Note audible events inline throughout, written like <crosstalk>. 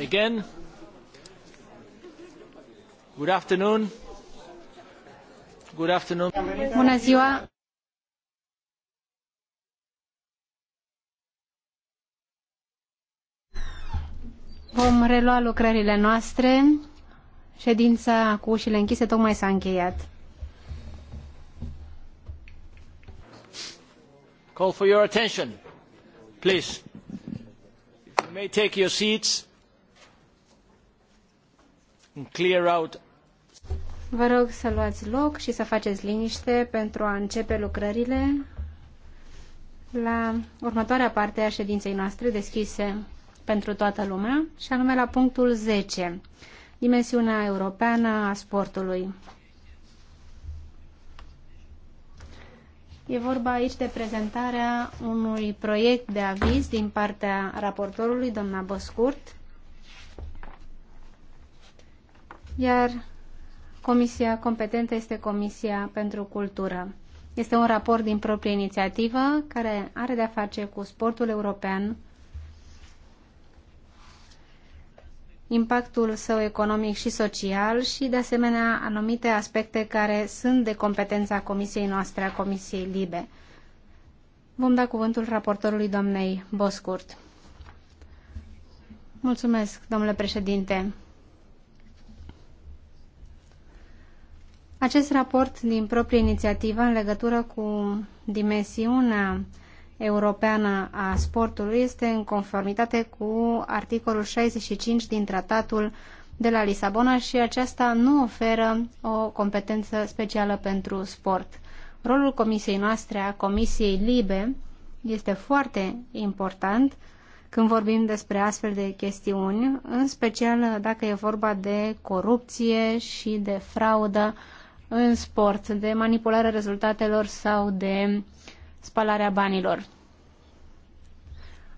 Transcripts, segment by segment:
again. Good afternoon. Good afternoon. Bună ziua. Vom relua lucrările noastre. Ședința cu ușile închise tocmai s-a încheiat. Call for your attention, please. You may take your seats. Vă rog să luați loc și să faceți liniște pentru a începe lucrările la următoarea parte a ședinței noastre deschise pentru toată lumea, și anume la punctul 10, dimensiunea europeană a sportului. E vorba aici de prezentarea unui proiect de aviz din partea raportorului, doamna Băscurt, iar comisia competentă este Comisia pentru Cultură. Este un raport din proprie inițiativă care are de-a face cu sportul european, impactul său economic și social și, de asemenea, anumite aspecte care sunt de competența comisiei noastre, a Comisiei Libe. Vom da cuvântul raportorului doamnei Boscurt. Mulțumesc, domnule președinte. Acest raport din proprie inițiativă în legătură cu dimensiunea europeană a sportului este în conformitate cu articolul 65 din tratatul de la Lisabona și aceasta nu oferă o competență specială pentru sport. Rolul comisiei noastre, a Comisiei Libe, este foarte important când vorbim despre astfel de chestiuni, în special dacă e vorba de corupție și de fraudă în sport, de manipularea rezultatelor sau de spalarea banilor.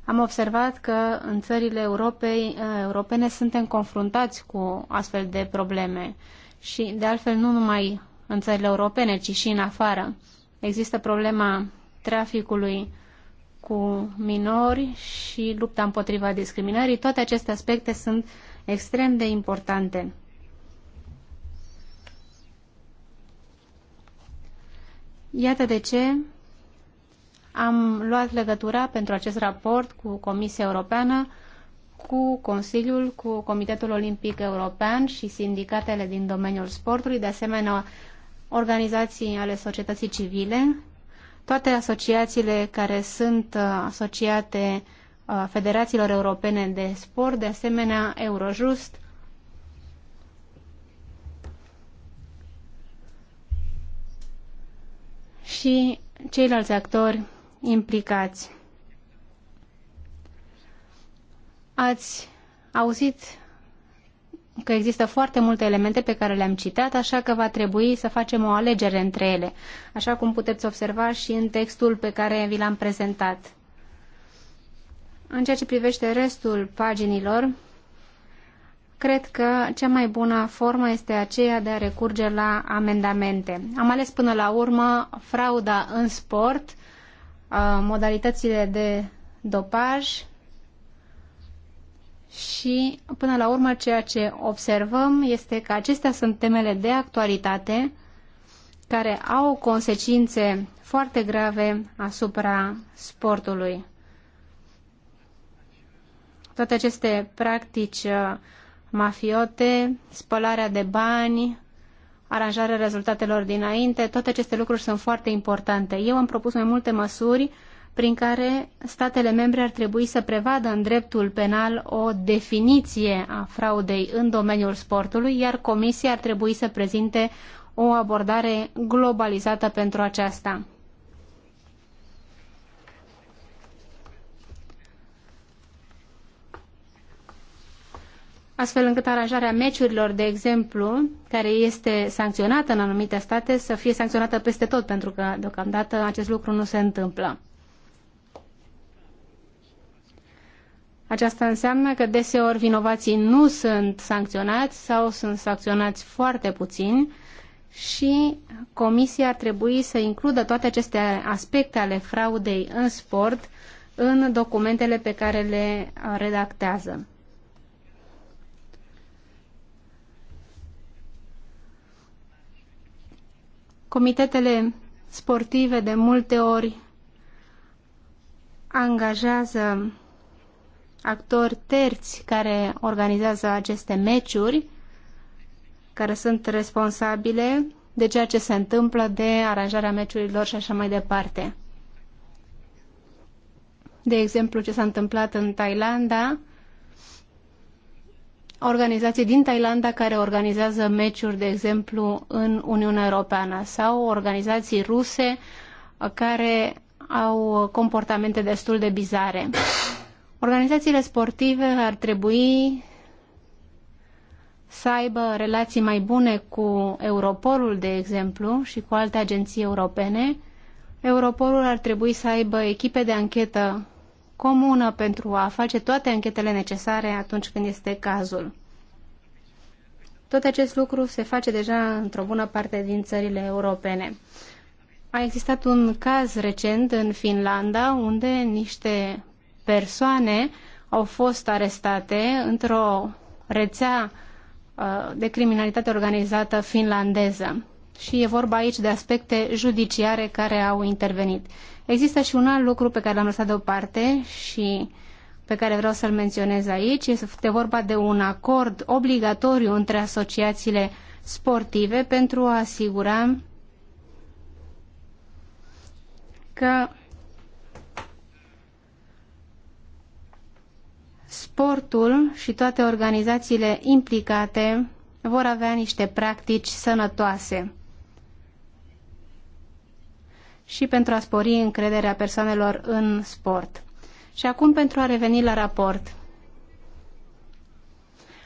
Am observat că în țările Europei, eh, europene suntem confruntați cu astfel de probleme și, de altfel, nu numai în țările europene, ci și în afară. Există problema traficului cu minori și lupta împotriva discriminării. Toate aceste aspecte sunt extrem de importante. Iată de ce am luat legătura pentru acest raport cu Comisia Europeană, cu Consiliul, cu Comitetul Olimpic European și sindicatele din domeniul sportului, de asemenea organizații ale societății civile, toate asociațiile care sunt uh, asociate uh, federațiilor europene de sport, de asemenea Eurojust și ceilalți actori implicați. Ați auzit că există foarte multe elemente pe care le-am citat, așa că va trebui să facem o alegere între ele, așa cum puteți observa și în textul pe care vi l-am prezentat. În ceea ce privește restul paginilor, cred că cea mai bună formă este aceea de a recurge la amendamente. Am ales până la urmă frauda în sport, uh, modalitățile de dopaj și până la urmă ceea ce observăm este că acestea sunt temele de actualitate care au consecințe foarte grave asupra sportului. Toate aceste practici uh, mafiote, spălarea de bani, aranjarea rezultatelor dinainte, toate aceste lucruri sunt foarte importante. Eu am propus mai multe măsuri prin care statele membre ar trebui să prevadă în dreptul penal o definiție a fraudei în domeniul sportului, iar Comisia ar trebui să prezinte o abordare globalizată pentru aceasta. astfel încât aranjarea meciurilor, de exemplu, care este sancționată în anumite state, să fie sancționată peste tot, pentru că deocamdată acest lucru nu se întâmplă. Aceasta înseamnă că deseori vinovații nu sunt sancționați sau sunt sancționați foarte puțin și comisia ar trebui să includă toate aceste aspecte ale fraudei în sport în documentele pe care le redactează. Comitetele sportive de multe ori angajează actori terți care organizează aceste meciuri, care sunt responsabile de ceea ce se întâmplă, de aranjarea meciurilor și așa mai departe. De exemplu, ce s-a întâmplat în Thailanda, organizații din Thailanda care organizează meciuri, de exemplu, în Uniunea Europeană sau organizații ruse uh, care au comportamente destul de bizare. Organizațiile sportive ar trebui să aibă relații mai bune cu Europolul, de exemplu, și cu alte agenții europene. Europolul ar trebui să aibă echipe de anchetă comună pentru a face toate anchetele necesare atunci când este cazul. Tot acest lucru se face deja într-o bună parte din țările europene. A existat un caz recent în Finlanda unde niște persoane au fost arestate într-o rețea uh, de criminalitate organizată finlandeză. Și e vorba aici de aspecte judiciare care au intervenit. Există și un alt lucru pe care l-am lăsat deoparte și pe care vreau să-l menționez aici. Este vorba de un acord obligatoriu între asociațiile sportive pentru a asigura că sportul și toate organizațiile implicate vor avea niște practici sănătoase și pentru a spori încrederea persoanelor în sport. Și acum pentru a reveni la raport.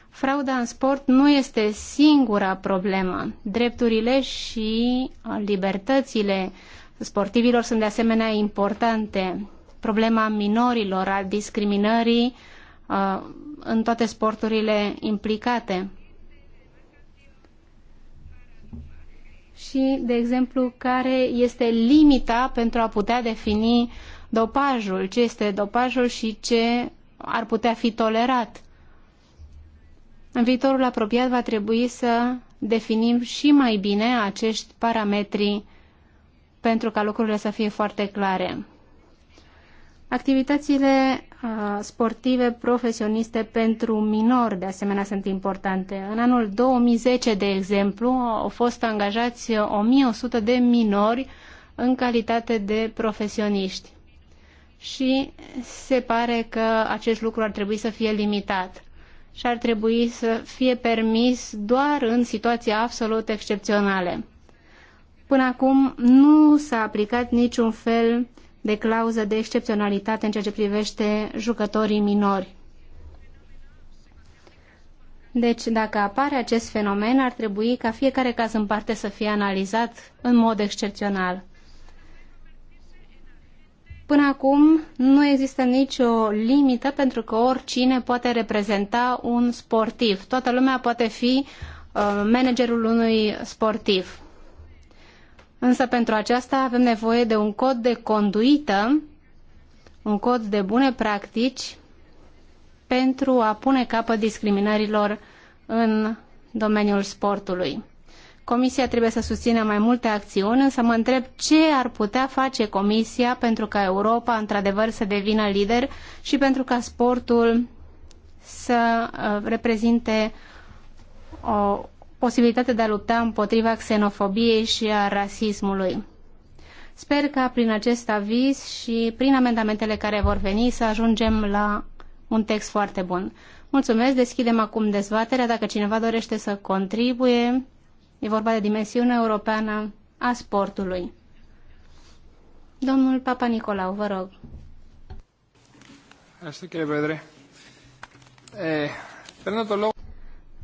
Frauda în sport nu este singura problemă. Drepturile și libertățile sportivilor sunt de asemenea importante. Problema minorilor, a discriminării uh, în toate sporturile implicate. și, de exemplu, care este limita pentru a putea defini dopajul, ce este dopajul și ce ar putea fi tolerat. În viitorul apropiat va trebui să definim și mai bine acești parametri pentru ca lucrurile să fie foarte clare. Activitățile sportive profesioniste pentru minori, de asemenea, sunt importante. În anul 2010, de exemplu, au fost angajați 1100 de minori în calitate de profesioniști. Și se pare că acest lucru ar trebui să fie limitat și ar trebui să fie permis doar în situații absolut excepționale. Până acum nu s-a aplicat niciun fel de clauză de excepționalitate în ceea ce privește jucătorii minori. Deci, dacă apare acest fenomen, ar trebui ca fiecare caz în parte să fie analizat în mod excepțional. Până acum nu există nicio limită pentru că oricine poate reprezenta un sportiv. Toată lumea poate fi uh, managerul unui sportiv. Însă pentru aceasta avem nevoie de un cod de conduită, un cod de bune practici pentru a pune capăt discriminărilor în domeniul sportului. Comisia trebuie să susțină mai multe acțiuni, însă mă întreb ce ar putea face Comisia pentru ca Europa într-adevăr să devină lider și pentru ca sportul să uh, reprezinte o, posibilitatea de a lupta împotriva xenofobiei și a rasismului. Sper că prin acest aviz și prin amendamentele care vor veni să ajungem la un text foarte bun. Mulțumesc, deschidem acum dezbaterea. Dacă cineva dorește să contribuie, e vorba de dimensiunea europeană a sportului. Domnul Papa Nicolau, vă rog. Asta,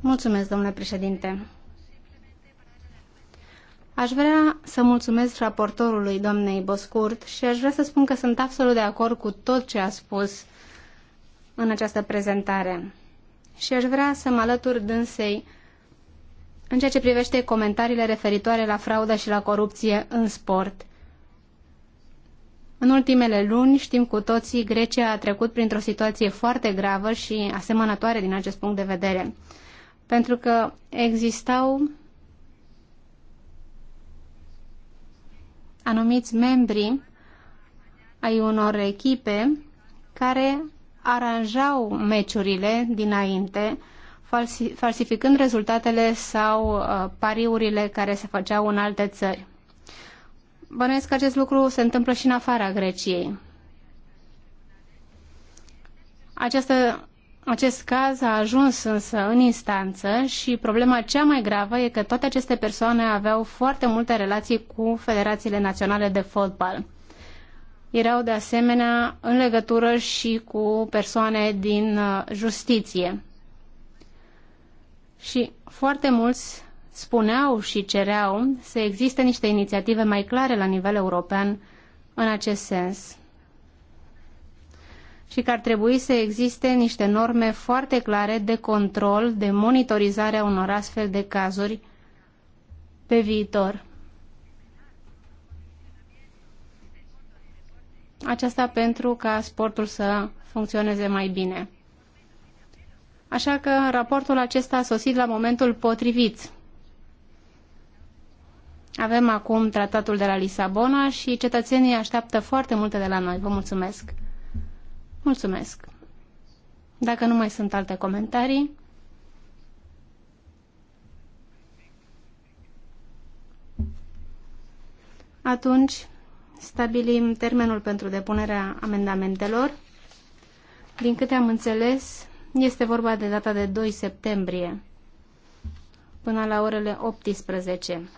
Mulțumesc, domnule președinte. Aș vrea să mulțumesc raportorului doamnei Boscurt și aș vrea să spun că sunt absolut de acord cu tot ce a spus în această prezentare. Și aș vrea să mă alătur dânsei în ceea ce privește comentariile referitoare la fraudă și la corupție în sport. În ultimele luni, știm cu toții, Grecia a trecut printr-o situație foarte gravă și asemănătoare din acest punct de vedere pentru că existau anumiți membri ai unor echipe care aranjau meciurile dinainte, falsificând rezultatele sau uh, pariurile care se făceau în alte țări. Bănuiesc că acest lucru se întâmplă și în afara Greciei. Această acest caz a ajuns însă în instanță și problema cea mai gravă e că toate aceste persoane aveau foarte multe relații cu federațiile naționale de fotbal. Erau de asemenea în legătură și cu persoane din uh, justiție. Și foarte mulți spuneau și cereau să existe niște inițiative mai clare la nivel european în acest sens și că ar trebui să existe niște norme foarte clare de control, de monitorizare a unor astfel de cazuri pe viitor. Aceasta pentru ca sportul să funcționeze mai bine. Așa că raportul acesta a sosit la momentul potrivit. Avem acum tratatul de la Lisabona și cetățenii așteaptă foarte multe de la noi. Vă mulțumesc! Mulțumesc! Dacă nu mai sunt alte comentarii, atunci stabilim termenul pentru depunerea amendamentelor. Din câte am înțeles, este vorba de data de 2 septembrie până la orele 18.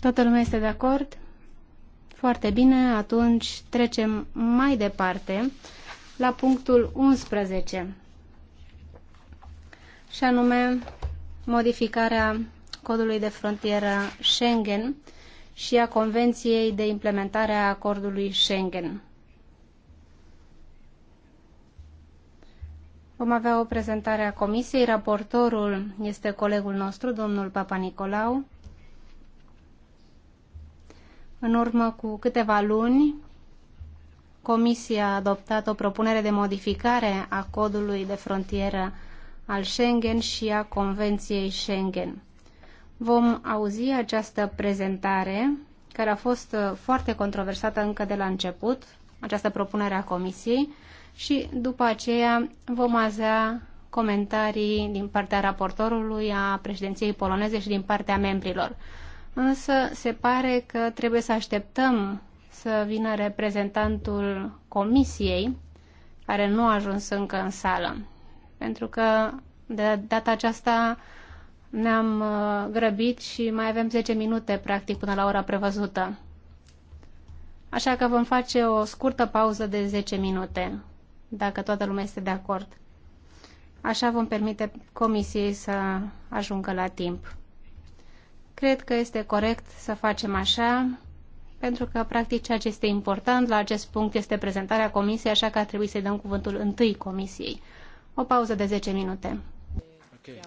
Toată lumea este de acord? Foarte bine, atunci trecem mai departe la punctul 11 și anume modificarea codului de frontieră Schengen și a Convenției de implementare a acordului Schengen. Vom avea o prezentare a comisiei. Raportorul este colegul nostru, domnul Papa Nicolau. În urmă cu câteva luni, Comisia a adoptat o propunere de modificare a codului de frontieră al Schengen și a Convenției Schengen. Vom auzi această prezentare, care a fost uh, foarte controversată încă de la început, această propunere a Comisiei, și după aceea vom avea comentarii din partea raportorului, a președinției poloneze și din partea membrilor însă se pare că trebuie să așteptăm să vină reprezentantul comisiei, care nu a ajuns încă în sală. Pentru că de data aceasta ne-am uh, grăbit și mai avem 10 minute, practic, până la ora prevăzută. Așa că vom face o scurtă pauză de 10 minute, dacă toată lumea este de acord. Așa vom permite comisiei să ajungă la timp. Cred că este corect să facem așa, pentru că, practic, ceea ce este important la acest punct este prezentarea comisiei, așa că ar trebui să-i dăm cuvântul întâi comisiei. O pauză de 10 minute. Okay.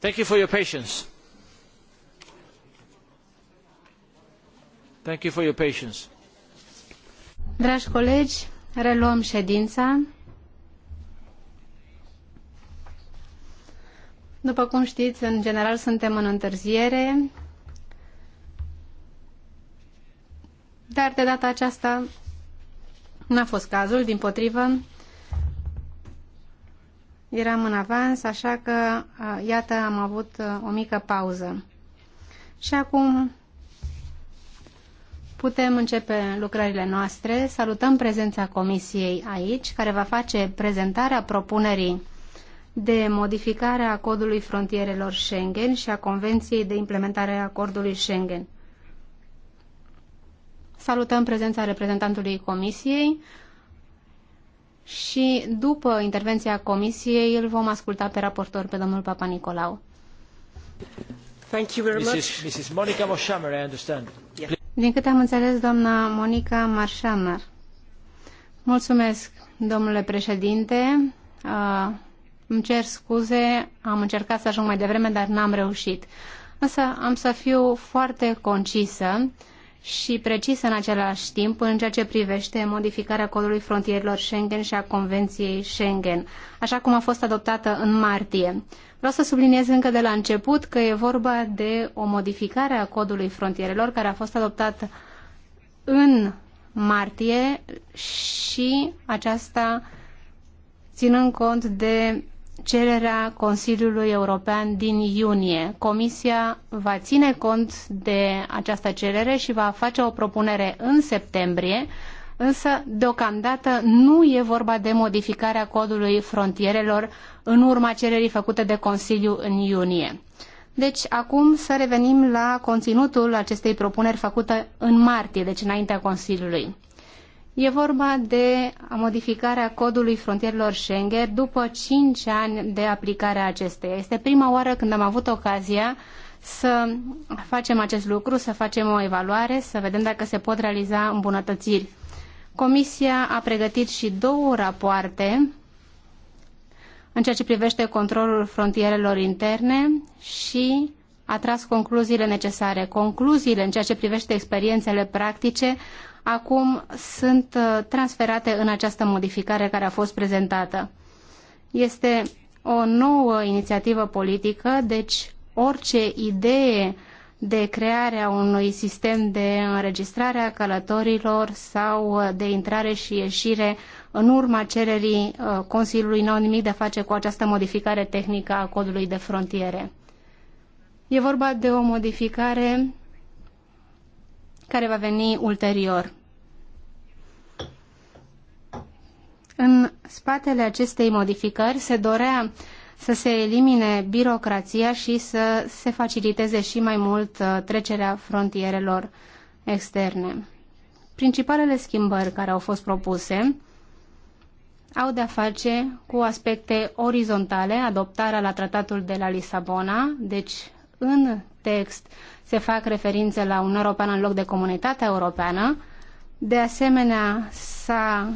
Thank you for your patience. Thank you for your patience. Dragi colegi, reluăm ședința. După cum știți, în general suntem în întârziere, dar de data aceasta n-a fost cazul, din potrivă, Eram în avans, așa că iată am avut o mică pauză. Și acum putem începe lucrările noastre. Salutăm prezența comisiei aici, care va face prezentarea propunerii de modificare a codului frontierelor Schengen și a Convenției de implementare a acordului Schengen. Salutăm prezența reprezentantului comisiei, și după intervenția comisiei îl vom asculta pe raportor, pe domnul Papa Nicolau. Thank you very much. Mrs. Mrs. Monica Moshammer, I understand. Yeah. Din câte am înțeles, doamna Monica Marșamer. Mulțumesc, domnule președinte. Uh, îmi cer scuze, am încercat să ajung mai devreme, dar n-am reușit. Însă am să fiu foarte concisă. Uh, și precisă în același timp în ceea ce privește modificarea codului frontierilor Schengen și a Convenției Schengen, așa cum a fost adoptată în martie. Vreau să subliniez încă de la început că e vorba de o modificare a codului frontierelor care a fost adoptată în martie și aceasta ținând cont de cererea Consiliului European din iunie. Comisia va ține cont de această cerere și va face o propunere în septembrie, însă deocamdată nu e vorba de modificarea codului frontierelor în urma cererii făcute de Consiliu în iunie. Deci acum să revenim la conținutul acestei propuneri făcute în martie, deci înaintea Consiliului. E vorba de modificarea codului frontierelor Schengen după 5 ani de aplicare a acesteia. Este prima oară când am avut ocazia să facem acest lucru, să facem o evaluare, să vedem dacă se pot realiza îmbunătățiri. Comisia a pregătit și două rapoarte în ceea ce privește controlul frontierelor interne și a tras concluziile necesare. Concluziile în ceea ce privește experiențele practice acum sunt uh, transferate în această modificare care a fost prezentată. Este o nouă inițiativă politică, deci orice idee de crearea unui sistem de înregistrare a călătorilor sau uh, de intrare și ieșire în urma cererii uh, Consiliului n-au nimic de a face cu această modificare tehnică a codului de frontiere. E vorba de o modificare care va veni ulterior. În spatele acestei modificări se dorea să se elimine birocrația și să se faciliteze și mai mult uh, trecerea frontierelor externe. Principalele schimbări care au fost propuse au de-a face cu aspecte orizontale, adoptarea la tratatul de la Lisabona, deci în text se fac referințe la Uniunea Europeană în loc de Comunitatea Europeană, de asemenea s-a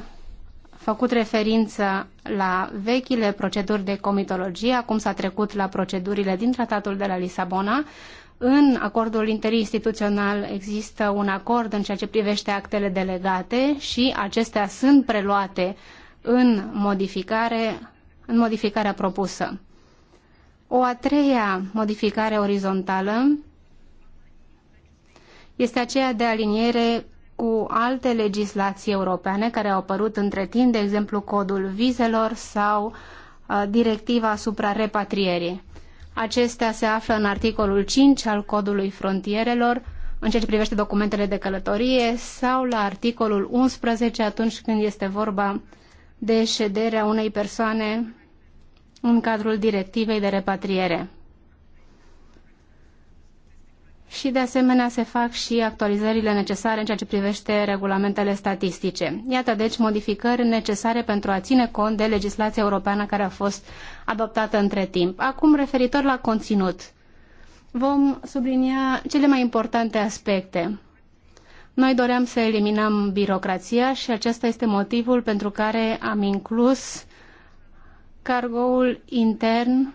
făcut referință la vechile proceduri de comitologie, acum s-a trecut la procedurile din tratatul de la Lisabona. În acordul interinstituțional există un acord în ceea ce privește actele delegate și acestea sunt preluate în, modificare, în modificarea propusă. O a treia modificare orizontală este aceea de aliniere cu alte legislații europene care au apărut între timp, de exemplu codul vizelor sau uh, directiva asupra repatrierii. Acestea se află în articolul 5 al codului frontierelor, în ceea ce privește documentele de călătorie sau la articolul 11 atunci când este vorba de șederea unei persoane în cadrul directivei de repatriere și de asemenea se fac și actualizările necesare în ceea ce privește regulamentele statistice. Iată deci modificări necesare pentru a ține cont de legislația europeană care a fost adoptată între timp. Acum referitor la conținut. Vom sublinia cele mai importante aspecte. Noi doream să eliminăm birocrația și acesta este motivul pentru care am inclus cargoul intern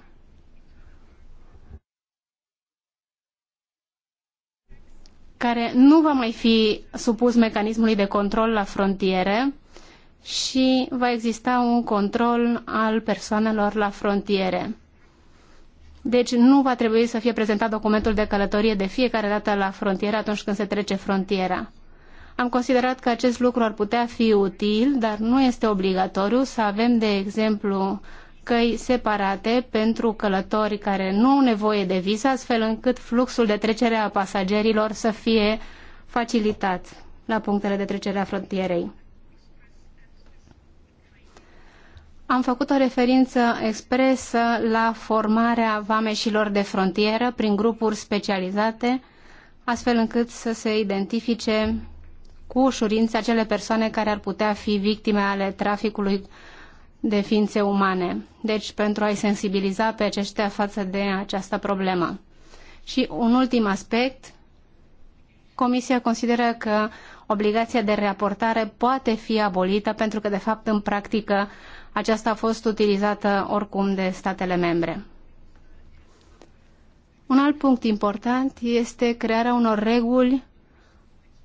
care nu va mai fi supus mecanismului de control la frontiere și va exista un control al persoanelor la frontiere. Deci nu va trebui să fie prezentat documentul de călătorie de fiecare dată la frontieră atunci când se trece frontiera. Am considerat că acest lucru ar putea fi util, dar nu este obligatoriu să avem, de exemplu, căi separate pentru călători care nu au nevoie de viză, astfel încât fluxul de trecere a pasagerilor să fie facilitat la punctele de trecere a frontierei. Am făcut o referință expresă la formarea vameșilor de frontieră prin grupuri specializate, astfel încât să se identifice cu ușurință acele persoane care ar putea fi victime ale traficului de ființe umane. Deci pentru a-i sensibiliza pe aceștia față de această problemă. Și un ultim aspect, Comisia consideră că obligația de raportare poate fi abolită pentru că, de fapt, în practică, aceasta a fost utilizată oricum de statele membre. Un alt punct important este crearea unor reguli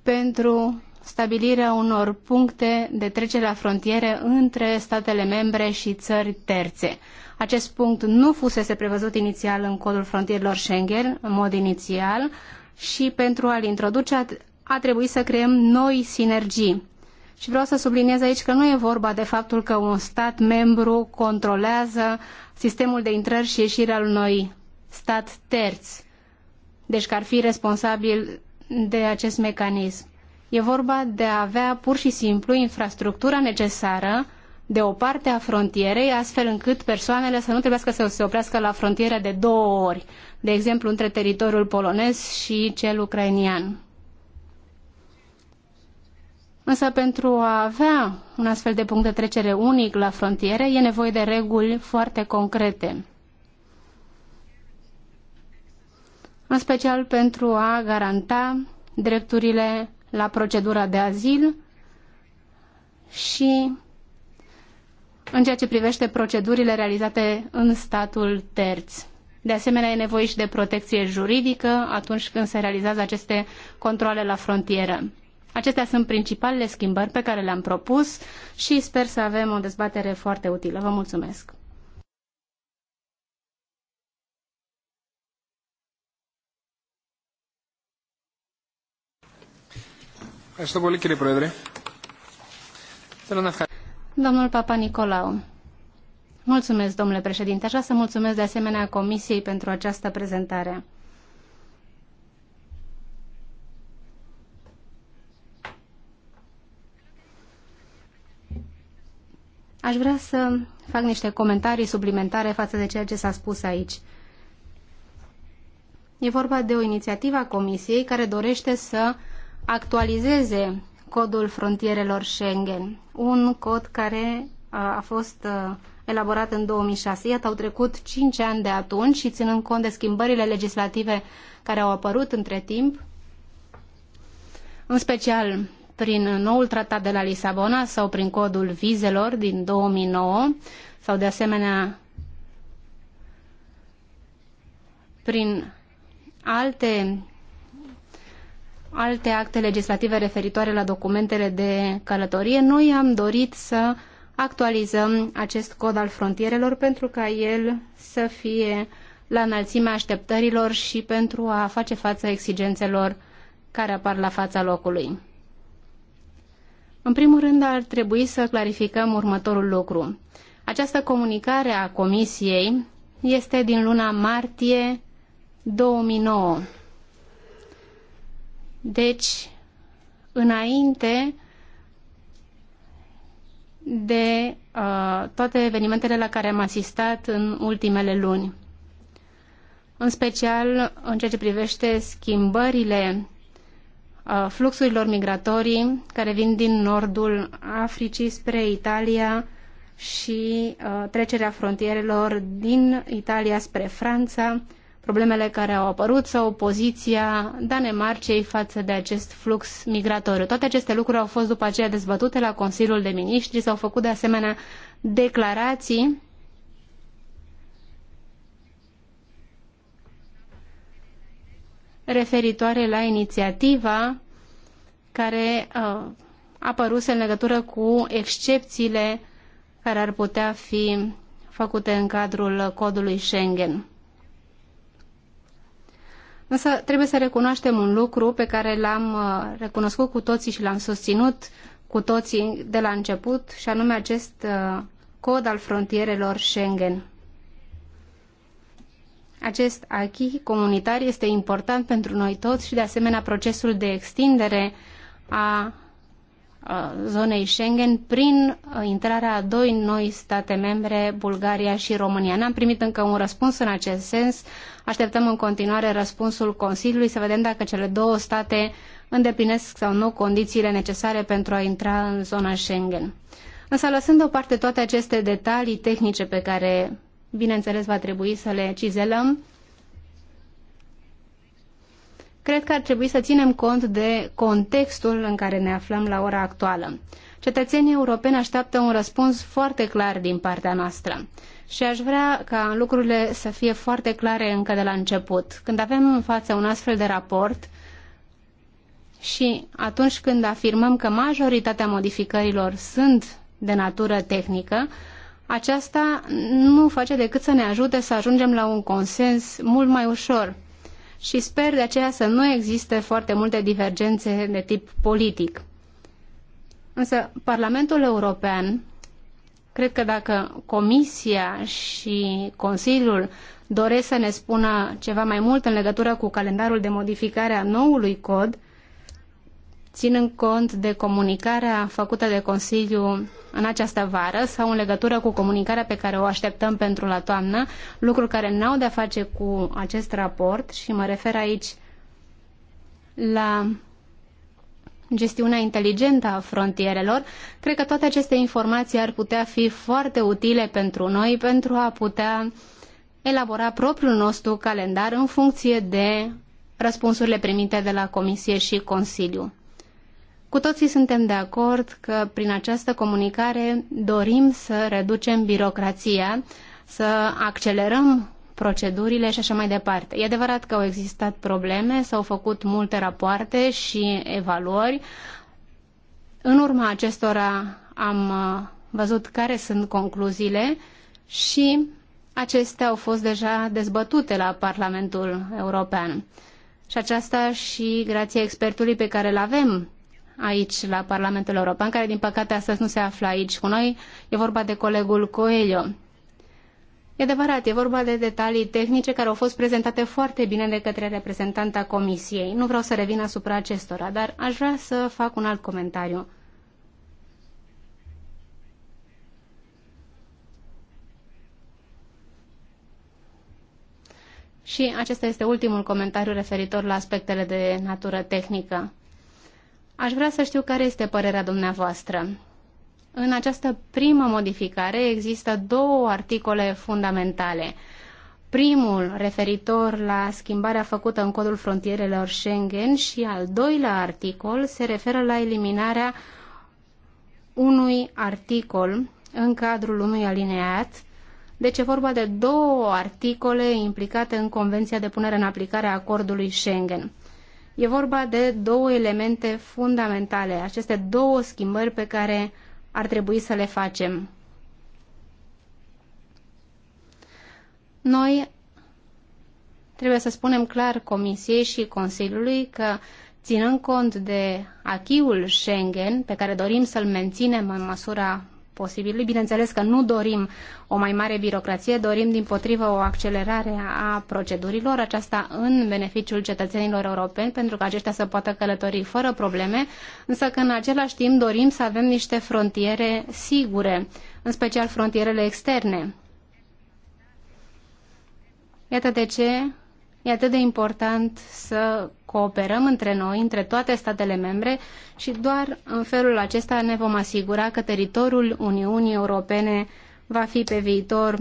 pentru stabilirea unor puncte de trecere la frontiere între statele membre și țări terțe. Acest punct nu fusese prevăzut inițial în codul frontierilor Schengen, în mod inițial, și pentru a-l introduce a trebuit să creăm noi sinergii. Și vreau să subliniez aici că nu e vorba de faptul că un stat membru controlează sistemul de intrări și ieșiri al unui stat terț, deci că ar fi responsabil de acest mecanism. E vorba de a avea pur și simplu infrastructura necesară de o parte a frontierei, astfel încât persoanele să nu trebuiască să se oprească la frontiera de două ori, de exemplu între teritoriul polonez și cel ucrainian. Însă pentru a avea un astfel de punct de trecere unic la frontiere, e nevoie de reguli foarte concrete. În special pentru a garanta drepturile la procedura de azil și în ceea ce privește procedurile realizate în statul terț. De asemenea, e nevoie și de protecție juridică atunci când se realizează aceste controle la frontieră. Acestea sunt principalele schimbări pe care le-am propus și sper să avem o dezbatere foarte utilă. Vă mulțumesc! Ευχαριστώ πολύ κύριε Πρόεδρε. Θέλω να Domnul Papa Nicolau. Mulțumesc, domnule președinte. Așa să mulțumesc de asemenea Comisiei pentru această prezentare. Aș vrea să fac niște comentarii suplimentare față de ceea ce s-a spus aici. E vorba de o inițiativă a Comisiei care dorește să uh, actualizeze codul frontierelor Schengen, un cod care uh, a fost uh, elaborat în 2006. Iată, au trecut 5 ani de atunci și ținând cont de schimbările legislative care au apărut între timp, în special prin noul tratat de la Lisabona sau prin codul vizelor din 2009 sau de asemenea prin alte alte acte legislative referitoare la documentele de călătorie, noi am dorit să actualizăm acest cod al frontierelor pentru ca el să fie la înălțimea așteptărilor și pentru a face față exigențelor care apar la fața locului. În primul rând, ar trebui să clarificăm următorul lucru. Această comunicare a Comisiei este din luna martie 2009 deci, înainte de uh, toate evenimentele la care am asistat în ultimele luni. În special în ceea ce privește schimbările uh, fluxurilor migratorii care vin din nordul Africii spre Italia și uh, trecerea frontierelor din Italia spre Franța problemele care au apărut sau poziția Danemarcei față de acest flux migratoriu. Toate aceste lucruri au fost după aceea dezbătute la Consiliul de Ministri, s-au făcut de asemenea declarații referitoare la inițiativa care uh, apăruse în legătură cu excepțiile care ar putea fi făcute în cadrul codului Schengen. Însă trebuie să recunoaștem un lucru pe care l-am uh, recunoscut cu toții și l-am susținut cu toții de la început, și anume acest uh, cod al frontierelor Schengen. Acest achi comunitar este important pentru noi toți și, de asemenea, procesul de extindere a zonei Schengen prin uh, intrarea a doi noi state membre, Bulgaria și România. N-am primit încă un răspuns în acest sens. Așteptăm în continuare răspunsul Consiliului să vedem dacă cele două state îndeplinesc sau nu condițiile necesare pentru a intra în zona Schengen. Însă lăsând deoparte toate aceste detalii tehnice pe care, bineînțeles, va trebui să le cizelăm, Cred că ar trebui să ținem cont de contextul în care ne aflăm la ora actuală. Cetățenii europeni așteaptă un răspuns foarte clar din partea noastră și aș vrea ca lucrurile să fie foarte clare încă de la început. Când avem în față un astfel de raport și atunci când afirmăm că majoritatea modificărilor sunt de natură tehnică, aceasta nu face decât să ne ajute să ajungem la un consens mult mai ușor și sper de aceea să nu existe foarte multe divergențe de tip politic. Însă Parlamentul European, cred că dacă Comisia și Consiliul doresc să ne spună ceva mai mult în legătură cu calendarul de modificare a noului cod, ținând cont de comunicarea făcută de Consiliu în această vară sau în legătură cu comunicarea pe care o așteptăm pentru la toamnă, lucruri care n-au de-a face cu acest raport și mă refer aici la gestiunea inteligentă a frontierelor, cred că toate aceste informații ar putea fi foarte utile pentru noi pentru a putea elabora propriul nostru calendar în funcție de răspunsurile primite de la Comisie și Consiliu. Cu toții suntem de acord că prin această comunicare dorim să reducem birocrația, să accelerăm procedurile și așa mai departe. E adevărat că au existat probleme, s-au făcut multe rapoarte și evaluări. În urma acestora am uh, văzut care sunt concluziile și acestea au fost deja dezbătute la Parlamentul European. Și aceasta și grație expertului pe care îl avem aici la Parlamentul European, care din păcate astăzi nu se află aici cu noi. E vorba de colegul Coelho. E adevărat, e vorba de detalii tehnice care au fost prezentate foarte bine de către reprezentanta Comisiei. Nu vreau să revin asupra acestora, dar aș vrea să fac un alt comentariu. Și acesta este ultimul comentariu referitor la aspectele de natură tehnică. Aș vrea să știu care este părerea dumneavoastră. În această primă modificare există două articole fundamentale. Primul referitor la schimbarea făcută în codul frontierelor Schengen și al doilea articol se referă la eliminarea unui articol în cadrul unui alineat. Deci e vorba de două articole implicate în Convenția de punere în aplicare a acordului Schengen. E vorba de două elemente fundamentale, aceste două schimbări pe care ar trebui să le facem. Noi trebuie să spunem clar Comisiei și Consiliului că, ținând cont de achiul Schengen, pe care dorim să-l menținem în măsura posibilului. Bineînțeles că nu dorim o mai mare birocrație, dorim din potrivă o accelerare a procedurilor, aceasta în beneficiul cetățenilor europeni, pentru că aceștia să poată călători fără probleme, însă că în același timp dorim să avem niște frontiere sigure, în special frontierele externe. Iată de ce E atât de important să cooperăm între noi, între toate statele membre și doar în felul acesta ne vom asigura că teritoriul Uniunii Europene va fi pe viitor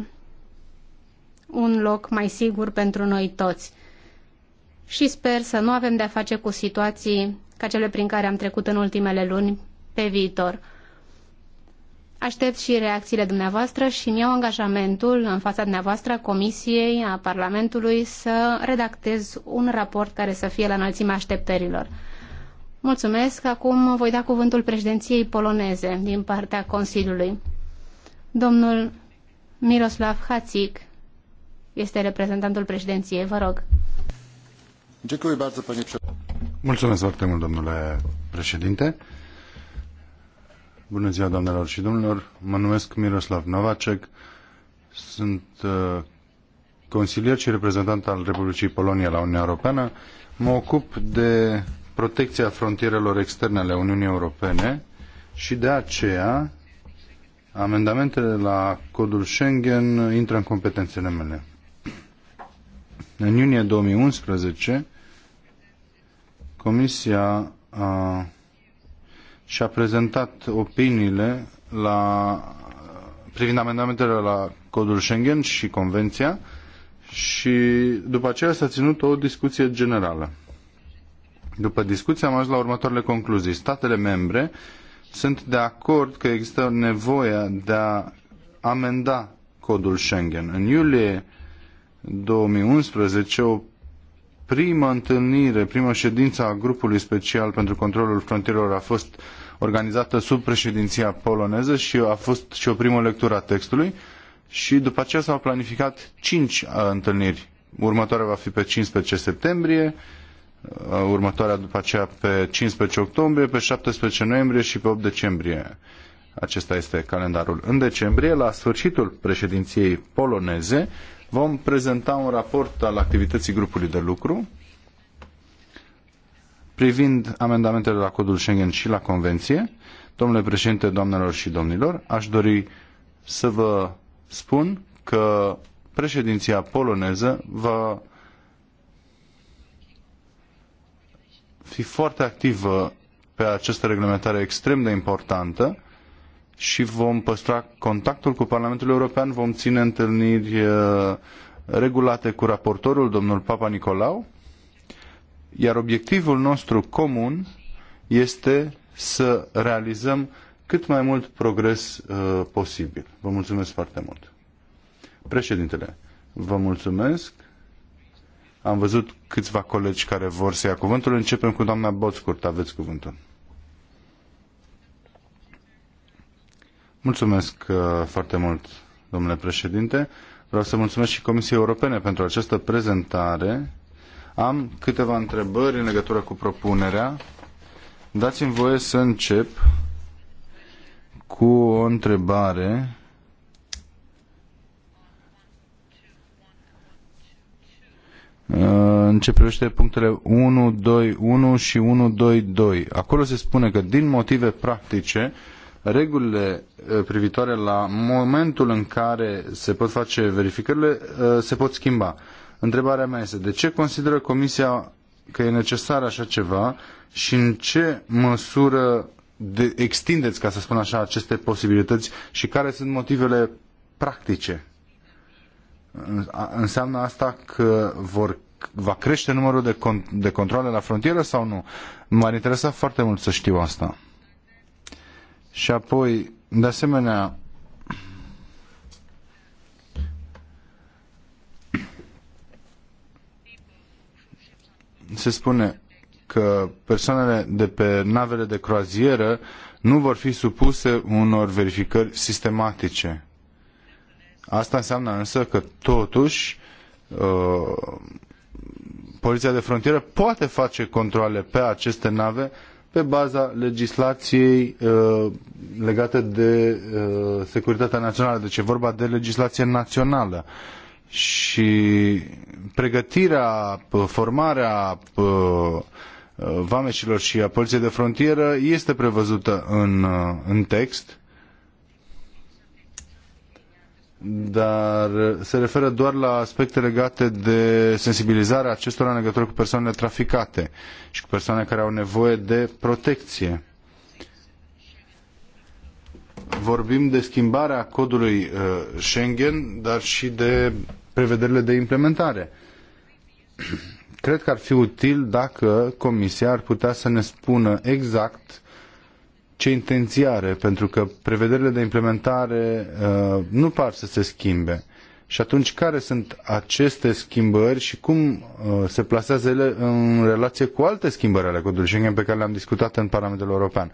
un loc mai sigur pentru noi toți. Și sper să nu avem de-a face cu situații ca cele prin care am trecut în ultimele luni pe viitor. Aștept și reacțiile dumneavoastră și îmi iau angajamentul în fața dumneavoastră, Comisiei, a Parlamentului, să redactez un raport care să fie la înălțimea așteptărilor. Mulțumesc. Acum voi da cuvântul președinției poloneze din partea Consiliului. Domnul Miroslav Hațic este reprezentantul președinției. Vă rog. Mulțumesc foarte mult, domnule președinte. Bună ziua, doamnelor și domnilor. Mă numesc Miroslav Novacek. Sunt uh, consilier și reprezentant al Republicii Polonia la Uniunea Europeană. Mă ocup de protecția frontierelor externe ale Uniunii Europene și de aceea amendamentele la codul Schengen intră în competențele mele. În iunie 2011, Comisia a și a prezentat opiniile la, privind amendamentele la codul Schengen și Convenția și după aceea s-a ținut o discuție generală. După discuție am ajuns la următoarele concluzii. Statele membre sunt de acord că există nevoia de a amenda codul Schengen. În iulie 2011, o prima întâlnire, prima ședință a grupului special pentru controlul frontierelor a fost organizată sub președinția poloneză și a fost și o primă lectură a textului și după aceea s-au planificat cinci uh, întâlniri. Următoarea va fi pe 15 septembrie, uh, următoarea după aceea pe 15 octombrie, pe 17 noiembrie și pe 8 decembrie. Acesta este calendarul. În decembrie, la sfârșitul președinției poloneze, Vom prezenta un raport al activității grupului de lucru privind amendamentele la codul Schengen și la convenție. Domnule președinte, doamnelor și domnilor, aș dori să vă spun că președinția poloneză va fi foarte activă pe această reglementare extrem de importantă și vom păstra contactul cu Parlamentul European, vom ține întâlniri uh, regulate cu raportorul, domnul Papa Nicolau, iar obiectivul nostru comun este să realizăm cât mai mult progres uh, posibil. Vă mulțumesc foarte mult. Președintele, vă mulțumesc. Am văzut câțiva colegi care vor să ia cuvântul. Începem cu doamna Boțcurt. Aveți cuvântul. Mulțumesc uh, foarte mult, domnule președinte. Vreau să mulțumesc și Comisiei Europene pentru această prezentare. Am câteva întrebări în legătură cu propunerea. Dați-mi voie să încep cu o întrebare uh, în ce privește punctele 1, 2, 1 și 1, 2, 2. Acolo se spune că din motive practice regulile uh, privitoare la momentul în care se pot face verificările uh, se pot schimba. Întrebarea mea este de ce consideră Comisia că e necesar așa ceva și în ce măsură de, extindeți, ca să spun așa, aceste posibilități și care sunt motivele practice? Înseamnă asta că vor, va crește numărul de, con, de controle la frontieră sau nu? M-ar interesa foarte mult să știu asta. Și apoi, de asemenea, se spune că persoanele de pe navele de croazieră nu vor fi supuse unor verificări sistematice. Asta înseamnă însă că totuși uh, Poliția de frontieră poate face controle pe aceste nave pe baza legislației uh, legate de uh, securitatea națională, deci e vorba de legislație națională. Și pregătirea, formarea uh, vameșilor și a poliției de frontieră este prevăzută în, uh, în text dar uh, se referă doar la aspecte legate de sensibilizarea acestora în legătură cu persoanele traficate și cu persoane care au nevoie de protecție. Vorbim de schimbarea codului uh, Schengen, dar și de prevederile de implementare. <clears throat> Cred că ar fi util dacă Comisia ar putea să ne spună exact ce intențiare, pentru că prevederile de implementare uh, nu par să se schimbe. Și atunci, care sunt aceste schimbări și cum uh, se plasează ele în relație cu alte schimbări ale codului Schengen pe care le-am discutat în Parlamentul European?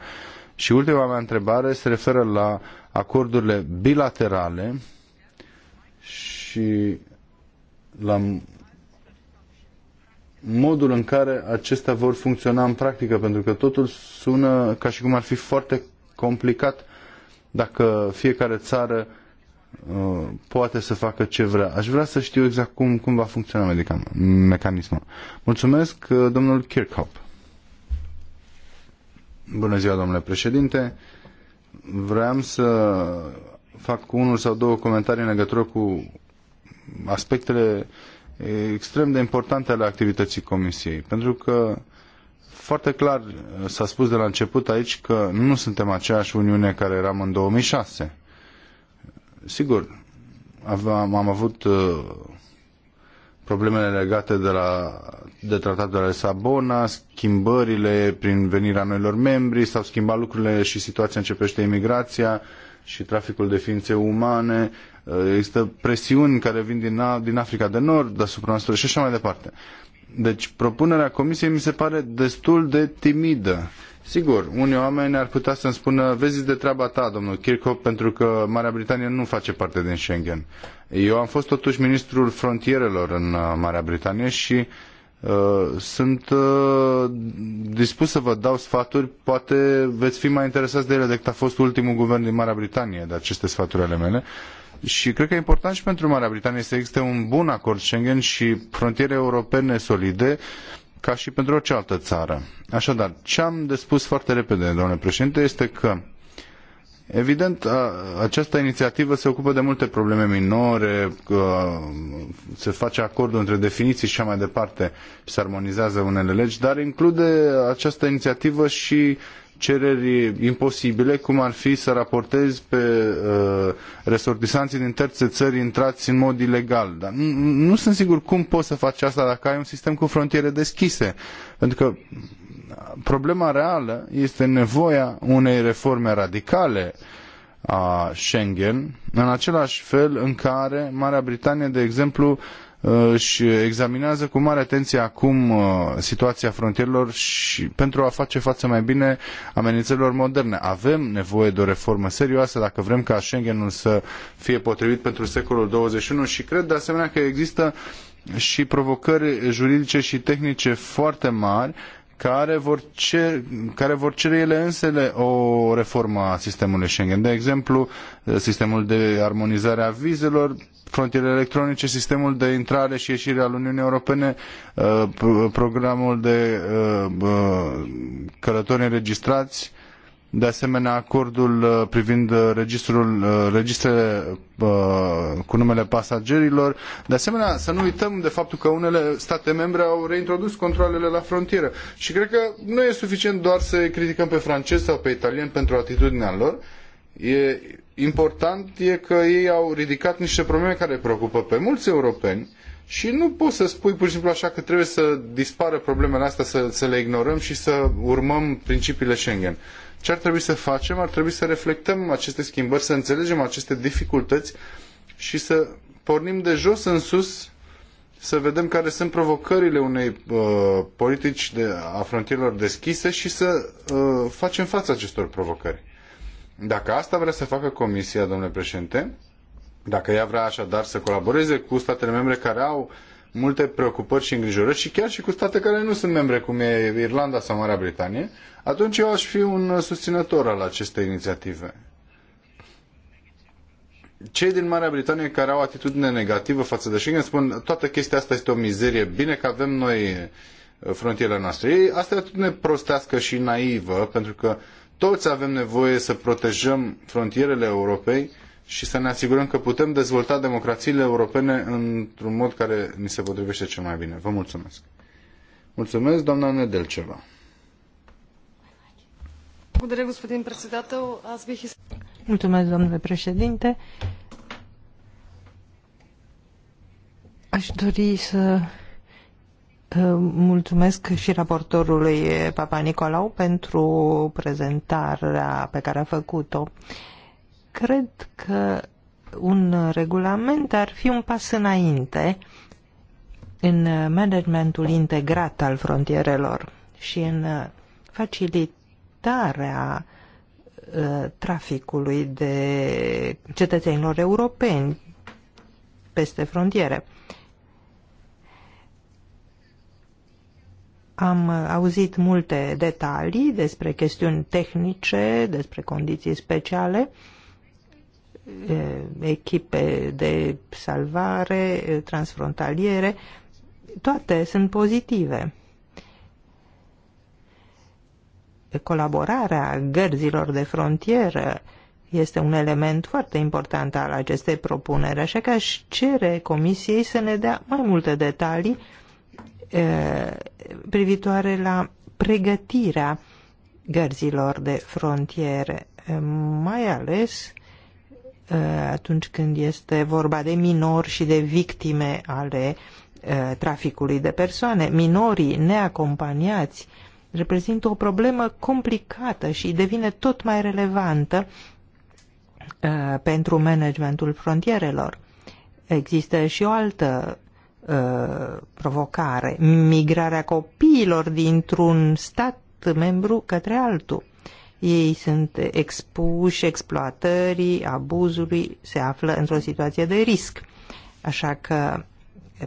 Și ultima mea întrebare se referă la acordurile bilaterale și la modul în care acestea vor funcționa în practică, pentru că totul sună ca și cum ar fi foarte complicat dacă fiecare țară uh, poate să facă ce vrea. Aș vrea să știu exact cum, cum va funcționa mecanismul. Mulțumesc, uh, domnul Kirchhoff. Bună ziua, domnule președinte. Vreau să fac unul sau două comentarii în legătură cu aspectele uh, extrem de importante ale activității Comisiei, pentru că foarte clar uh, s-a spus de la început aici că nu suntem aceeași Uniune care eram în 2006. Sigur, aveam, am avut uh, problemele legate de, la, de tratatul de Lisabona, schimbările prin venirea noilor membri, s-au schimbat lucrurile și situația începește imigrația, uh, și traficul de ființe umane, uh, există presiuni care vin din, din Africa de Nord asupra noastră și așa mai departe. Deci propunerea comisiei mi se pare destul de timidă. Sigur, unii oameni ar putea să-mi spună, vezi de treaba ta, domnul Kirchhoff, pentru că Marea Britanie nu face parte din Schengen. Eu am fost totuși ministrul frontierelor în uh, Marea Britanie și Uh, sunt uh, dispus să vă dau sfaturi, poate veți fi mai interesați de ele decât a fost ultimul guvern din Marea Britanie de aceste sfaturi ale mele. Și cred că e important și pentru Marea Britanie să existe un bun acord Schengen și frontiere europene solide, ca și pentru orice altă țară. Așadar, ce am de spus foarte repede, domnule președinte, este că Evident, această inițiativă se ocupă de multe probleme minore, se face acordul între definiții și așa mai departe și se armonizează unele legi, dar include această inițiativă și cereri imposibile, cum ar fi să raportezi pe uh, resortisanții din terțe țări intrați în mod ilegal. Dar nu sunt sigur cum poți să faci asta dacă ai un sistem cu frontiere deschise. Pentru că problema reală este nevoia unei reforme radicale a Schengen, în același fel în care Marea Britanie, de exemplu, își examinează cu mare atenție acum uh, situația frontierelor și pentru a face față mai bine amenințărilor moderne. Avem nevoie de o reformă serioasă dacă vrem ca Schengenul să fie potrivit pentru secolul 21 și cred de asemenea că există și provocări juridice și tehnice foarte mari care vor, cer, care vor cere ele însele o reformă a sistemului Schengen. De exemplu, sistemul de armonizare a vizelor, frontierele electronice, sistemul de intrare și ieșire al Uniunii Europene, uh, programul de uh, uh, călători înregistrați, de asemenea acordul uh, privind uh, registrul, uh, registrele cu numele pasagerilor. De asemenea, să nu uităm de faptul că unele state membre au reintrodus controlele la frontieră și cred că nu e suficient doar să criticăm pe francezi sau pe italieni pentru atitudinea lor. E important e că ei au ridicat niște probleme care preocupă pe mulți europeni și nu poți să spui pur și simplu așa că trebuie să dispară problemele astea, să, să le ignorăm și să urmăm principiile Schengen. Ce ar trebui să facem? Ar trebui să reflectăm aceste schimbări, să înțelegem aceste dificultăți și să pornim de jos în sus să vedem care sunt provocările unei uh, politici de, a frontierelor deschise și să uh, facem față acestor provocări. Dacă asta vrea să facă Comisia, domnule președinte, dacă ea vrea așadar să colaboreze cu statele membre care au multe preocupări și îngrijorări și chiar și cu state care nu sunt membre, cum e Irlanda sau Marea Britanie, atunci eu aș fi un susținător al acestei inițiative. Cei din Marea Britanie care au atitudine negativă față de Schengen spun toată chestia asta este o mizerie, bine că avem noi eh, frontierele noastre. Ei, asta e atitudine prostească și naivă, pentru că toți avem nevoie să protejăm frontierele Europei și să ne asigurăm că putem dezvolta democrațiile europene într-un mod care ni se potrivește cel mai bine. Vă mulțumesc. Mulțumesc, doamna Nedelceva. Mulțumesc, domnule președinte. Aș dori să uh, Mulțumesc și raportorului Papa Nicolau pentru prezentarea pe care a făcut-o cred că un regulament ar fi un pas înainte în managementul integrat al frontierelor și în facilitarea uh, traficului de cetățenilor europeni peste frontiere. Am auzit multe detalii despre chestiuni tehnice, despre condiții speciale, uh, Eh, echipe de salvare eh, transfrontaliere, toate sunt pozitive. Colaborarea gărzilor de frontieră este un element foarte important al acestei propuneri, așa că aș cere Comisiei să ne dea mai multe detalii e, eh, privitoare la pregătirea gărzilor de frontiere, mai ales Uh, atunci când este vorba de minori și de victime ale uh, traficului de persoane. Minorii neacompaniați reprezintă o problemă complicată și devine tot mai relevantă uh, pentru managementul frontierelor. Există și o altă uh, provocare, migrarea copiilor dintr-un stat membru către altul. Ei sunt expuși exploatării, abuzului, se află într-o situație de risc. Așa că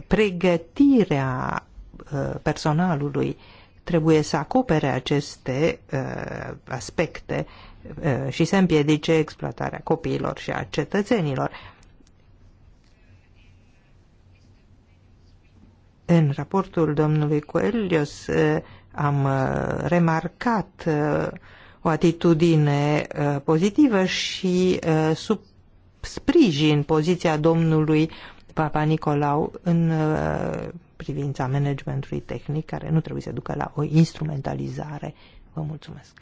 pregătirea uh, personalului trebuie să acopere aceste uh, aspecte uh, și să împiedice exploatarea copiilor și a cetățenilor. În raportul domnului Coelios am remarcat o atitudine uh, pozitivă și uh, sub sprijin poziția domnului Papa Nicolau în uh, privința managementului tehnic, care nu trebuie să ducă la o instrumentalizare. Vă mulțumesc!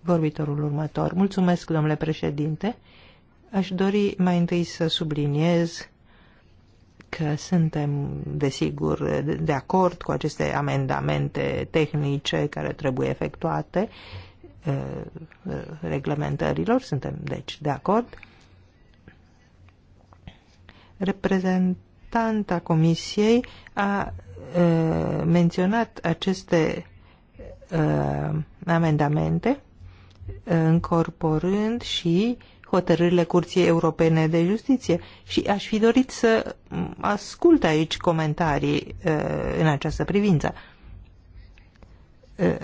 Vorbitorul următor. Mulțumesc, domnule președinte. Aș dori mai întâi să subliniez că suntem, desigur, de acord cu aceste amendamente tehnice care trebuie efectuate uh, reglementărilor, suntem deci de acord. Reprezentanta Comisiei a uh, menționat aceste uh, amendamente încorporând și uh, hotărârile Curții Europene de Justiție și aș fi dorit să ascult aici comentarii uh, în această privință. Uh,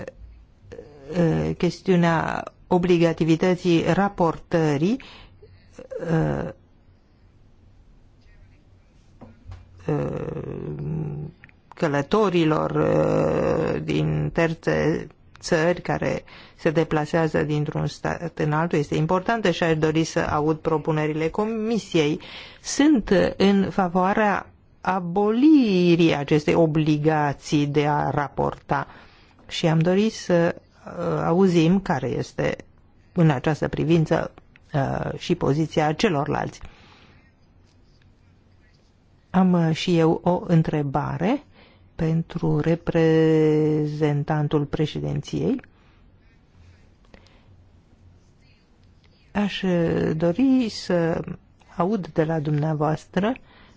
uh, chestiunea obligativității raportării călătorilor din terțe țări care se deplasează dintr-un stat în altul este importantă și aș dori să aud propunerile Comisiei. Sunt în favoarea abolirii acestei obligații de a raporta și am dorit să uh, auzim care este în această privință uh, și poziția celorlalți. Am uh, și eu o întrebare pentru reprezentantul președinției. Aș dori să aud de la dumneavoastră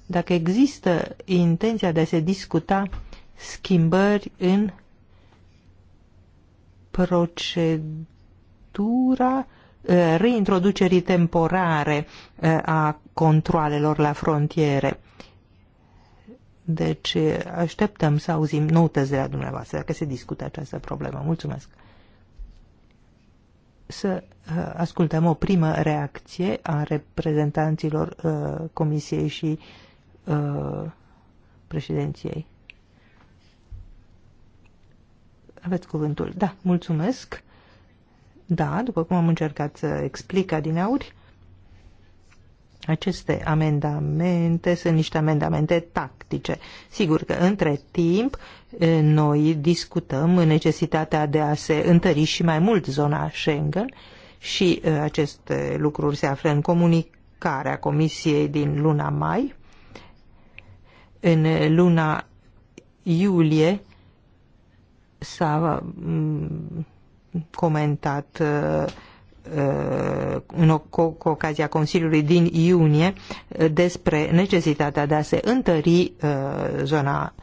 dacă există intenția de a se discuta schimbări în procedura eh, reintroducerii temporare eh, a controalelor la frontiere. Deci așteptăm să auzim noutăți de la dumneavoastră dacă se discută această problemă. Mulțumesc! Să uh, ascultăm o primă reacție a reprezentanților uh, Comisiei și uh, președinției. Aveți cuvântul. Da, mulțumesc. Da, după cum am încercat să explic adineauri, aceste amendamente sunt niște amendamente tactice. Sigur că între timp noi discutăm necesitatea de a se întări și mai mult zona Schengen și aceste lucruri se află în comunicarea Comisiei din luna mai. În luna iulie s-a comentat uh, Uh, în, cu, cu ocazia Consiliului din iunie uh, despre necesitatea de a se întări uh, zona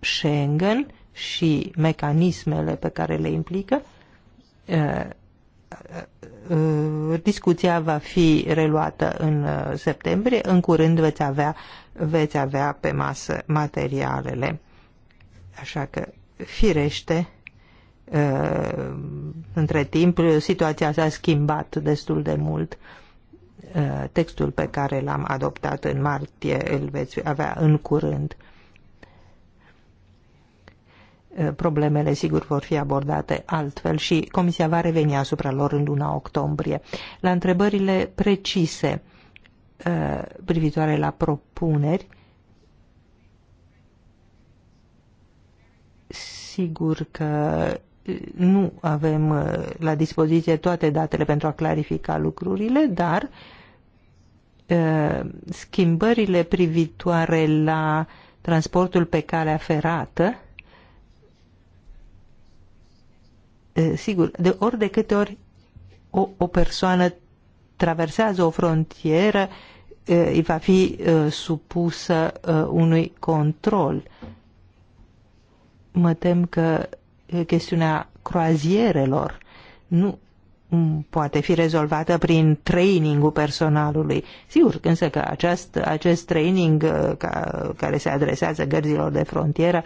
Schengen și mecanismele pe care le implică discuția va fi reluată în septembrie, în curând veți avea, veți avea pe masă materialele. Așa că, firește, Uh, între timp situația s-a schimbat destul de mult. Uh, textul pe care l-am adoptat în martie îl veți avea în curând. Uh, problemele sigur vor fi abordate altfel și Comisia va reveni asupra lor în luna octombrie. La întrebările precise privitoare la propuneri, sigur că nu avem uh, la dispoziție toate datele pentru a clarifica lucrurile, dar uh, schimbările privitoare la transportul pe calea ferată uh, sigur, de ori de câte ori o, o persoană traversează o frontieră, îi va fi supusă unui control. Mă tem că chestiunea croazierelor nu poate fi rezolvată prin trainingul personalului. Sigur, însă că acest, acest training ca, care se adresează gărzilor de frontieră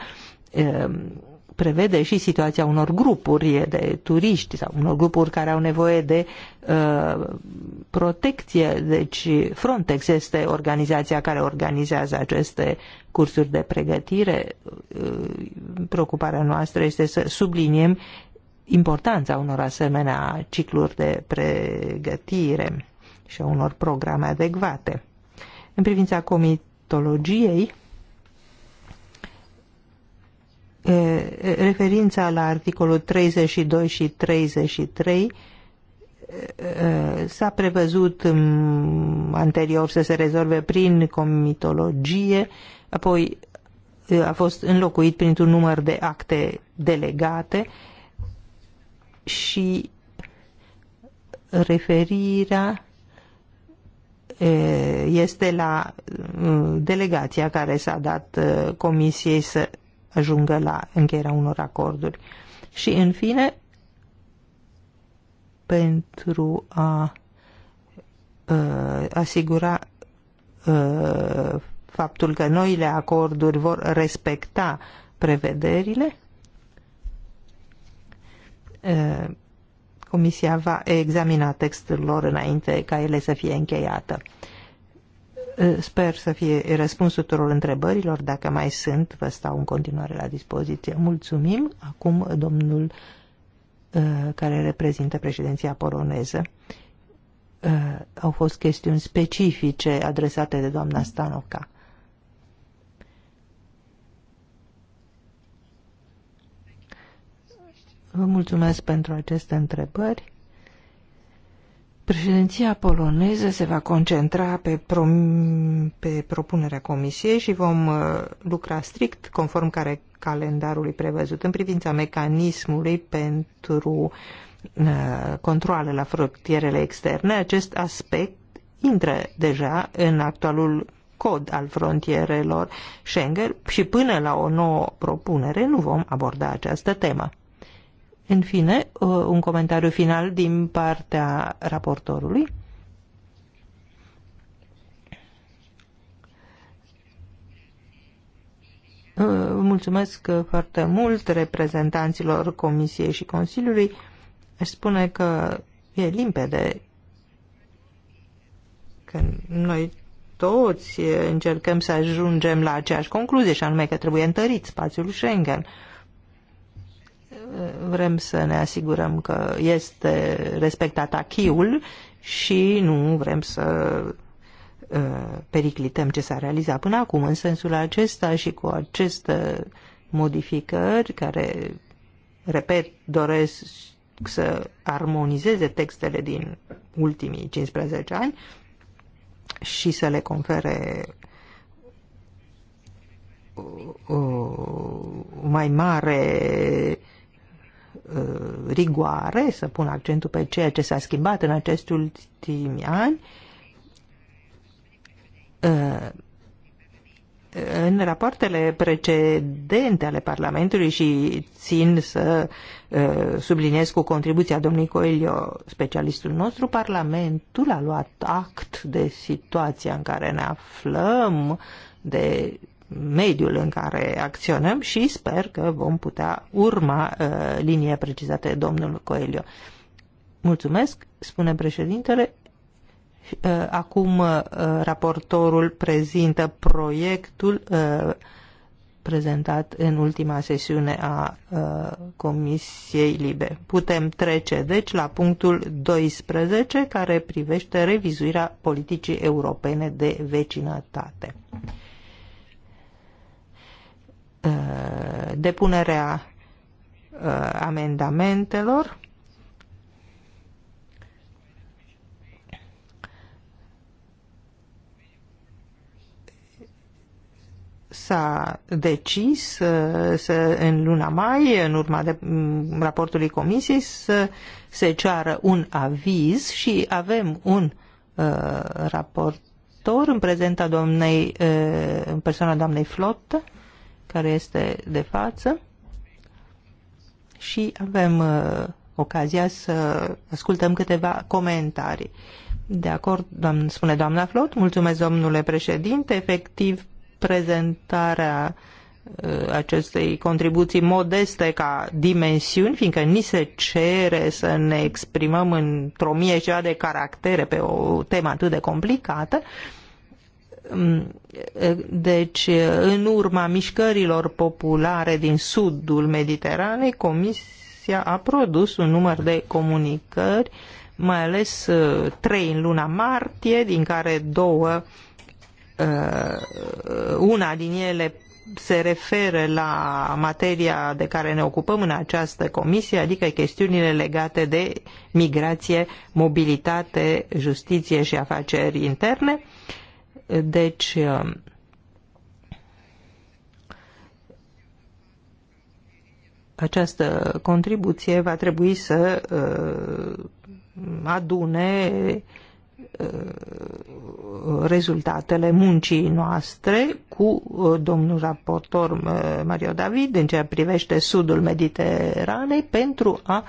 prevede și situația unor grupuri de turiști sau unor grupuri care au nevoie de protecție. Deci Frontex este organizația care organizează aceste cursuri de pregătire. Uh, preocuparea noastră este să subliniem importanța unor asemenea cicluri de pregătire și a unor programe adecvate. În privința comitologiei, referința la articolul 32 și 33 s-a prevăzut anterior să se rezolve prin comitologie apoi a fost înlocuit printr-un număr de acte delegate și referirea este la delegația care s-a dat comisiei să ajungă la încheierea unor acorduri. Și în fine, pentru a asigura faptul că noile acorduri vor respecta prevederile? Comisia va examina textul lor înainte ca ele să fie încheiată. Sper să fie răspuns tuturor întrebărilor. Dacă mai sunt, vă stau în continuare la dispoziție. Mulțumim. Acum domnul care reprezintă președinția poloneză. Au fost chestiuni specifice adresate de doamna Stanoca. Vă mulțumesc pentru aceste întrebări. Președinția poloneză se va concentra pe, pro, pe propunerea comisiei și vom uh, lucra strict conform care calendarului prevăzut în privința mecanismului pentru uh, controle la frontierele externe. Acest aspect intră deja în actualul cod al frontierelor Schengen și până la o nouă propunere nu vom aborda această temă. În fine, uh, un comentariu final din partea raportorului. Uh, mulțumesc foarte mult reprezentanților Comisiei și Consiliului. Aș spune că e limpede că noi toți încercăm să ajungem la aceeași concluzie și anume că trebuie întărit spațiul Schengen. Uh, vrem să ne asigurăm că este respectat achiul și nu vrem să uh, periclităm ce s-a realizat până acum. În sensul acesta și cu aceste modificări care, repet, doresc să armonizeze textele din ultimii 15 ani și să le confere o uh, uh, mai mare Uh, rigoare, să pun accentul pe ceea ce s-a schimbat în acești ultimi ani, uh, în rapoartele precedente ale Parlamentului și țin să uh, subliniez cu contribuția domnului Coelho, specialistul nostru, Parlamentul a luat act de situația în care ne aflăm, de mediul în care acționăm și sper că vom putea urma uh, linia precizată de domnul Coelho. Mulțumesc, spune președintele. Uh, acum uh, raportorul prezintă proiectul uh, prezentat în ultima sesiune a uh, Comisiei Libe. Putem trece, deci, la punctul 12, care privește revizuirea politicii europene de vecinătate. Uh, depunerea uh, amendamentelor s-a decis uh, să, în luna mai, în urma de, în mm, raportului comisiei, să se ceară un aviz și avem un uh, raportor în prezenta doamnei, uh, în persoana doamnei Flot, care este de față și avem uh, ocazia să ascultăm câteva comentarii. De acord, doamn, spune doamna Flot, mulțumesc domnule președinte, efectiv prezentarea uh, acestei contribuții modeste ca dimensiuni, fiindcă ni se cere să ne exprimăm într-o mie ceva de caractere pe o temă atât de complicată, uh, deci, în urma mișcărilor populare din sudul Mediteranei, Comisia a produs un număr de comunicări, mai ales uh, trei în luna martie, din care două, uh, uh, una din ele se referă la materia de care ne ocupăm în această comisie, adică chestiunile legate de migrație, mobilitate, justiție și afaceri interne deci, uh, această contribuție va trebui să uh, adune uh, rezultatele muncii noastre cu domnul raportor Mario David în ceea privește sudul Mediteranei pentru a uh,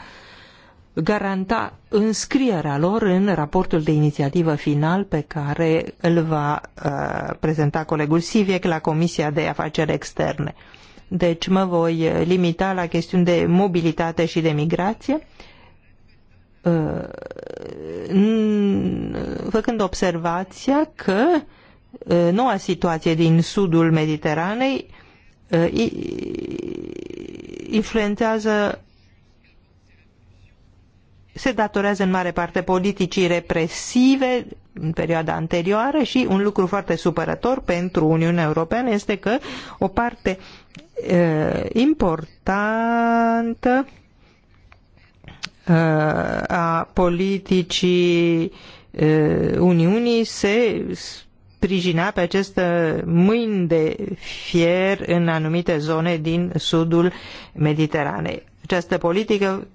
garanta înscrierea lor în raportul de inițiativă final pe care îl va uh, prezenta colegul Siviec la Comisia de Afaceri Externe. Deci mă voi uh, limita la chestiuni de mobilitate și de migrație, uh, făcând observația că uh, noua situație din sudul Mediteranei influențează se datorează în mare parte politicii represive în perioada anterioară și un lucru foarte supărător pentru Uniunea Europeană este că o parte importantă a politicii Uniunii se sprijina pe aceste mâini de fier în anumite zone din sudul Mediteranei. Această politică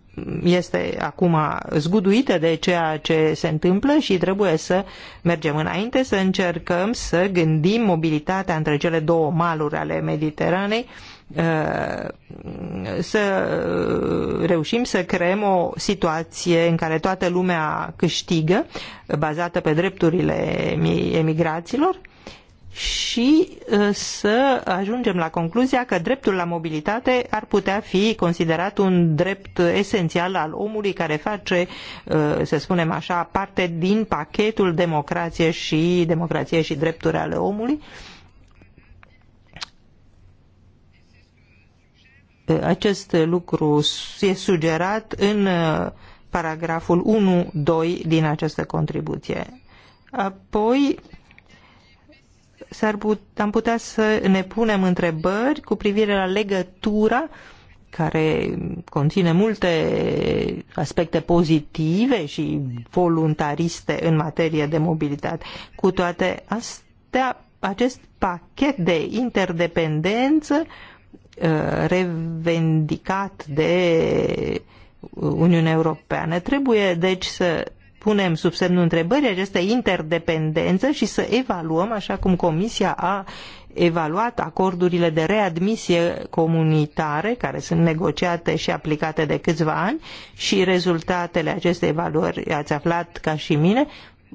este acum zguduită de ceea ce se întâmplă și trebuie să mergem înainte, să încercăm să gândim mobilitatea între cele două maluri ale Mediteranei, uh, să reușim să creăm o situație în care toată lumea câștigă, bazată pe drepturile emigraților și uh, să ajungem la concluzia că dreptul la mobilitate ar putea fi considerat un drept esențial al omului care face, uh, să spunem așa, parte din pachetul democrație și democrație și drepturi ale omului. Uh, acest lucru e sugerat în paragraful unu-doi din această contribuție. Apoi, s-ar put, am putea să ne punem întrebări cu privire la legătura care conține multe aspecte pozitive și voluntariste în materie de mobilitate. Cu toate astea, acest pachet de interdependență uh, revendicat de Uniunea Europeană trebuie deci să punem sub semnul întrebării această interdependență și să evaluăm, așa cum Comisia a evaluat acordurile de readmisie comunitare care sunt negociate și aplicate de câțiva ani și rezultatele acestei evaluări, ați aflat ca și mine,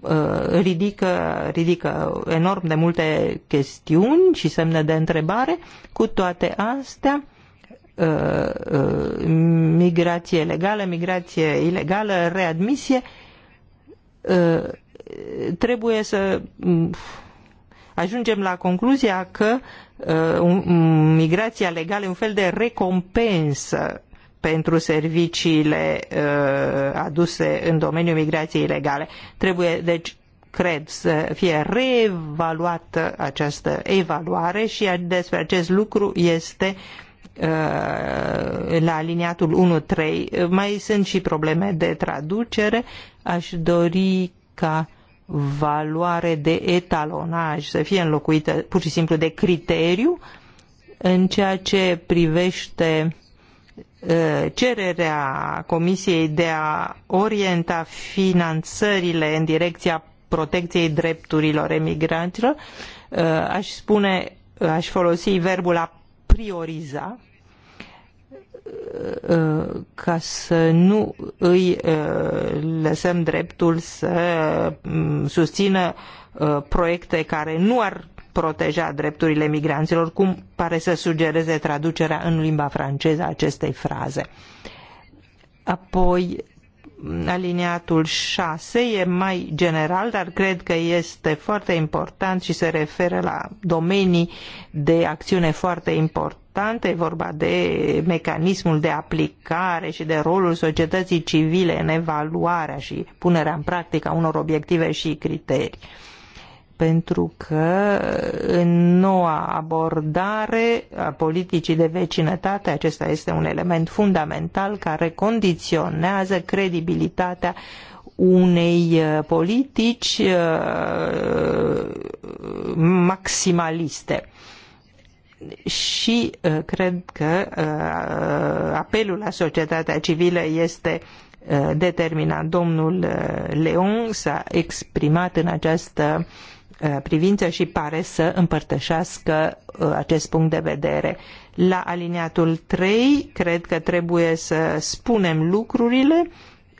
uh, ridică, ridică enorm de multe chestiuni și semne de întrebare. Cu toate astea, uh, uh, migrație legală, migrație ilegală, readmisie, Uh, trebuie să mm, ajungem la concluzia că uh, mm, migrația legală e un fel de recompensă pentru serviciile uh, aduse în domeniul migrației ilegale. Trebuie, deci, cred, să fie reevaluată această evaluare și despre acest lucru este la aliniatul 1.3. Mai sunt și probleme de traducere aș dori ca valoare de etalonaj să fie înlocuită pur și simplu de criteriu în ceea ce privește ă, cererea Comisiei de a orienta finanțările în direcția protecției drepturilor emigranților, ă, aș spune, aș folosi verbul a prioriza, Uh, ca să nu îi uh, lăsăm dreptul să mm, susțină uh, proiecte care nu ar proteja drepturile migranților, cum pare să sugereze traducerea în limba franceză a acestei fraze. Apoi, aliniatul 6 e mai general, dar cred că este foarte important și se referă la domenii de acțiune foarte importante. E vorba de mecanismul de aplicare și de rolul societății civile în evaluarea și punerea în practică a unor obiective și criterii pentru că în noua abordare a politicii de vecinătate, acesta este un element fundamental care condiționează credibilitatea unei uh, politici uh, maximaliste și uh, cred că apelul la societatea civilă este determinat. Domnul Leon s-a exprimat în această Uh, privință și pare să împărtășească uh, acest punct de vedere. La aliniatul 3, cred că trebuie să spunem lucrurile,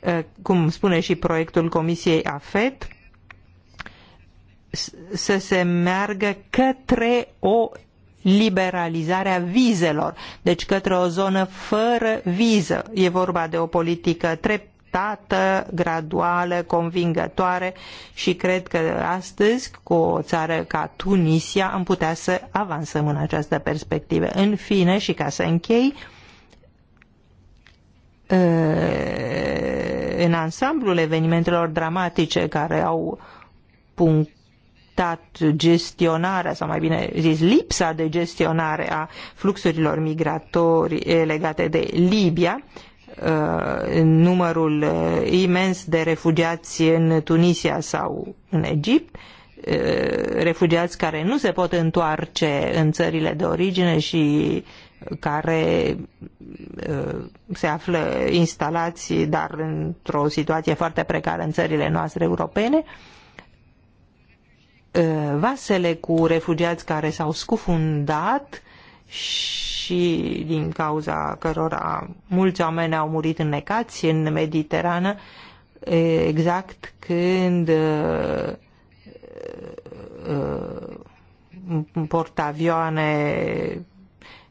uh, cum spune și proiectul Comisiei AFET, să se meargă către o liberalizarea vizelor, deci către o zonă fără viză. E vorba de o politică treptată treptată, graduală, convingătoare și cred că astăzi, cu o țară ca Tunisia, am putea să avansăm în această perspectivă. În fine, și ca să închei, ă, în ansamblul evenimentelor dramatice care au punctat gestionarea, sau mai bine zis, lipsa de gestionare a fluxurilor migratorii legate de Libia, Uh, numărul uh, imens de refugiați în Tunisia sau în Egipt, uh, refugiați care nu se pot întoarce în țările de origine și care se află instalați, dar într-o situație foarte precară în țările noastre europene, vasele cu refugiați care s-au scufundat și din cauza cărora mulți oameni au murit înnecați în Mediterană, exact când portavioane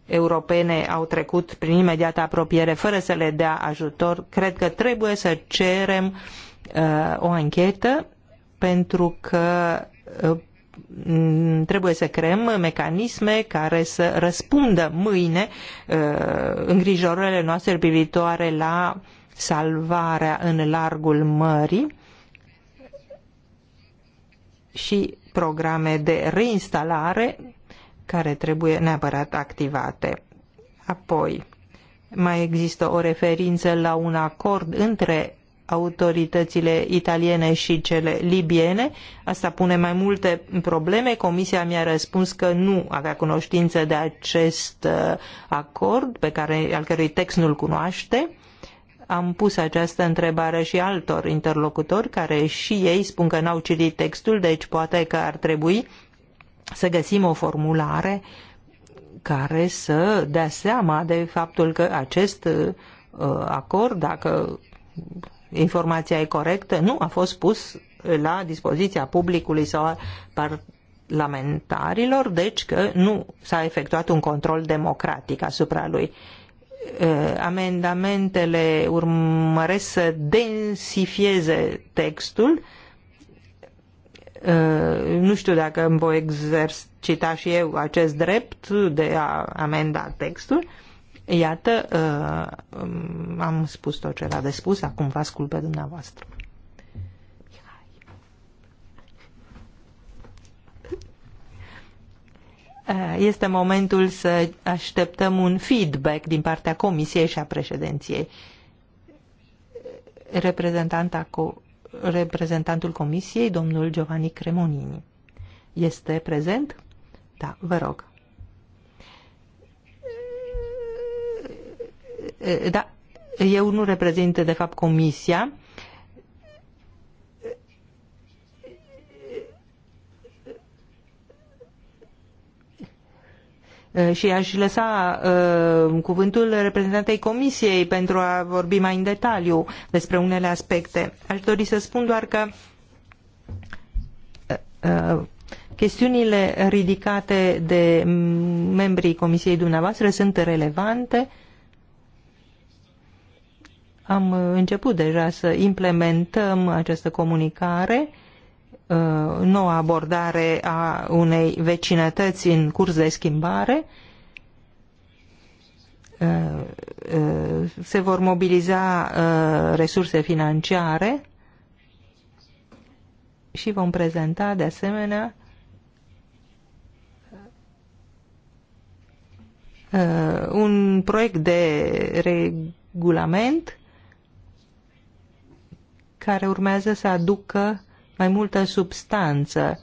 europene au trecut prin imediată apropiere fără să le dea ajutor, cred că trebuie să cerem uh, o anchetă pentru că uh, Mm, trebuie să creăm mecanisme care să răspundă mâine uh, îngrijorările noastre privitoare la salvarea în largul mării și programe de reinstalare care trebuie neapărat activate. Apoi, mai există o referință la un acord între autoritățile italiene și cele libiene. Asta pune mai multe probleme. Comisia mi-a răspuns că nu avea cunoștință de acest uh, acord, pe care, al cărui text nu-l cunoaște. Am pus această întrebare și altor interlocutori care și ei spun că n-au citit textul, deci poate că ar trebui să găsim o formulare care să dea seama de faptul că acest uh, acord, dacă informația e corectă, nu a fost pus la dispoziția publicului sau a parlamentarilor, deci că nu s-a efectuat un control democratic asupra lui. Uh, amendamentele urmăresc să densifieze textul. Uh, nu știu dacă îmi voi exercita și eu acest drept de a amenda textul, Iată, uh, am spus tot ce era de spus, acum vă ascult pe dumneavoastră. Uh, este momentul să așteptăm un feedback din partea Comisiei și a președinției. Reprezentanta reprezentantul Comisiei, domnul Giovanni Cremonini. Este prezent? Da, vă rog. Eh, da, eu nu reprezint, de fapt, comisia. Eh, și aș lăsa uh, cuvântul reprezentantei Comisiei pentru a vorbi mai în detaliu despre unele aspecte. Aș dori să spun doar că uh, chestiunile ridicate de membrii Comisiei dumneavoastră sunt relevante uh, am uh, început deja să implementăm această comunicare, uh, noua abordare a unei vecinătăți în curs de schimbare. Uh, se vor mobiliza resurse financiare și vom prezenta de asemenea un proiect de regulament care urmează să aducă mai multă substanță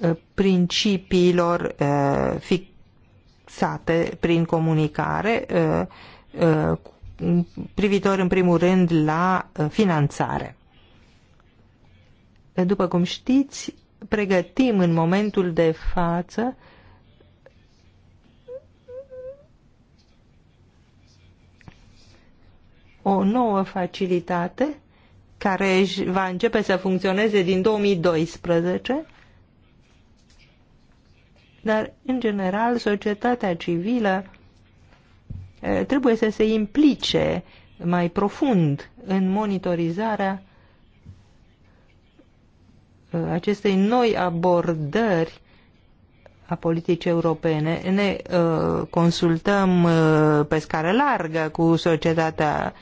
uh, principiilor uh, fixate prin comunicare uh, privitor în primul rând la finanțare. După cum știți, pregătim în momentul de față o nouă facilitate care va începe să funcționeze din 2012, dar, în general, societatea civilă trebuie să se implice mai profund în monitorizarea acestei noi abordări a politicii europene. Ne uh, consultăm uh, pe scară largă cu societatea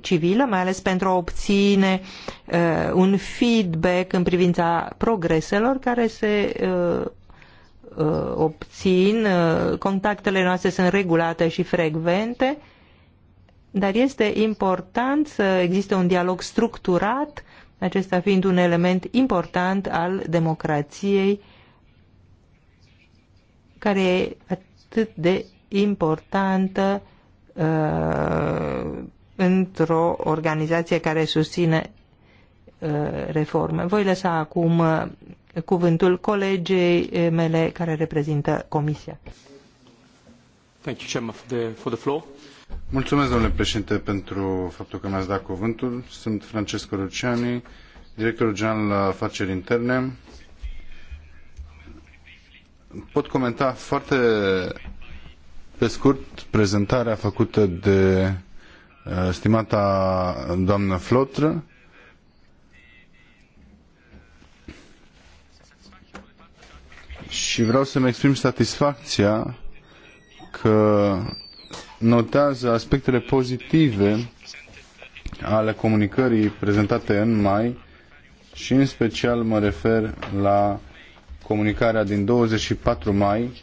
civilă, mai ales pentru a obține uh, un feedback în privința progreselor care se uh, uh, obțin. Uh, contactele noastre sunt regulate și frecvente, dar este important să existe un dialog structurat, acesta fiind un element important al democrației care e atât de importantă uh, într-o organizație care susține uh, reforme. Voi lăsa acum uh, cuvântul colegei uh, mele care reprezintă Comisia. Thank you, Chairman, for the, for the floor. Mulțumesc, domnule președinte, pentru faptul că mi-ați dat cuvântul. Sunt Francesco Luciani, directorul general la afaceri interne pot comenta foarte pe scurt prezentarea făcută de uh, stimata doamnă Flotră. Și vreau să-mi exprim satisfacția că notează aspectele pozitive ale comunicării prezentate în mai și în special mă refer la comunicarea din 24 mai,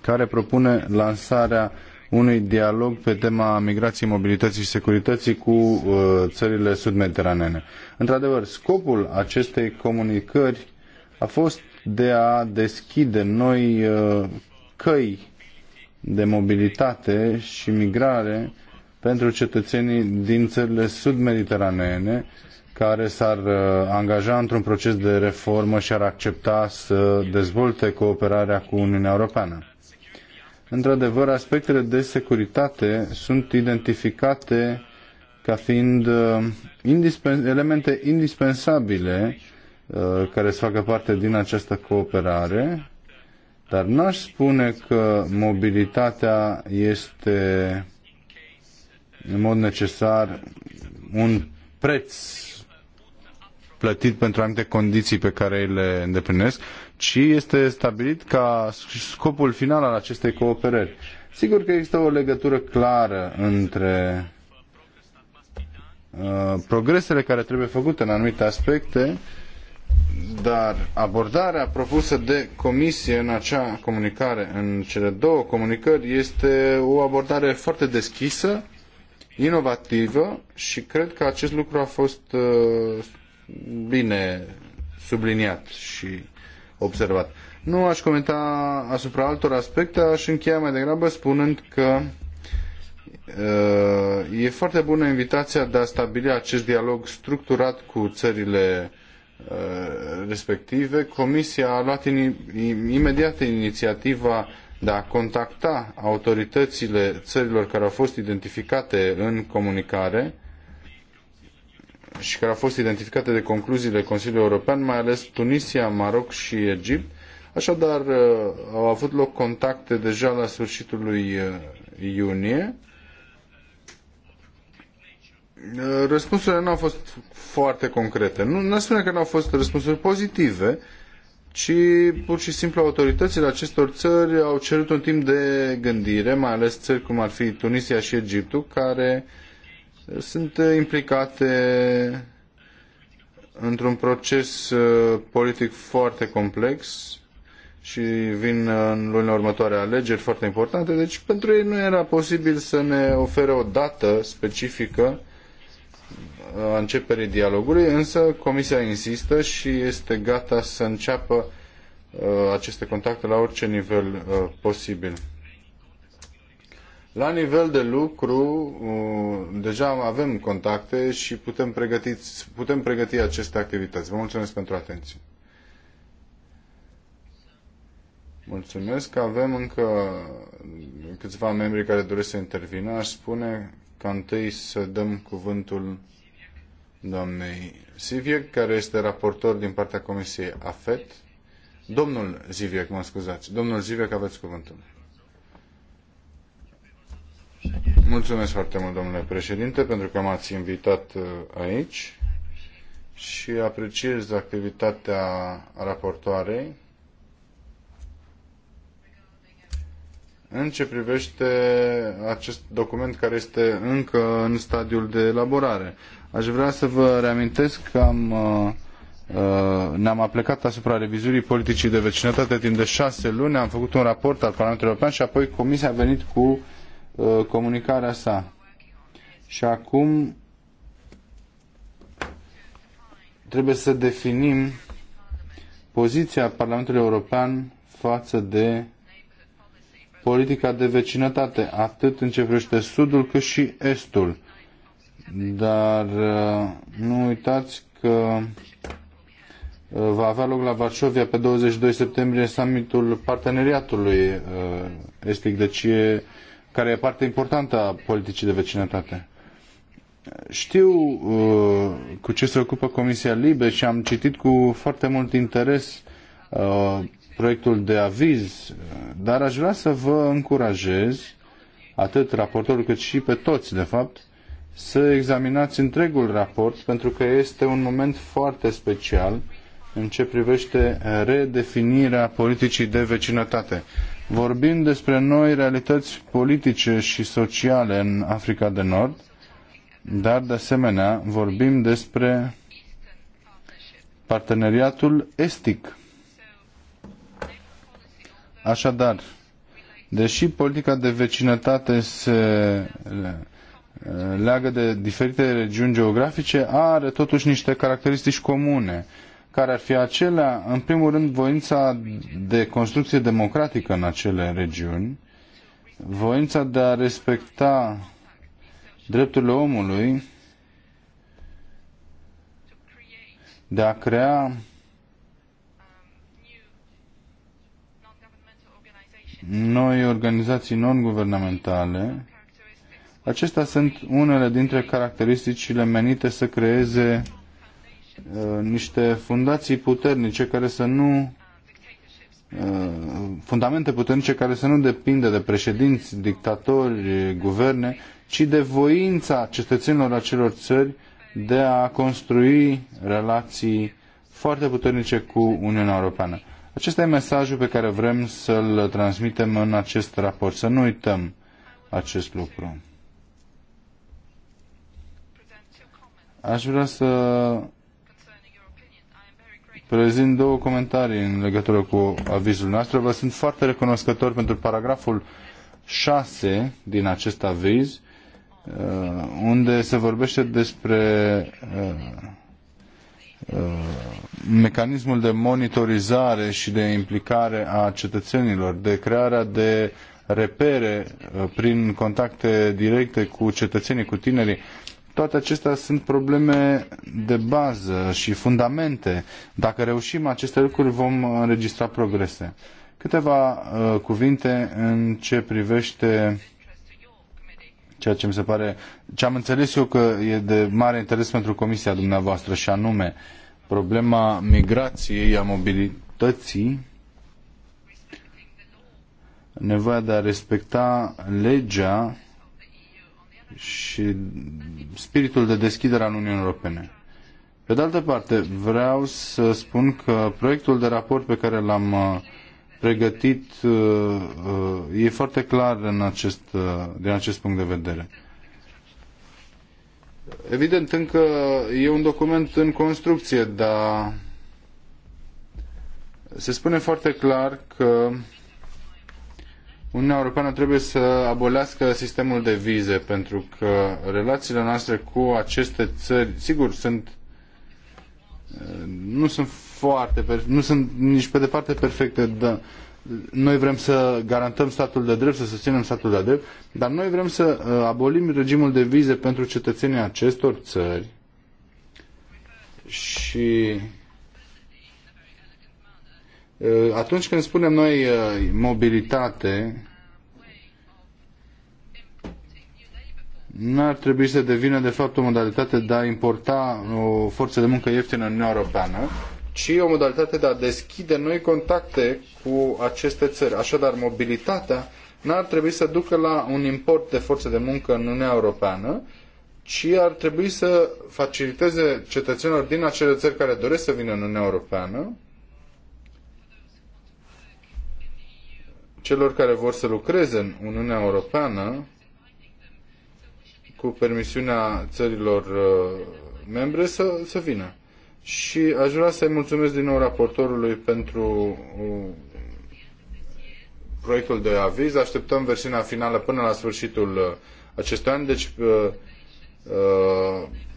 care propune lansarea unui dialog pe tema migrației, mobilității și securității cu uh, țările sud-mediteranene. Într-adevăr, scopul acestei comunicări a fost de a deschide noi uh, căi de mobilitate și migrare pentru cetățenii din țările sud mediteranene care s-ar uh, angaja într-un proces de reformă și ar accepta să dezvolte cooperarea cu Uniunea Europeană. Într-adevăr, aspectele de securitate sunt identificate ca fiind uh, elemente indispensabile uh, care să facă parte din această cooperare, dar n-aș spune că mobilitatea este în mod necesar un preț plătit pentru anumite condiții pe care le îndeplinesc, ci este stabilit ca scopul final al acestei cooperări. Sigur că există o legătură clară între uh, progresele care trebuie făcute în anumite aspecte, dar abordarea propusă de comisie în acea comunicare, în cele două comunicări, este o abordare foarte deschisă, inovativă și cred că acest lucru a fost uh, bine subliniat și observat. Nu aș comenta asupra altor aspecte, aș încheia mai degrabă spunând că uh, e foarte bună invitația de a stabili acest dialog structurat cu țările uh, respective. Comisia a luat imediat inițiativa de a contacta autoritățile țărilor care au fost identificate în comunicare și care au fost identificate de concluziile Consiliului European, mai ales Tunisia, Maroc și Egipt. Așadar, uh, au avut loc contacte deja la sfârșitul lui uh, iunie. Uh, răspunsurile nu au fost foarte concrete. Nu, nu spune că nu au fost răspunsuri pozitive, ci pur și simplu autoritățile acestor țări au cerut un timp de gândire, mai ales țări cum ar fi Tunisia și Egiptul, care uh, sunt uh, implicate într-un proces uh, politic foarte complex și vin uh, în lunile următoare alegeri foarte importante, deci pentru ei nu era posibil să ne ofere o dată specifică a începerii dialogului, însă Comisia insistă și este gata să înceapă aceste contacte la orice nivel posibil. La nivel de lucru, uh, deja avem contacte și putem pregăti, putem pregăti aceste activități. Vă mulțumesc pentru atenție. Mulțumesc. că Avem încă câțiva membri care doresc să intervină. Aș spune ca întâi să dăm cuvântul doamnei Siviec, care este raportor din partea Comisiei AFET. Domnul Ziviec, mă scuzați. Domnul Ziviec, aveți cuvântul. Mulțumesc foarte mult, domnule președinte, pentru că m-ați invitat uh, aici și apreciez activitatea raportoarei în ce privește acest document care este încă în stadiul de elaborare. Aș vrea să vă reamintesc că am, uh, uh, ne-am aplecat asupra revizuirii politicii de vecinătate timp de șase luni, am făcut un raport al Parlamentului European și apoi Comisia a venit cu Uh, comunicarea sa. Și acum trebuie să definim poziția Parlamentului European față de politica de vecinătate, atât în ce privește sudul cât și estul. Dar uh, nu uitați că uh, va avea loc la Varșovia pe 22 septembrie summitul parteneriatului estic, deci e care e parte importantă a politicii de vecinătate. Știu uh, cu ce se ocupă Comisia Libe și am citit cu foarte mult interes uh, proiectul de aviz, uh, dar aș vrea să vă încurajez, atât raportorul cât și pe toți, de fapt, să examinați întregul raport, pentru că este un moment foarte special în ce privește redefinirea politicii de vecinătate vorbim despre noi realități politice și sociale în Africa de Nord, dar de asemenea vorbim despre parteneriatul estic. Așadar, deși politica de vecinătate se leagă de diferite regiuni geografice, are totuși niște caracteristici comune care ar fi acelea, în primul rând, voința de construcție democratică în acele regiuni, voința de a respecta drepturile omului, de a crea noi organizații non-guvernamentale. Acestea sunt unele dintre caracteristicile menite să creeze Uh, niște fundații puternice care să nu uh, fundamente puternice care să nu depindă de președinți, dictatori, guverne, ci de voința cetățenilor acelor țări de a construi relații foarte puternice cu Uniunea Europeană. Acesta e mesajul pe care vrem să-l transmitem în acest raport, să nu uităm acest lucru. Aș vrea să prezint două comentarii în legătură cu avizul nostru. Vă sunt foarte recunoscător pentru paragraful 6 din acest aviz, uh, unde se vorbește despre uh, uh, mecanismul de monitorizare și de implicare a cetățenilor, de crearea de repere prin contacte directe cu cetățenii, cu tinerii. Toate acestea sunt probleme de bază și fundamente. Dacă reușim aceste lucruri, vom înregistra progrese. Câteva uh, cuvinte în ce privește ceea ce mi se pare, ce am înțeles eu că e de mare interes pentru comisia dumneavoastră și anume problema migrației, a mobilității, nevoia de a respecta legea și spiritul de deschidere al Uniunii Europene. Pe de altă parte, vreau să spun că proiectul de raport pe care l-am uh, pregătit uh, uh, e foarte clar în acest, din acest punct de vedere. Evident, încă e un document în construcție, dar se spune foarte clar că Uniunea Europeană trebuie să abolească sistemul de vize, pentru că relațiile noastre cu aceste țări, sigur, sunt nu sunt foarte, nu sunt nici pe departe perfecte, dar noi vrem să garantăm statul de drept, să susținem statul de drept, dar noi vrem să uh, abolim regimul de vize pentru cetățenii acestor țări și Eh, atunci când spunem noi eh, mobilitate, nu ar trebui să devină de fapt o modalitate de a importa o forță de muncă ieftină în Uniunea Europeană, ci o modalitate de a deschide noi contacte cu aceste țări. Așadar, mobilitatea nu ar trebui să ducă la un import de forță de muncă în Uniunea Europeană, ci ar trebui să faciliteze cetățenilor din acele țări care doresc să vină în Uniunea Europeană celor care vor să lucreze în Uniunea Europeană cu permisiunea țărilor uh, membre să, să vină. Și aș vrea să-i mulțumesc din nou raportorului pentru uh, proiectul de aviz. Așteptăm versiunea finală până la sfârșitul uh, acestui an, deci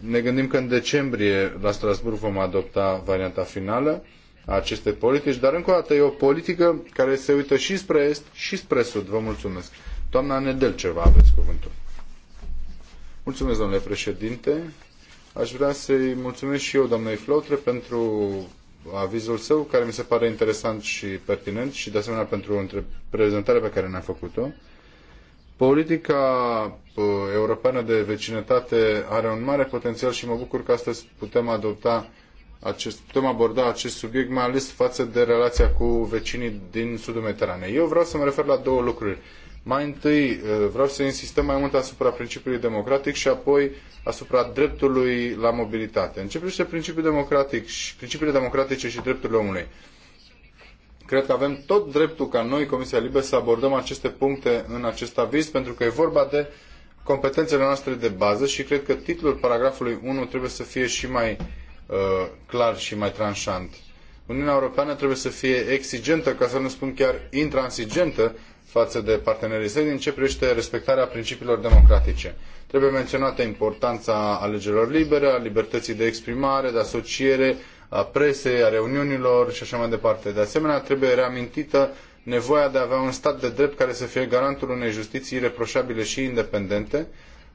ne gândim că în decembrie la Strasbourg vom adopta varianta finală aceste politici, dar încă o dată e o politică care se uită și spre est și spre sud. Vă mulțumesc. Doamna Nedelceva, aveți cuvântul. Mulțumesc, domnule președinte. Aș vrea să-i mulțumesc și eu, doamnei Flotre, pentru avizul său, care mi se pare interesant și pertinent și, de asemenea, pentru prezentarea pe care ne-a făcut-o. Politica uh, europeană de vecinătate are un mare potențial și mă bucur că astăzi putem adopta acest, putem aborda acest subiect, mai ales față de relația cu vecinii din sudul Mediteranei. Eu vreau să mă refer la două lucruri. Mai întâi eh, vreau să insistăm mai mult asupra principiului democratic și apoi asupra dreptului la mobilitate. În ce privește principiul democratic și principiile democratice și drepturile omului. Cred că avem tot dreptul ca noi, Comisia liberă să abordăm aceste puncte în acest aviz, pentru că e vorba de competențele noastre de bază și cred că titlul paragrafului 1 trebuie să fie și mai Uh, clar și mai tranșant. Uniunea Europeană trebuie să fie exigentă, ca să nu spun chiar intransigentă, față de partenerii săi în ce privește respectarea principiilor democratice. Trebuie menționată importanța alegerilor libere, a libertății de exprimare, de asociere, a presei, a reuniunilor și așa mai departe. De asemenea, trebuie reamintită nevoia de a avea un stat de drept care să fie garantul unei justiții reproșabile și independente,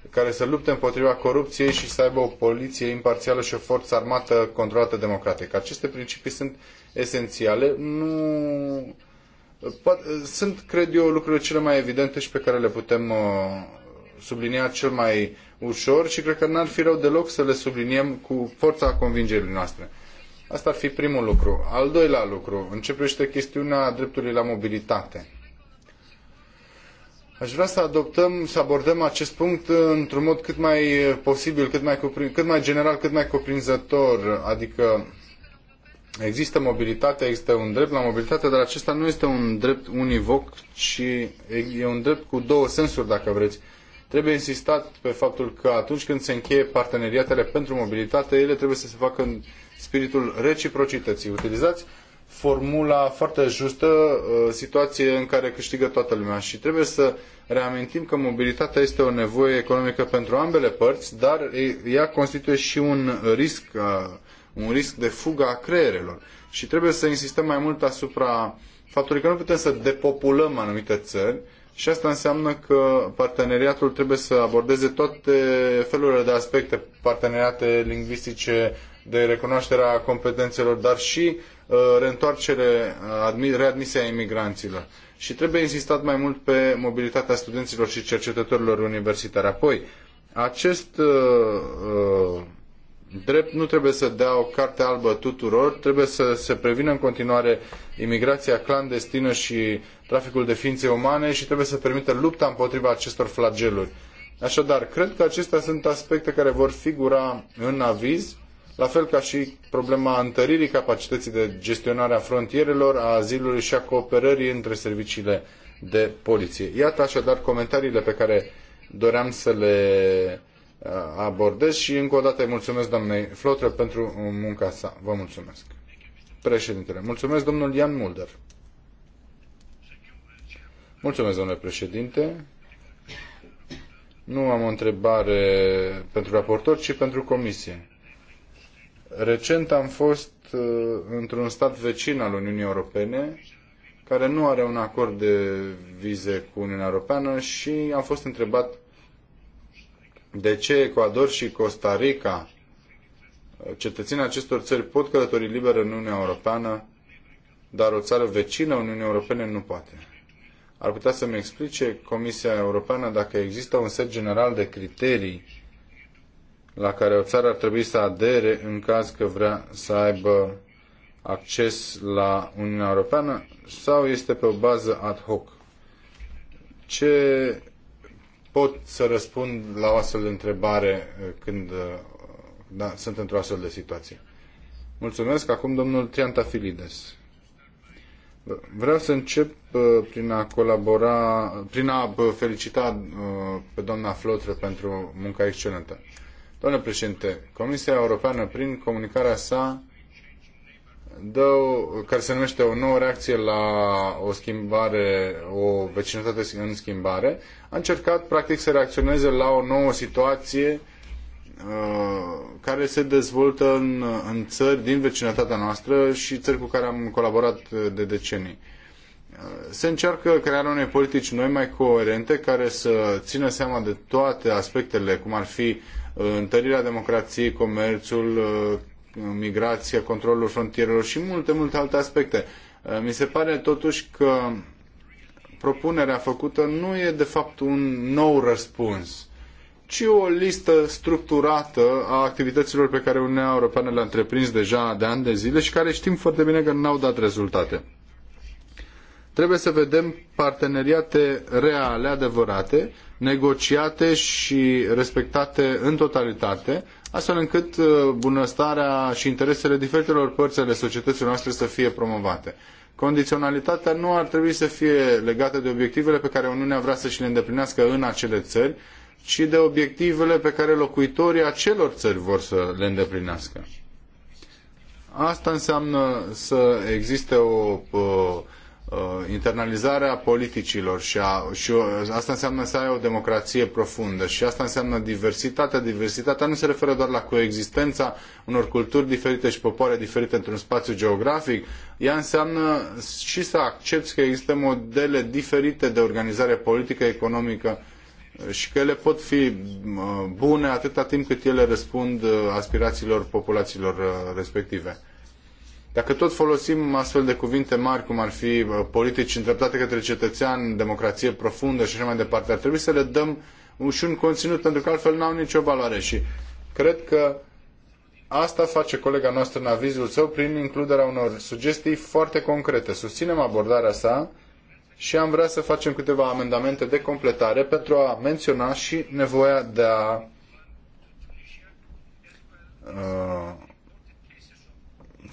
care să lupte împotriva corupției și să aibă o poliție imparțială și o forță armată controlată democratic. Aceste principii sunt esențiale. Nu... Sunt, cred eu, lucrurile cele mai evidente și pe care le putem uh, sublinia cel mai ușor și cred că n-ar fi rău deloc să le subliniem cu forța convingerii noastre. Asta ar fi primul lucru. Al doilea lucru, începește chestiunea dreptului la mobilitate Aș vrea să adoptăm, să abordăm acest punct într-un mod cât mai posibil, cât mai, cuprin, cât mai general, cât mai cuprinzător. Adică există mobilitate, există un drept la mobilitate, dar acesta nu este un drept univoc, ci e un drept cu două sensuri, dacă vreți. Trebuie insistat pe faptul că atunci când se încheie parteneriatele pentru mobilitate, ele trebuie să se facă în spiritul reciprocității. Utilizați formula foarte justă, uh, situație în care câștigă toată lumea. Și trebuie să reamintim că mobilitatea este o nevoie economică pentru ambele părți, dar ea constituie și un risc, uh, un risc de fugă a creierelor. Și trebuie să insistăm mai mult asupra faptului că nu putem să depopulăm anumite țări, și asta înseamnă că parteneriatul trebuie să abordeze toate felurile de aspecte, parteneriate lingvistice, de recunoașterea competențelor, dar și uh, reîntoarcere, uh, readmisia imigranților. Și trebuie insistat mai mult pe mobilitatea studenților și cercetătorilor universitari. Apoi, acest uh, uh, drept nu trebuie să dea o carte albă tuturor, trebuie să se prevină în continuare imigrația clandestină și traficul de ființe umane și trebuie să permită lupta împotriva acestor flageluri. Așadar, cred că acestea sunt aspecte care vor figura în aviz la fel ca și problema întăririi capacității de gestionare a frontierelor, a azilului și a cooperării între serviciile de poliție. Iată așadar comentariile pe care doream să le uh, abordez și încă o dată îi mulțumesc doamnei Flotră pentru munca sa. Vă mulțumesc. Președintele, mulțumesc domnul Ian Mulder. Mulțumesc, domnule președinte. Nu am o întrebare pentru raportor, ci pentru comisie. Recent am fost uh, într-un stat vecin al Uniunii Europene care nu are un acord de vize cu Uniunea Europeană și am fost întrebat de ce Ecuador și Costa Rica, uh, cetățenii acestor țări, pot călători liber în Uniunea Europeană, dar o țară vecină Uniunii Europene nu poate. Ar putea să-mi explice Comisia Europeană dacă există un set general de criterii la care o țară ar trebui să adere în caz că vrea să aibă acces la Uniunea Europeană sau este pe o bază ad hoc? Ce pot să răspund la o astfel de întrebare eh, când eh, da, sunt într-o astfel de situație? Mulțumesc. Acum domnul Triantafilides. Vreau să încep eh, prin a colabora, prin a felicita pe doamna Flotră pentru munca excelentă. Domnule președinte, Comisia Europeană, prin comunicarea sa, dă, care se numește o nouă reacție la o schimbare, o vecinătate în schimbare, a încercat practic să reacționeze la o nouă situație uh, care se dezvoltă în, în țări din vecinătatea noastră și țări cu care am colaborat de decenii. Uh, se încearcă crearea unei politici noi mai coerente care să țină seama de toate aspectele, cum ar fi întărirea democrației, comerțul, uh, migrația, controlul frontierelor și multe, multe alte aspecte. Uh, mi se pare totuși că propunerea făcută nu e de fapt un nou răspuns, ci o listă structurată a activităților pe care Uniunea Europeană le-a întreprins deja de ani de zile și care știm foarte bine că nu au dat rezultate. Trebuie să vedem parteneriate reale, adevărate, negociate și respectate în totalitate, astfel încât uh, bunăstarea și interesele diferitelor părți ale societății noastre să fie promovate. Condiționalitatea nu ar trebui să fie legată de obiectivele pe care Uniunea vrea să și le îndeplinească în acele țări, ci de obiectivele pe care locuitorii acelor țări vor să le îndeplinească. Asta înseamnă să existe o uh, Uh, internalizarea politicilor și, a, și o, asta înseamnă să ai o democrație profundă și asta înseamnă diversitatea. Diversitatea nu se referă doar la coexistența unor culturi diferite și popoare diferite într-un spațiu geografic. Ea înseamnă și să accepti că există modele diferite de organizare politică, economică și că ele pot fi uh, bune atâta timp cât ele răspund uh, aspirațiilor populațiilor respective. Dacă tot folosim astfel de cuvinte mari, cum ar fi politici îndreptate către cetățean, democrație profundă și așa mai departe, ar trebui să le dăm și un conținut, pentru că altfel n-au nicio valoare. Și cred că asta face colega noastră în avizul său prin includerea unor sugestii foarte concrete. Susținem abordarea sa și am vrea să facem câteva amendamente de completare pentru a menționa și nevoia de a uh,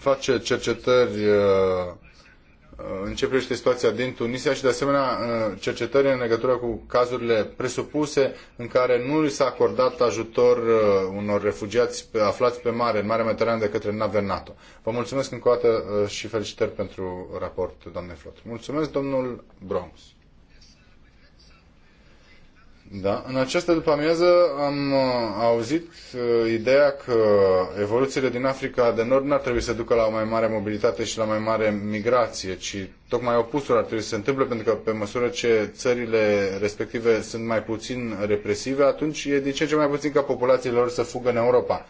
face cercetări uh, uh, în ce privește situația din Tunisia și de asemenea uh, cercetări în legătură cu cazurile presupuse în care nu li s-a acordat ajutor unor refugiați aflați pe mare, în Marea Mediterană, de către nave NATO. Vă mulțumesc încă o dată și felicitări pentru raport, doamne Flot. Mulțumesc, domnul Bronx. Da. În această după-amiază am uh, auzit uh, ideea că evoluțiile din Africa de Nord n-ar trebui să ducă la o mai mare mobilitate și la mai mare migrație, ci tocmai opusul ar trebui să se întâmple, pentru că pe măsură ce țările respective sunt mai puțin represive, atunci e din ce în ce mai puțin ca populațiile lor să fugă în Europa.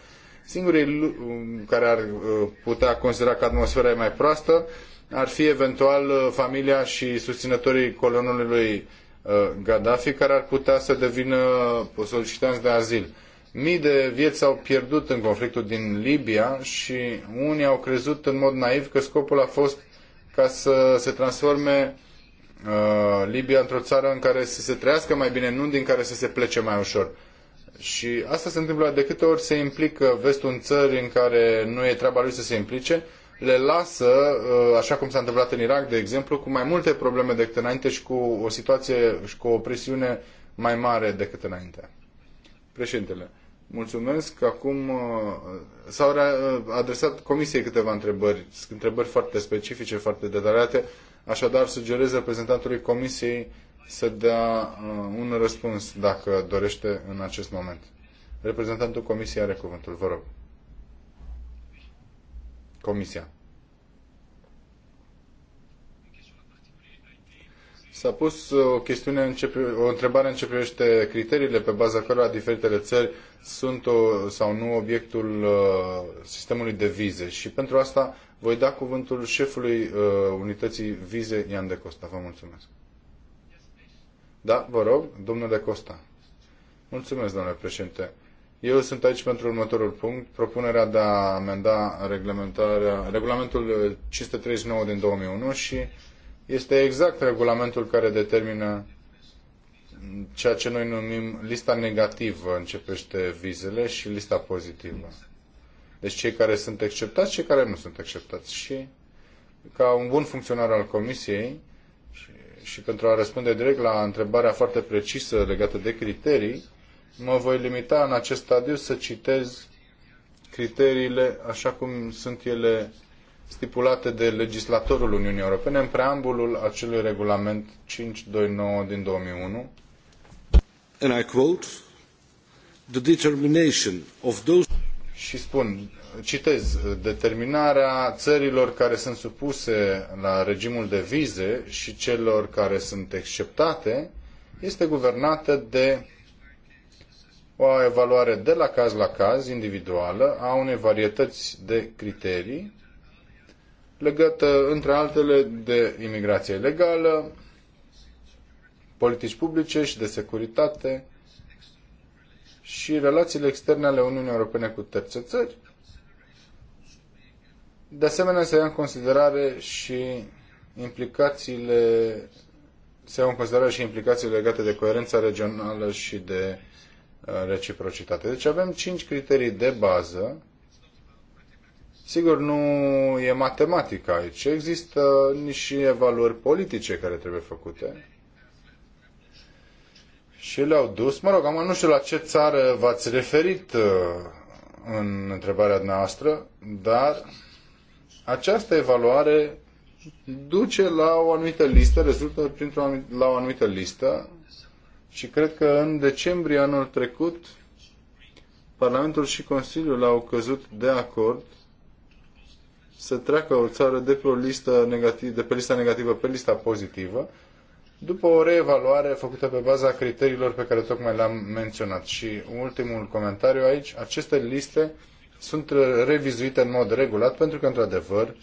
Singurii um, care ar uh, putea considera că atmosfera e mai proastă ar fi eventual familia și susținătorii colonului Uh, Gaddafi, care ar putea să devină solicitanți de azil. Mii de vieți s-au pierdut în conflictul din Libia și unii au crezut în mod naiv că scopul a fost ca să se transforme uh, Libia într-o țară în care să se trăiască mai bine, nu din care să se plece mai ușor. Și asta se întâmplă de câte ori se implică vestul în țări în care nu e treaba lui să se implice, le lasă, uh, așa cum s-a întâmplat în Irak, de exemplu, cu mai multe probleme decât înainte și cu o situație și cu o presiune mai mare decât înainte. Președintele, mulțumesc. Acum uh, s-au uh, adresat comisiei câteva întrebări, întrebări foarte specifice, foarte detaliate, așadar sugerez reprezentantului comisiei să dea un răspuns dacă dorește în acest moment. Reprezentantul comisiei are cuvântul, vă rog. Comisia. S-a pus uh, o, chestiune în o întrebare în ce privește criteriile pe baza cărora diferitele țări sunt o, sau nu obiectul uh, sistemului de vize. Și pentru asta voi da cuvântul șefului uh, unității vize, Ian de Costa. Vă mulțumesc. Da, vă rog, domnule de Costa. Mulțumesc, domnule președinte. Eu sunt aici pentru următorul punct, propunerea de a amenda reglementarea, regulamentul 539 din 2001 și este exact regulamentul care determină ceea ce noi numim lista negativă începește vizele și lista pozitivă. Deci cei care sunt acceptați, cei care nu sunt acceptați. Și ca un bun funcționar al Comisiei și, și pentru a răspunde direct la întrebarea foarte precisă legată de criterii, Mă voi limita în acest stadiu să citez criteriile așa cum sunt ele stipulate de legislatorul Uniunii Europene în preambulul acelui regulament 529 din 2001. And I quote, the determination of those... Și spun, citez, determinarea țărilor care sunt supuse la regimul de vize și celor care sunt exceptate este guvernată de o evaluare de la caz la caz, individuală, a unei varietăți de criterii legată, între altele, de imigrație legală, politici publice și de securitate și relațiile externe ale Uniunii Europene cu terțe țări. De asemenea, se ia în considerare și implicațiile se iau în considerare și implicațiile legate de coerența regională și de reciprocitate. Deci avem cinci criterii de bază. Sigur, nu e matematică aici. Există niște evaluări politice care trebuie făcute. Și le-au dus, mă rog, am nu știu la ce țară v-ați referit uh, în întrebarea noastră, dar această evaluare duce la o anumită listă, rezultă printr-o la o anumită listă și cred că în decembrie anul trecut, Parlamentul și Consiliul au căzut de acord să treacă o țară de pe, o listă negativ, de pe lista negativă pe lista pozitivă, după o reevaluare făcută pe baza criteriilor pe care tocmai le-am menționat. Și ultimul comentariu aici, aceste liste sunt revizuite în mod regulat pentru că, într-adevăr,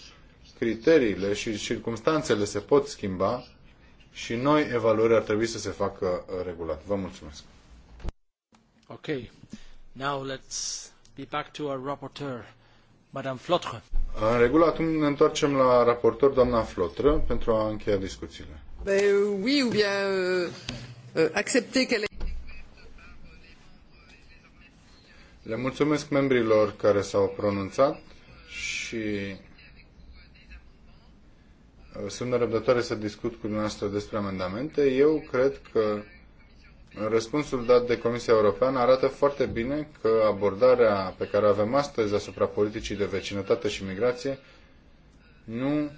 criteriile și circumstanțele se pot schimba și noi evaluări ar trebui să se facă uh, regulat. Vă mulțumesc. Ok. Now let's be back to our rapporteur, Madame Flotre. În regulă, acum ne întoarcem la raportor, doamna Flotră, pentru a încheia discuțiile. Ben, oui, ou bien euh, euh accepter qu'elle Le mulțumesc membrilor care s-au pronunțat și sunt nerăbdătoare să discut cu dumneavoastră despre amendamente. Eu cred că răspunsul dat de Comisia Europeană arată foarte bine că abordarea pe care o avem astăzi asupra politicii de vecinătate și migrație nu,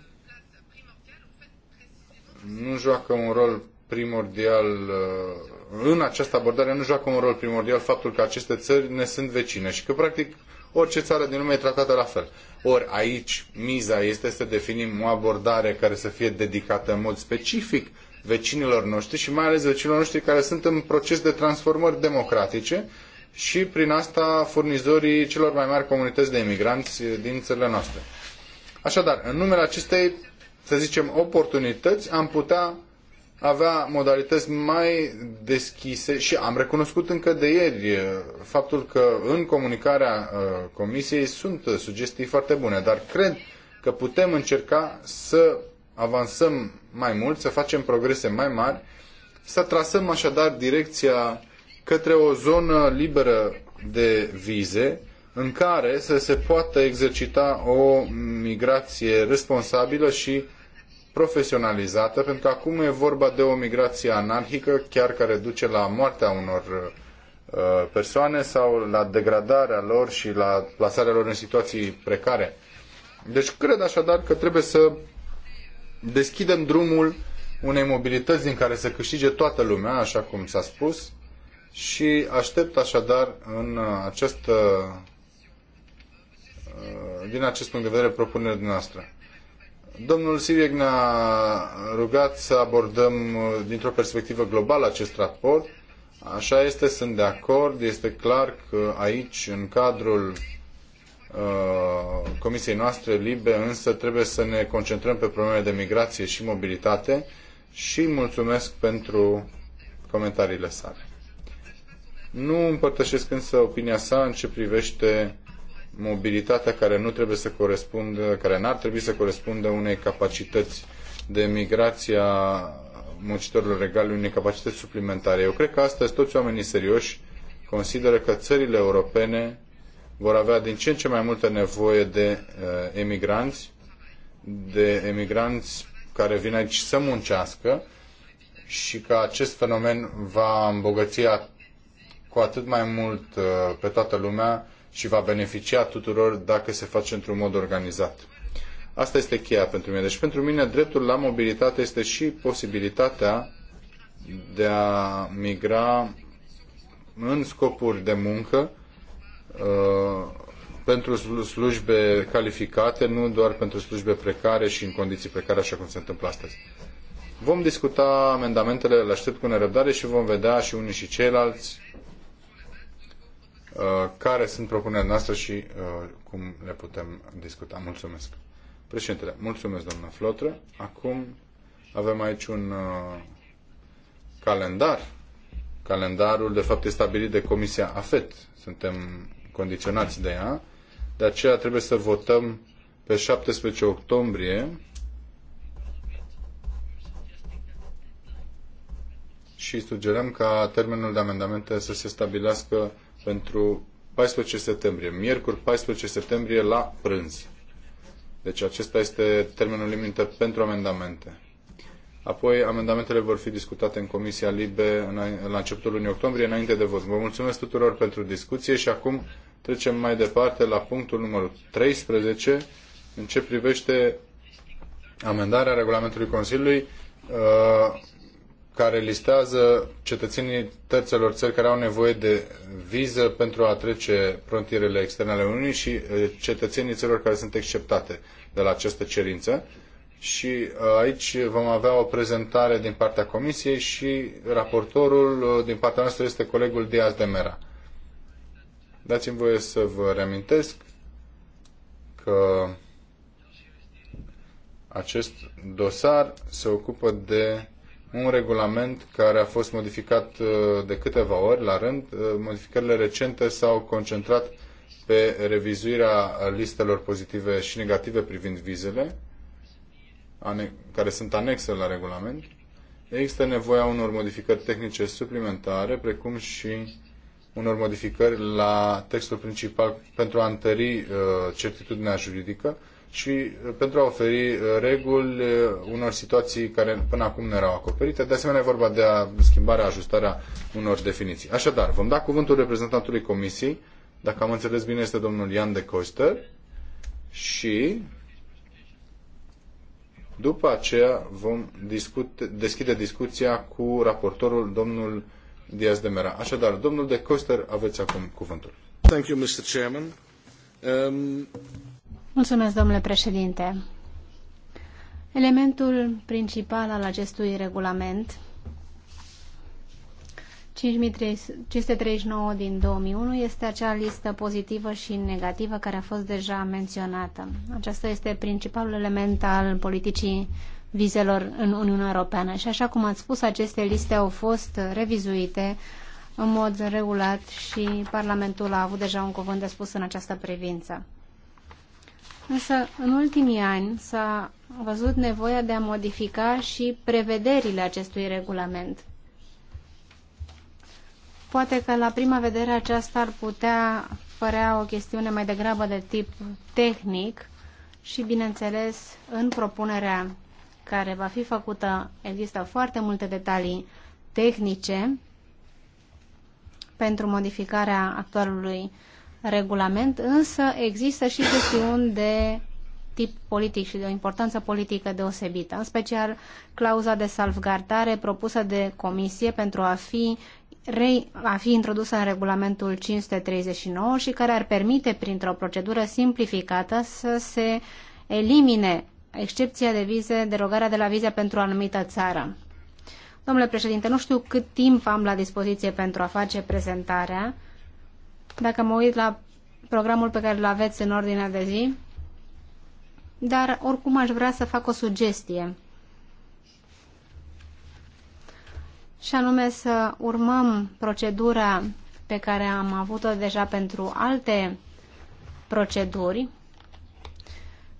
nu joacă un rol primordial uh, în această abordare nu joacă un rol primordial faptul că aceste țări ne sunt vecine și că practic orice țară din lume e tratată la fel. Ori aici miza este să definim o abordare care să fie dedicată în mod specific vecinilor noștri și mai ales vecinilor noștri care sunt în proces de transformări democratice și prin asta furnizorii celor mai mari comunități de imigranți din țările noastre. Așadar, în numele acestei, să zicem, oportunități, am putea avea modalități mai deschise și am recunoscut încă de ieri uh, faptul că în comunicarea uh, Comisiei sunt uh, sugestii foarte bune, dar cred că putem încerca să avansăm mai mult, să facem progrese mai mari, să trasăm așadar direcția către o zonă liberă de vize în care să se poată exercita o migrație responsabilă și profesionalizată, pentru că acum e vorba de o migrație anarhică, chiar care duce la moartea unor uh, persoane sau la degradarea lor și la plasarea lor în situații precare. Deci cred așadar că trebuie să deschidem drumul unei mobilități din care să câștige toată lumea, așa cum s-a spus, și aștept așadar în uh, acest, uh, din acest punct de vedere propunerea noastră. Domnul Siriec ne-a rugat să abordăm uh, dintr-o perspectivă globală acest raport. Așa este, sunt de acord. Este clar că aici, în cadrul uh, comisiei noastre libe, însă trebuie să ne concentrăm pe problemele de migrație și mobilitate și mulțumesc pentru comentariile sale. Nu împărtășesc însă opinia sa în ce privește mobilitatea care nu trebuie să corespundă, care n-ar trebui să corespundă unei capacități de migrație a muncitorilor regali, unei capacități suplimentare. Eu cred că astăzi toți oamenii serioși consideră că țările europene vor avea din ce în ce mai multă nevoie de uh, emigranți, de emigranți care vin aici să muncească și că acest fenomen va îmbogăți cu atât mai mult uh, pe toată lumea și va beneficia tuturor dacă se face într-un mod organizat. Asta este cheia pentru mine. Deci pentru mine dreptul la mobilitate este și posibilitatea de a migra în scopuri de muncă uh, pentru slujbe calificate, nu doar pentru slujbe precare și în condiții precare, așa cum se întâmplă astăzi. Vom discuta amendamentele, le aștept cu nerăbdare și vom vedea și unii și ceilalți Uh, care sunt propunerile noastre și uh, cum le putem discuta. Mulțumesc. Președintele, mulțumesc, doamna Flotră. Acum avem aici un uh, calendar. Calendarul, de fapt, este stabilit de Comisia AFET. Suntem condiționați de ea. De aceea trebuie să votăm pe 17 octombrie și sugerăm ca termenul de amendamente să se stabilească pentru 14 septembrie, miercuri 14 septembrie la prânz. Deci acesta este termenul limită pentru amendamente. Apoi amendamentele vor fi discutate în Comisia Libe la începutul lunii octombrie, înainte de vot. Vă mulțumesc tuturor pentru discuție și acum trecem mai departe la punctul numărul 13, în ce privește amendarea regulamentului Consiliului uh, care listează cetățenii terțelor țări care au nevoie de viză pentru a trece frontierele externe ale Uniunii și eh, cetățenii țărilor care sunt exceptate de la această cerință. Și eh, aici vom avea o prezentare din partea Comisiei și raportorul eh, din partea noastră este colegul Diaz de Mera. Dați-mi voie să vă reamintesc că acest dosar se ocupă de un regulament care a fost modificat uh, de câteva ori la rând. Uh, modificările recente s-au concentrat pe revizuirea listelor pozitive și negative privind vizele, care sunt anexe la regulament. Există nevoia unor modificări tehnice suplimentare, precum și unor modificări la textul principal pentru a întări uh, certitudinea juridică și uh, pentru a oferi uh, reguli uh, unor situații care până acum nu erau acoperite. De asemenea, e vorba de a schimbarea, ajustarea unor definiții. Așadar, vom da cuvântul reprezentantului Comisiei, dacă am înțeles bine, este domnul Ian de Coster și după aceea vom deschide discuția cu raportorul, domnul Diaz de Mera. Așadar, domnul de Coster, aveți acum cuvântul. Thank you, Mr. Chairman. Um domnule președinte. Elementul principal al acestui regulament 539 din 2001 este acea listă pozitivă și negativă care a fost deja menționată. Aceasta este principalul element al politicii vizelor în Uniunea Europeană și așa cum ați spus, aceste liste au fost revizuite în mod regulat și Parlamentul a avut deja un cuvânt de spus în această privință. Însă, în ultimii ani s-a văzut nevoia de a modifica și prevederile acestui regulament. Poate că la prima vedere aceasta ar putea părea o chestiune mai degrabă de tip tehnic și, bineînțeles, în propunerea care va fi făcută există foarte multe detalii tehnice pentru modificarea actualului regulament, însă există și chestiuni de tip politic și de o importanță politică deosebită, în special clauza de salvgardare propusă de comisie pentru a fi re, a fi introdusă în regulamentul 539 și care ar permite, printr-o procedură simplificată, să se elimine excepția de vize, derogarea de la vize pentru o anumită țară. Domnule președinte, nu știu cât timp am la dispoziție pentru a face prezentarea dacă mă uit la programul pe care îl aveți în ordinea de zi, dar oricum aș vrea să fac o sugestie. Și anume să urmăm procedura pe care am avut-o deja pentru alte proceduri,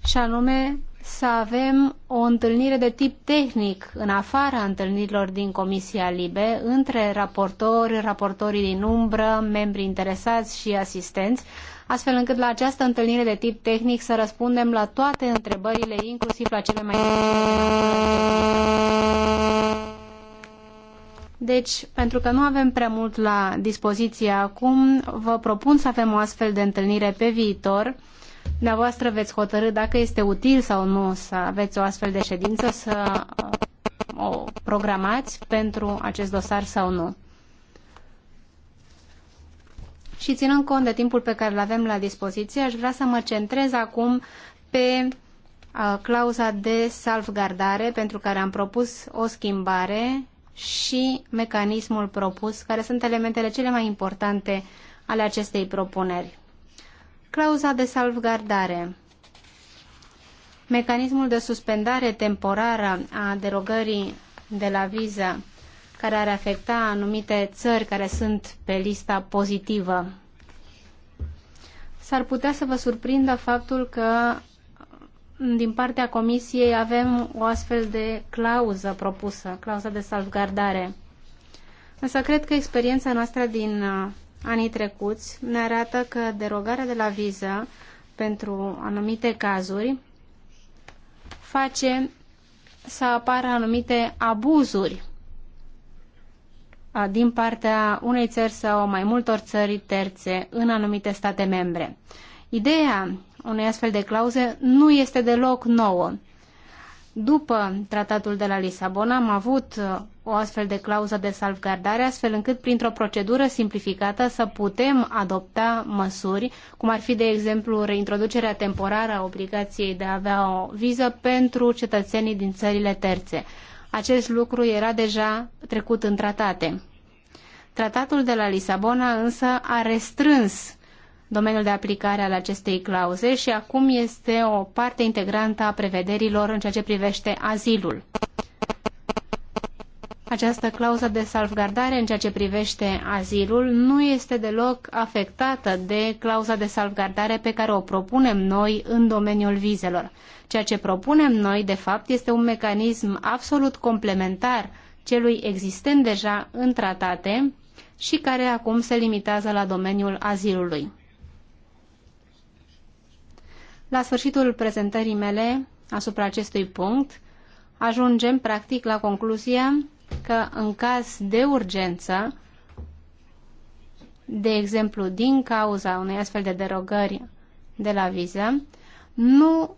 și anume să avem o întâlnire de tip tehnic în afara întâlnirilor din Comisia Libe între raportori, raportorii din umbră, membrii interesați și asistenți, astfel încât la această întâlnire de tip tehnic să răspundem la toate întrebările, inclusiv la cele mai Deci, pentru că nu avem prea mult la dispoziție acum, vă propun să avem o astfel de întâlnire pe viitor Dumneavoastră veți hotărâ dacă este util sau nu să aveți o astfel de ședință, să uh, o programați pentru acest dosar sau nu. Și ținând cont de timpul pe care îl avem la dispoziție, aș vrea să mă centrez acum pe uh, clauza de salvgardare pentru care am propus o schimbare și mecanismul propus, care sunt elementele cele mai importante ale acestei propuneri. Clauza de salvgardare. Mecanismul de suspendare temporară a derogării de la viză care ar afecta anumite țări care sunt pe lista pozitivă. S-ar putea să vă surprindă faptul că mm, din partea Comisiei avem o astfel de clauză propusă, clauza de salvgardare. Însă cred că experiența noastră din uh, anii trecuți ne arată că derogarea de la viză pentru anumite cazuri face să apară anumite abuzuri din partea unei țări sau mai multor țări terțe în anumite state membre. Ideea unei astfel de clauze nu este deloc nouă. După tratatul de la Lisabona am avut o astfel de clauză de salvgardare, astfel încât printr-o procedură simplificată să putem adopta măsuri, cum ar fi, de exemplu, reintroducerea temporară a obligației de a avea o viză pentru cetățenii din țările terțe. Acest lucru era deja trecut în tratate. Tratatul de la Lisabona însă a restrâns domeniul de aplicare al acestei clauze și acum este o parte integrantă a prevederilor în ceea ce privește azilul. Această clauză de salvgardare în ceea ce privește azilul nu este deloc afectată de clauza de salvgardare pe care o propunem noi în domeniul vizelor. Ceea ce propunem noi, de fapt, este un mecanism absolut complementar celui existent deja în tratate și care acum se limitează la domeniul azilului. La sfârșitul prezentării mele asupra acestui punct, ajungem practic la concluzia că în caz de urgență, de exemplu, din cauza unei astfel de derogări de la viză, nu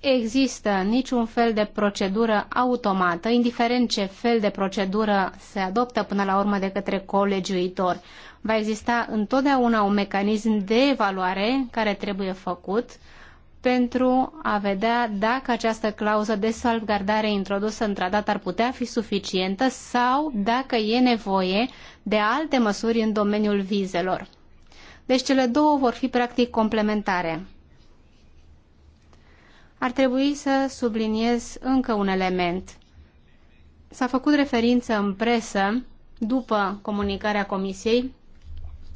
există niciun fel de procedură automată, indiferent ce fel de procedură se adoptă până la urmă de către colegiuitor. Va exista întotdeauna un mecanism de evaluare care trebuie făcut pentru a vedea dacă această clauză de salvgardare introdusă în tratat ar putea fi suficientă sau dacă e nevoie de alte măsuri în domeniul vizelor. Deci cele două vor fi practic complementare. Ar trebui să subliniez încă un element. S-a făcut referință în presă, după comunicarea Comisiei,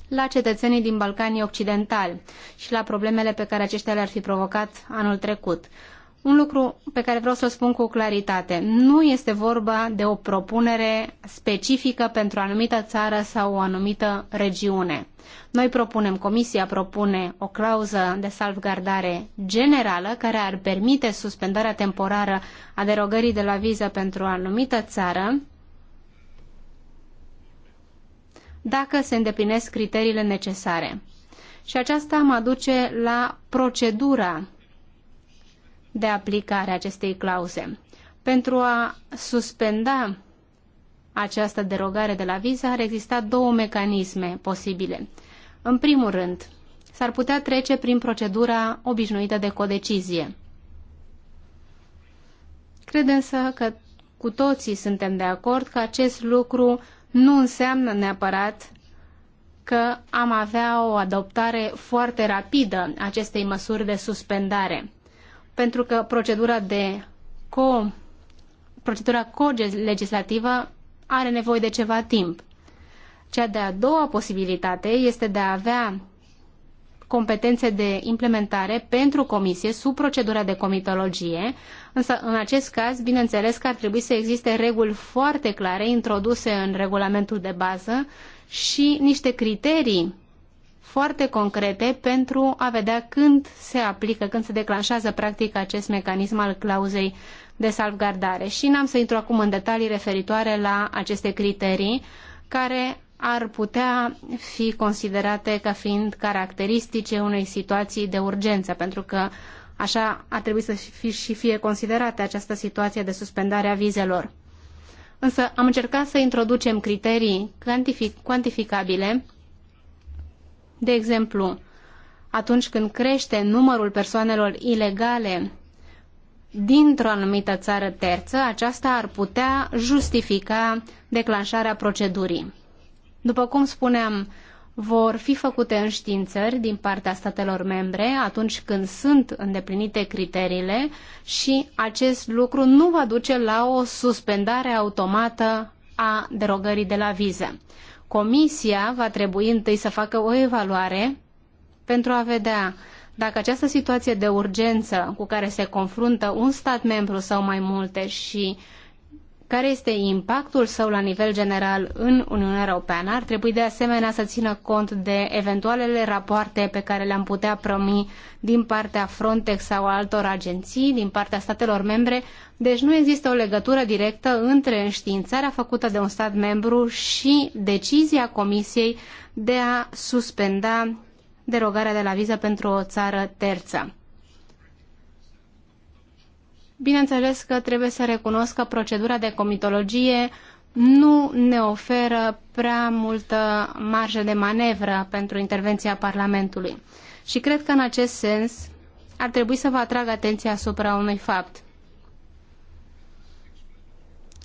la cetățenii din Balcanii Occidentali și la problemele pe care aceștia le-ar fi provocat anul trecut. Un lucru pe care vreau să-l spun cu claritate. Nu este vorba de o propunere specifică pentru o anumită țară sau o anumită regiune. Noi propunem, Comisia propune o clauză de salvgardare generală care ar permite suspendarea temporară a derogării de la viză pentru o anumită țară dacă se îndeplinesc criteriile necesare. Și aceasta mă aduce la procedura de aplicare a acestei clauze. Pentru a suspenda această derogare de la viză ar exista două mecanisme posibile. În primul rând, s-ar putea trece prin procedura obișnuită de codecizie. Cred însă că cu toții suntem de acord că acest lucru nu înseamnă neapărat că am avea o adoptare foarte rapidă acestei măsuri de suspendare, pentru că procedura de co procedura co-legislativă are nevoie de ceva timp. Cea de-a doua posibilitate este de a avea competențe de implementare pentru comisie sub procedura de comitologie, însă în acest caz, bineînțeles că ar trebui să existe reguli foarte clare introduse în regulamentul de bază și niște criterii foarte concrete pentru a vedea când se aplică, când se declanșează practic acest mecanism al clauzei de salvgardare. Și n-am să intru acum în detalii referitoare la aceste criterii, care ar putea fi considerate ca fiind caracteristice unei situații de urgență, pentru că așa ar trebui să fi și fie considerată această situație de suspendare a vizelor. Însă am încercat să introducem criterii cantific- cuantificabile, de exemplu, atunci când crește numărul persoanelor ilegale dintr-o anumită țară terță, aceasta ar putea justifica declanșarea procedurii. După cum spuneam, vor fi făcute înștiințări din partea statelor membre atunci când sunt îndeplinite criteriile și acest lucru nu va duce la o suspendare automată a derogării de la viză. Comisia va trebui întâi să facă o evaluare pentru a vedea dacă această situație de urgență cu care se confruntă un stat membru sau mai multe și uh, care este impactul său la nivel general în Uniunea Europeană. Ar trebui de asemenea să țină cont de eventualele rapoarte pe care le-am putea promi din partea Frontex sau altor agenții, din partea statelor membre. Deci nu există o legătură directă între înștiințarea făcută de un stat membru și decizia Comisiei de a suspenda derogarea de la viză pentru o țară terță. Bineînțeles că trebuie să recunosc că procedura de comitologie nu ne oferă prea multă marjă de manevră pentru intervenția Parlamentului. Și cred că în acest sens ar trebui să vă atrag atenția asupra unui fapt.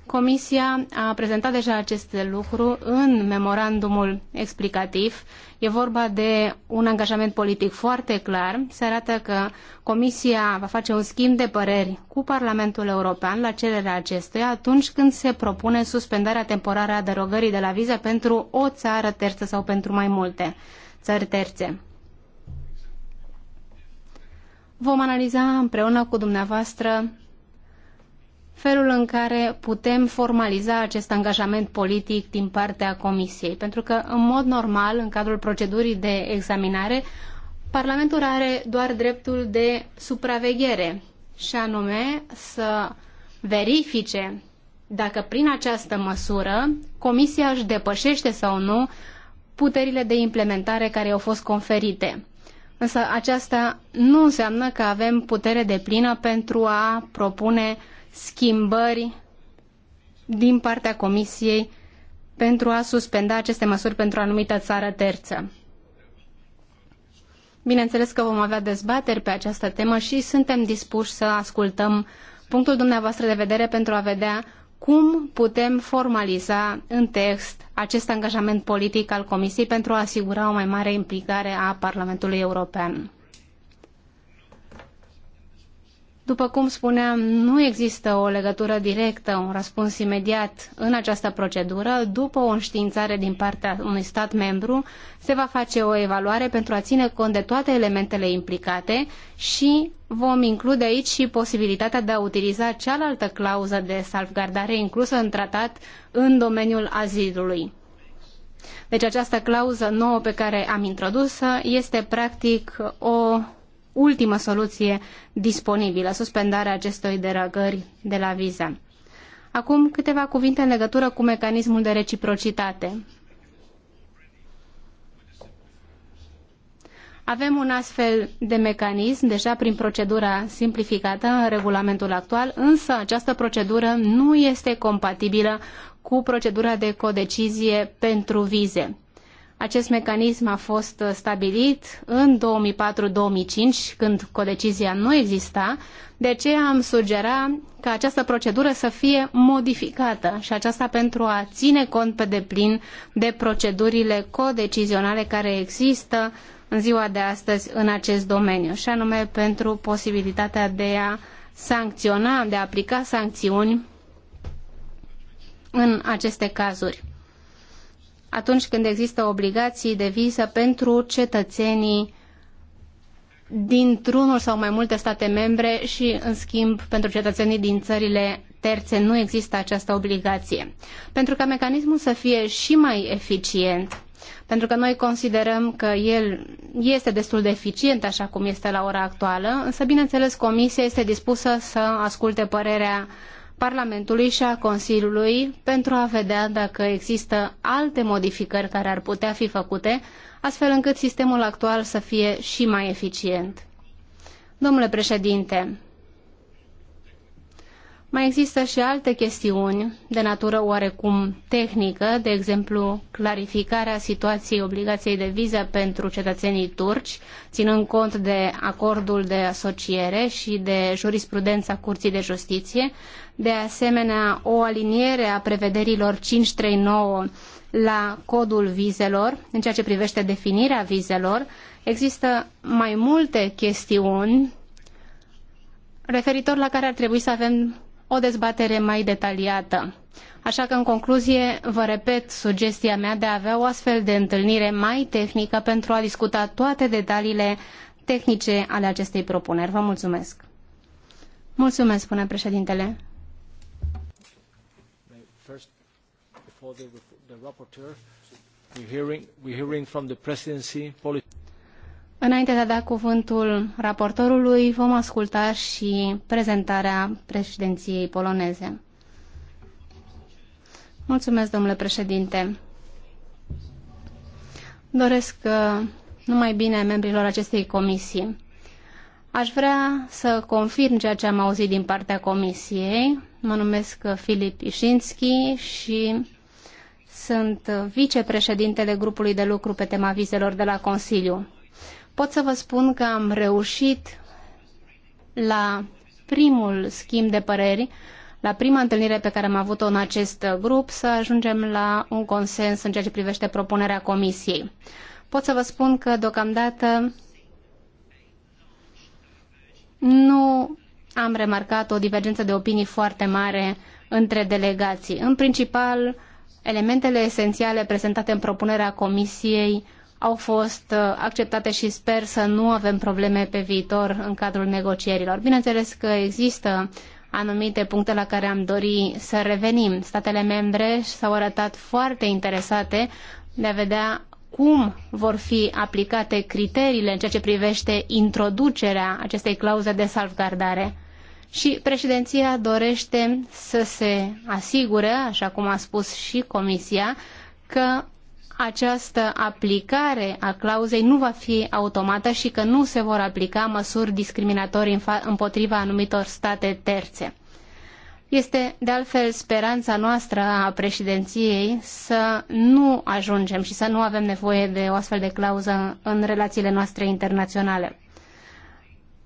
Comisia a prezentat deja acest lucru în memorandumul explicativ. E vorba de un angajament politic foarte clar. Se arată că Comisia va face un schimb de păreri cu Parlamentul European la cererea acestuia atunci când se propune suspendarea temporară a derogării de la viză pentru o țară terță sau pentru mai multe țări terțe. Vom analiza împreună cu dumneavoastră felul în care putem formaliza acest angajament politic din partea Comisiei. Pentru că, în mod normal, în cadrul procedurii de examinare, Parlamentul are doar dreptul de supraveghere și anume să verifice dacă prin această măsură Comisia își depășește sau nu puterile de implementare care au fost conferite. Însă aceasta nu înseamnă că avem putere de plină pentru a propune schimbări din partea Comisiei pentru a suspenda aceste măsuri pentru o anumită țară terță. Bineînțeles că vom avea dezbateri pe această temă și suntem dispuși să ascultăm punctul dumneavoastră de vedere pentru a vedea cum putem formaliza în text acest angajament politic al Comisiei pentru a asigura o mai mare implicare a Parlamentului European. După cum spuneam, nu există o legătură directă, un răspuns imediat în această procedură. După o înștiințare din partea unui stat membru, se va face o evaluare pentru a ține cont de toate elementele implicate și vom include aici și posibilitatea de a utiliza cealaltă clauză de salvgardare inclusă în tratat în domeniul azilului. Deci această clauză nouă pe care am introdus-o este practic o ultimă soluție disponibilă, suspendarea acestor derogări de la viză. Acum câteva cuvinte în legătură cu mecanismul de reciprocitate. Avem un astfel de mecanism deja prin procedura simplificată în regulamentul actual, însă această procedură nu este compatibilă cu procedura de codecizie pentru vize. Acest mecanism a fost uh, stabilit în 2004-2005, când codecizia nu exista, de aceea am sugera ca această procedură să fie modificată și aceasta pentru a ține cont pe deplin de procedurile codecizionale care există în ziua de astăzi în acest domeniu, și anume pentru posibilitatea de a sancționa, de a aplica sancțiuni în aceste cazuri atunci când există obligații de viză pentru cetățenii dintr-unul sau mai multe state membre și, în schimb, pentru cetățenii din țările terțe nu există această obligație. Pentru ca mecanismul să fie și mai eficient, pentru că noi considerăm că el este destul de eficient așa cum este la ora actuală, însă, bineînțeles, Comisia este dispusă să asculte părerea uh, Parlamentului și a Consiliului pentru a vedea dacă există alte modificări care ar putea fi făcute, astfel încât sistemul actual să fie și mai eficient. Domnule președinte, mai există și alte chestiuni de natură oarecum tehnică, de exemplu clarificarea situației obligației de viză pentru cetățenii turci, ținând cont de acordul de asociere și de jurisprudența Curții de Justiție, de asemenea o aliniere a prevederilor 539 la codul vizelor, în ceea ce privește definirea vizelor, există mai multe chestiuni referitor la care ar trebui să avem o dezbatere mai detaliată. Așa că, în concluzie, vă repet sugestia mea de a avea o astfel de întâlnire mai tehnică pentru a discuta toate detaliile tehnice ale acestei propuneri. Vă mulțumesc! Mulțumesc, spune președintele. First, Înainte de a da cuvântul raportorului, vom asculta și prezentarea președinției poloneze. Mulțumesc, domnule președinte. Doresc uh, numai bine membrilor acestei comisii. Aș vrea să confirm ceea ce am auzit din partea comisiei. Mă numesc uh, Filip Ișinski și sunt vicepreședintele grupului de lucru pe tema vizelor de la Consiliu pot să vă spun că am reușit la primul schimb de păreri, la prima întâlnire pe care am avut-o în acest grup, să ajungem la un consens în ceea ce privește propunerea comisiei. Pot să vă spun că deocamdată nu am remarcat o divergență de opinii foarte mare între delegații. În principal, elementele esențiale prezentate în propunerea comisiei au fost uh, acceptate și sper să nu avem probleme pe viitor în cadrul negocierilor. Bineînțeles că există anumite puncte la care am dori să revenim. Statele membre s-au arătat foarte interesate de a vedea cum vor fi aplicate criteriile în ceea ce privește introducerea acestei clauze de salvgardare. Și președinția dorește să se asigure, așa cum a spus și Comisia, că această aplicare a clauzei nu va fi automată și că nu se vor aplica măsuri discriminatorii împotriva anumitor state terțe. Este de altfel speranța noastră a președinției să nu ajungem și să nu avem nevoie de o astfel de clauză în relațiile noastre internaționale.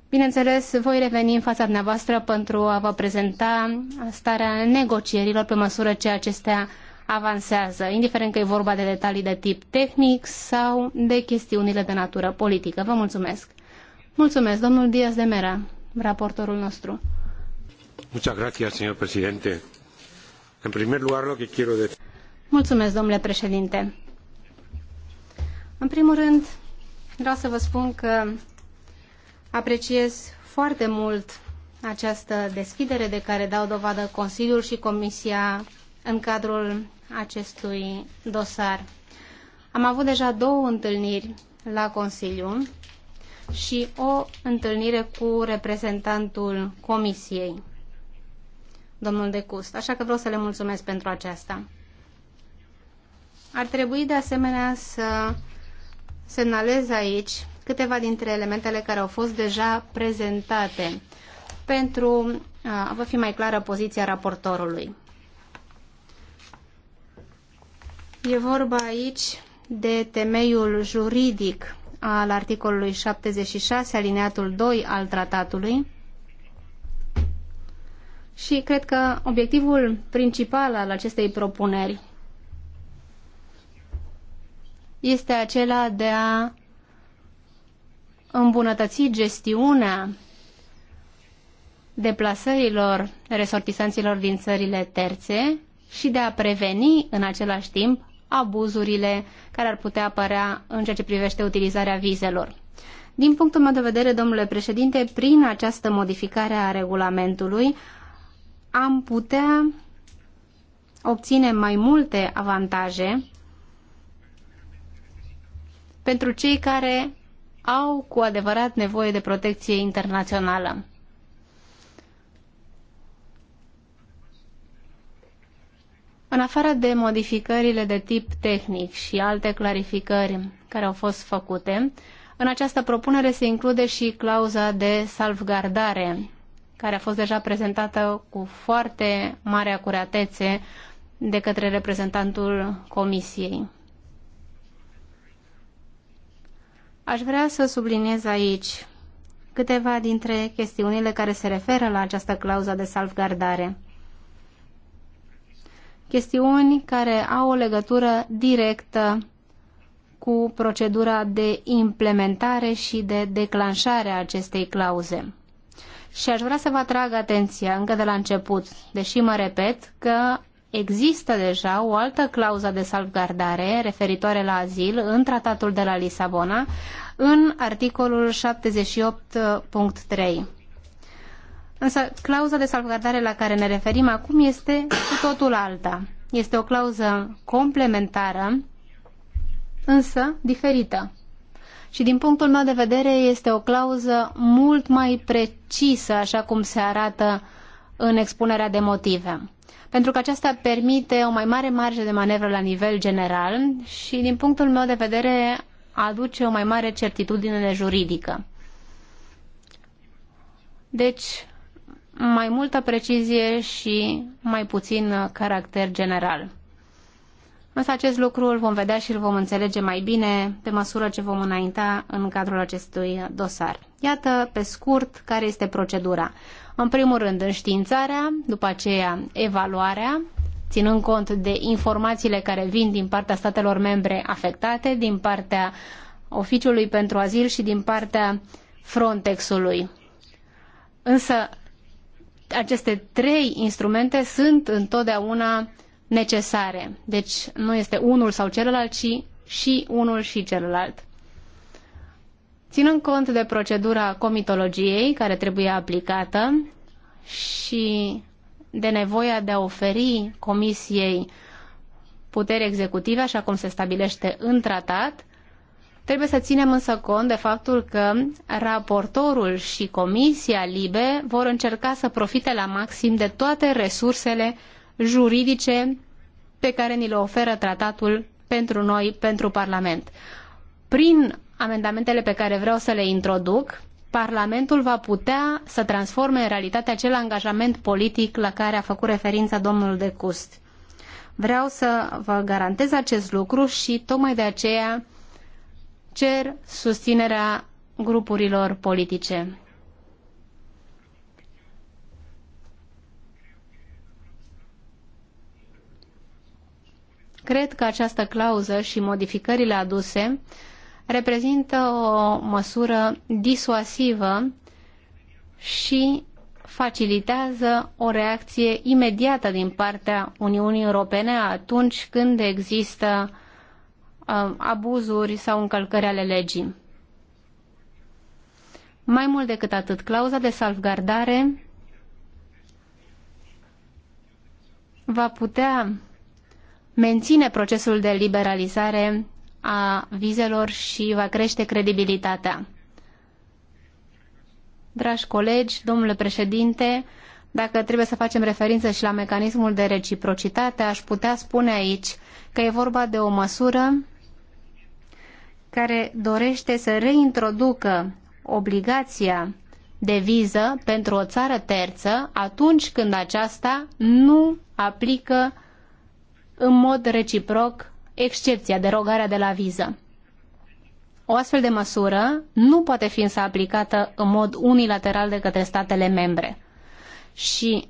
Bineînțeles, voi reveni în fața dumneavoastră pentru a vă prezenta starea negocierilor pe măsură ce acestea avansează, indiferent că e vorba de detalii de tip tehnic sau de chestiunile de natură politică. Vă mulțumesc! Mulțumesc, domnul Diaz de Mera, raportorul nostru. Muchas gracias, señor presidente. En primer lugar, lo que quiero decir... Mulțumesc, domnule președinte. În primul rând, vreau să vă spun că apreciez foarte mult această deschidere de care dau dovadă Consiliul și Comisia în cadrul acestui dosar. Am avut deja două întâlniri la Consiliu și o întâlnire cu reprezentantul Comisiei, domnul De Cust, așa că vreau să le mulțumesc pentru aceasta. Ar trebui de asemenea să semnalez aici câteva dintre elementele care au fost deja prezentate pentru uh, a vă fi mai clară poziția raportorului. E vorba aici de temeiul juridic al articolului 76, alineatul 2 al tratatului. Și cred că obiectivul principal al acestei propuneri este acela de a îmbunătăți gestiunea deplasărilor resortisanților din țările terțe și de a preveni în același timp abuzurile care ar putea apărea în ceea ce privește utilizarea vizelor. Din punctul meu de vedere, domnule președinte, prin această modificare a regulamentului am putea obține mai multe avantaje pentru cei care au cu adevărat nevoie de protecție internațională. În afară de modificările de tip tehnic și alte clarificări care au fost făcute, în această propunere se include și clauza de salvgardare, care a fost deja prezentată cu foarte mare acuratețe de către reprezentantul Comisiei. Aș vrea să subliniez aici câteva dintre chestiunile care se referă la această clauză de salvgardare chestiuni care au o legătură directă cu procedura de implementare și de declanșare a acestei clauze. Și aș vrea să vă atrag atenția încă de la început, deși mă repet că există deja o altă clauză de salvgardare referitoare la azil în tratatul de la Lisabona, în articolul 78.3. Însă clauza de salvgardare la care ne referim acum este cu totul alta. Este o clauză complementară, însă diferită. Și din punctul meu de vedere este o clauză mult mai precisă, așa cum se arată în expunerea de motive. Pentru că aceasta permite o mai mare marge de manevră la nivel general și, din punctul meu de vedere, aduce o mai mare certitudine juridică. Deci, mai multă precizie și mai puțin caracter general. Însă acest lucru îl vom vedea și îl vom înțelege mai bine pe măsură ce vom înainta în cadrul acestui dosar. Iată, pe scurt, care este procedura. În primul rând, înștiințarea, după aceea evaluarea, ținând cont de informațiile care vin din partea statelor membre afectate, din partea Oficiului pentru Azil și din partea Frontexului. Însă aceste trei instrumente sunt întotdeauna necesare. Deci nu este unul sau celălalt, ci și unul și celălalt. Ținând cont de procedura comitologiei care trebuie aplicată și de nevoia de a oferi Comisiei putere executive, așa cum se stabilește în tratat, Trebuie să ținem însă cont de faptul că raportorul și Comisia Libe vor încerca să profite la maxim de toate resursele juridice pe care ni le oferă tratatul pentru noi, pentru Parlament. Prin amendamentele pe care vreau să le introduc, Parlamentul va putea să transforme în realitate acel angajament politic la care a făcut referința domnul de Cust. Vreau să vă garantez acest lucru și tocmai de aceea cer susținerea grupurilor politice. Cred că această clauză și modificările aduse reprezintă o măsură disuasivă și facilitează o reacție imediată din partea Uniunii Europene atunci când există Uh, abuzuri sau încălcări ale legii. Mai mult decât atât, clauza de salvgardare va putea menține procesul de liberalizare a vizelor și va crește credibilitatea. Dragi colegi, domnule președinte, dacă trebuie să facem referință și la mecanismul de reciprocitate, aș putea spune aici că e vorba de o măsură care dorește să reintroducă obligația de viză pentru o țară terță atunci când aceasta nu aplică în mod reciproc excepția, derogarea de la viză. O astfel de măsură nu poate fi însă aplicată în mod unilateral de către statele membre. Și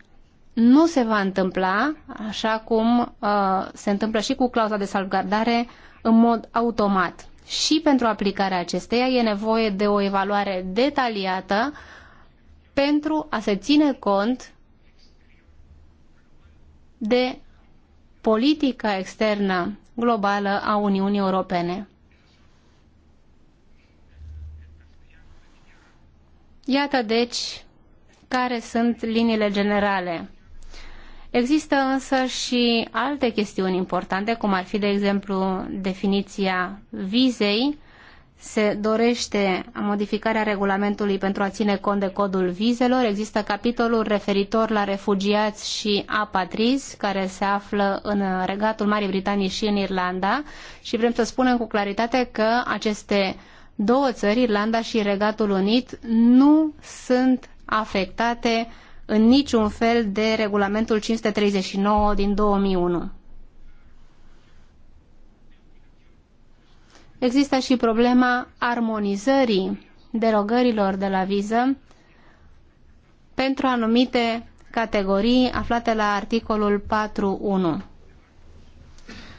nu se va întâmpla, așa cum uh, se întâmplă și cu clauza de salvgardare, în mod automat și pentru aplicarea acesteia e nevoie de o evaluare detaliată pentru a se ține cont de politica externă globală a Uniunii Europene. Iată deci care sunt liniile generale. Există însă și alte chestiuni importante, cum ar fi, de exemplu, definiția vizei. Se dorește modificarea regulamentului pentru a ține cont de codul vizelor. Există capitolul referitor la refugiați și apatrizi, care se află în regatul Marii Britanii și în Irlanda. Și vrem să spunem cu claritate că aceste două țări, Irlanda și Regatul Unit, nu sunt afectate uh, în niciun fel de regulamentul 539 din 2001. Există și problema armonizării derogărilor de la viză pentru anumite categorii aflate la articolul 4.1.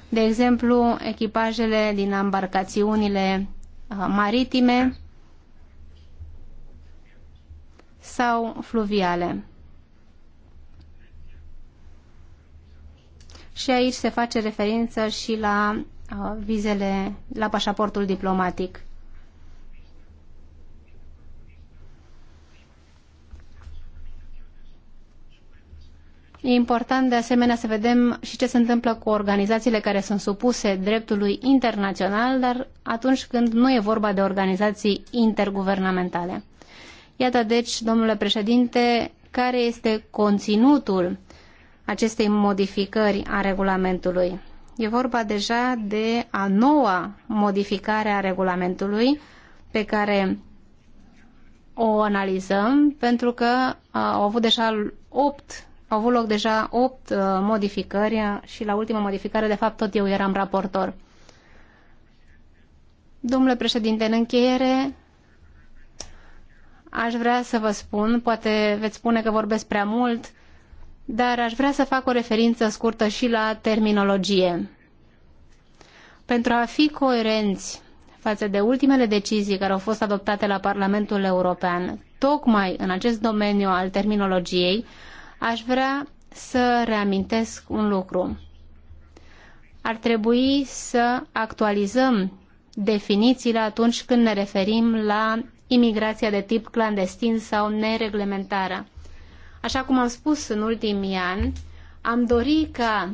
De exemplu, echipajele din embarcațiunile uh, maritime sau fluviale. și aici se face referință și la uh, vizele, la pașaportul diplomatic. E important de asemenea să vedem și ce se întâmplă cu organizațiile care sunt supuse dreptului internațional, dar atunci când nu e vorba de organizații interguvernamentale. Iată deci, domnule președinte, care este conținutul acestei modificări a regulamentului. E vorba deja de a noua modificare a regulamentului pe care o analizăm pentru că au avut deja 8 au avut loc deja 8 uh, modificări și la ultima modificare de fapt tot eu eram raportor. Domnule președinte, în încheiere aș vrea să vă spun, poate veți spune că vorbesc prea mult, dar aș vrea să fac o referință scurtă și la terminologie. Pentru a fi coerenți față de ultimele decizii care au fost adoptate la Parlamentul European, tocmai în acest domeniu al terminologiei, aș vrea să reamintesc un lucru. Ar trebui să actualizăm definițiile atunci când ne referim la imigrația de tip clandestin sau nereglementară Așa cum am spus în ultimii ani, am dorit ca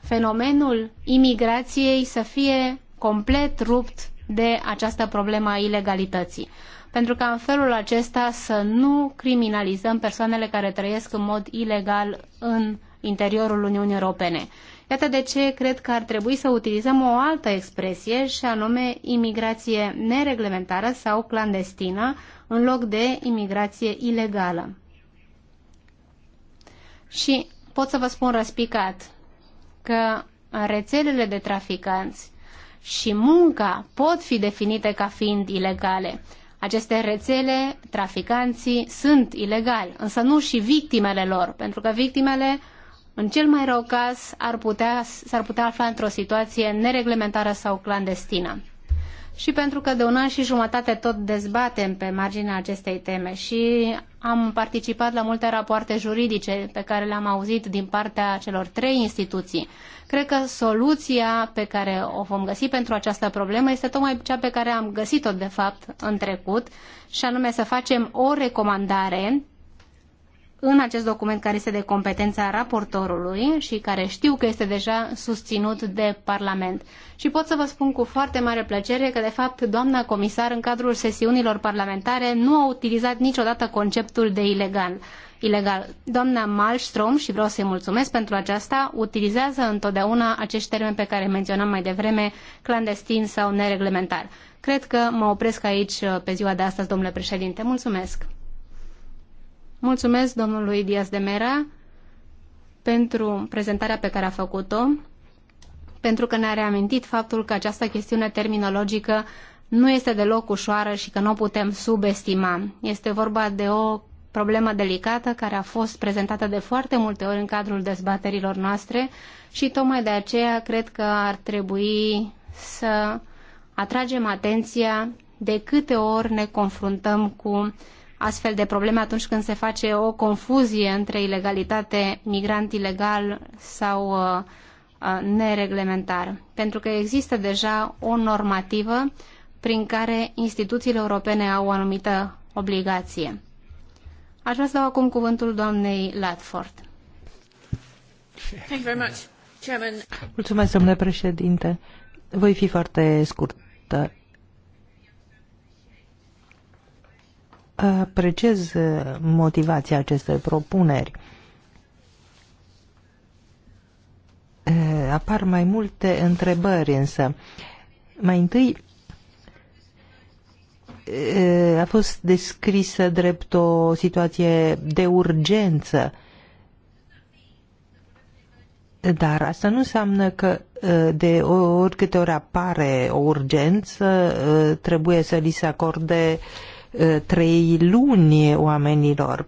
fenomenul imigrației să fie complet rupt de această problemă a ilegalității. Pentru ca în felul acesta să nu criminalizăm persoanele care trăiesc în mod ilegal în interiorul Uniunii Europene. Iată de ce cred că ar trebui să utilizăm o altă expresie și anume imigrație nereglementară sau clandestină în loc de imigrație ilegală. Și pot să vă spun răspicat că rețelele de traficanți și munca pot fi definite ca fiind ilegale. Aceste rețele, traficanții, sunt ilegali, însă nu și victimele lor, pentru că victimele, în cel mai rău caz, ar putea, ar putea afla într-o situație nereglementară sau clandestină și pentru că de un an și jumătate tot dezbatem pe marginea acestei teme și am participat la multe rapoarte juridice pe care le-am auzit din partea celor trei instituții. Cred că soluția pe care o vom găsi pentru această problemă este tocmai cea pe care am găsit-o, de fapt, în trecut, și anume să facem o recomandare în acest document care este de competența raportorului și care știu că este deja susținut de Parlament. Și pot să vă spun cu foarte mare plăcere că, de fapt, doamna comisar, în cadrul sesiunilor parlamentare, nu a utilizat niciodată conceptul de ilegal. ilegal. Doamna Malmström, și vreau să-i mulțumesc pentru aceasta, utilizează întotdeauna acești termeni pe care menționam mai devreme, clandestin sau nereglementar. Cred că mă opresc aici pe ziua de astăzi, domnule președinte. Mulțumesc! Mulțumesc domnului Diaz de Mera pentru prezentarea pe care a făcut-o, pentru că ne-a reamintit faptul că această chestiune terminologică nu este deloc ușoară și că nu o putem subestima. Este vorba de o problemă delicată care a fost prezentată de foarte multe ori în cadrul dezbaterilor noastre și tocmai de aceea cred că ar trebui să atragem atenția de câte ori ne confruntăm cu astfel de probleme atunci când se face o confuzie între ilegalitate, migrant ilegal sau uh, uh, nereglementar. Pentru că există deja o normativă prin care instituțiile europene au o anumită obligație. Aș vrea să dau acum cuvântul doamnei Latford. Thank you very much, Chairman. Mulțumesc, domnule președinte. Voi fi foarte scurtă. apreciez uh, motivația acestei propuneri. Uh, apar mai multe întrebări însă. Mai întâi, uh, a fost descrisă drept o situație de urgență, dar asta nu înseamnă că de oricâte ori apare o urgență, trebuie să li se acorde uh, trei luni oamenilor.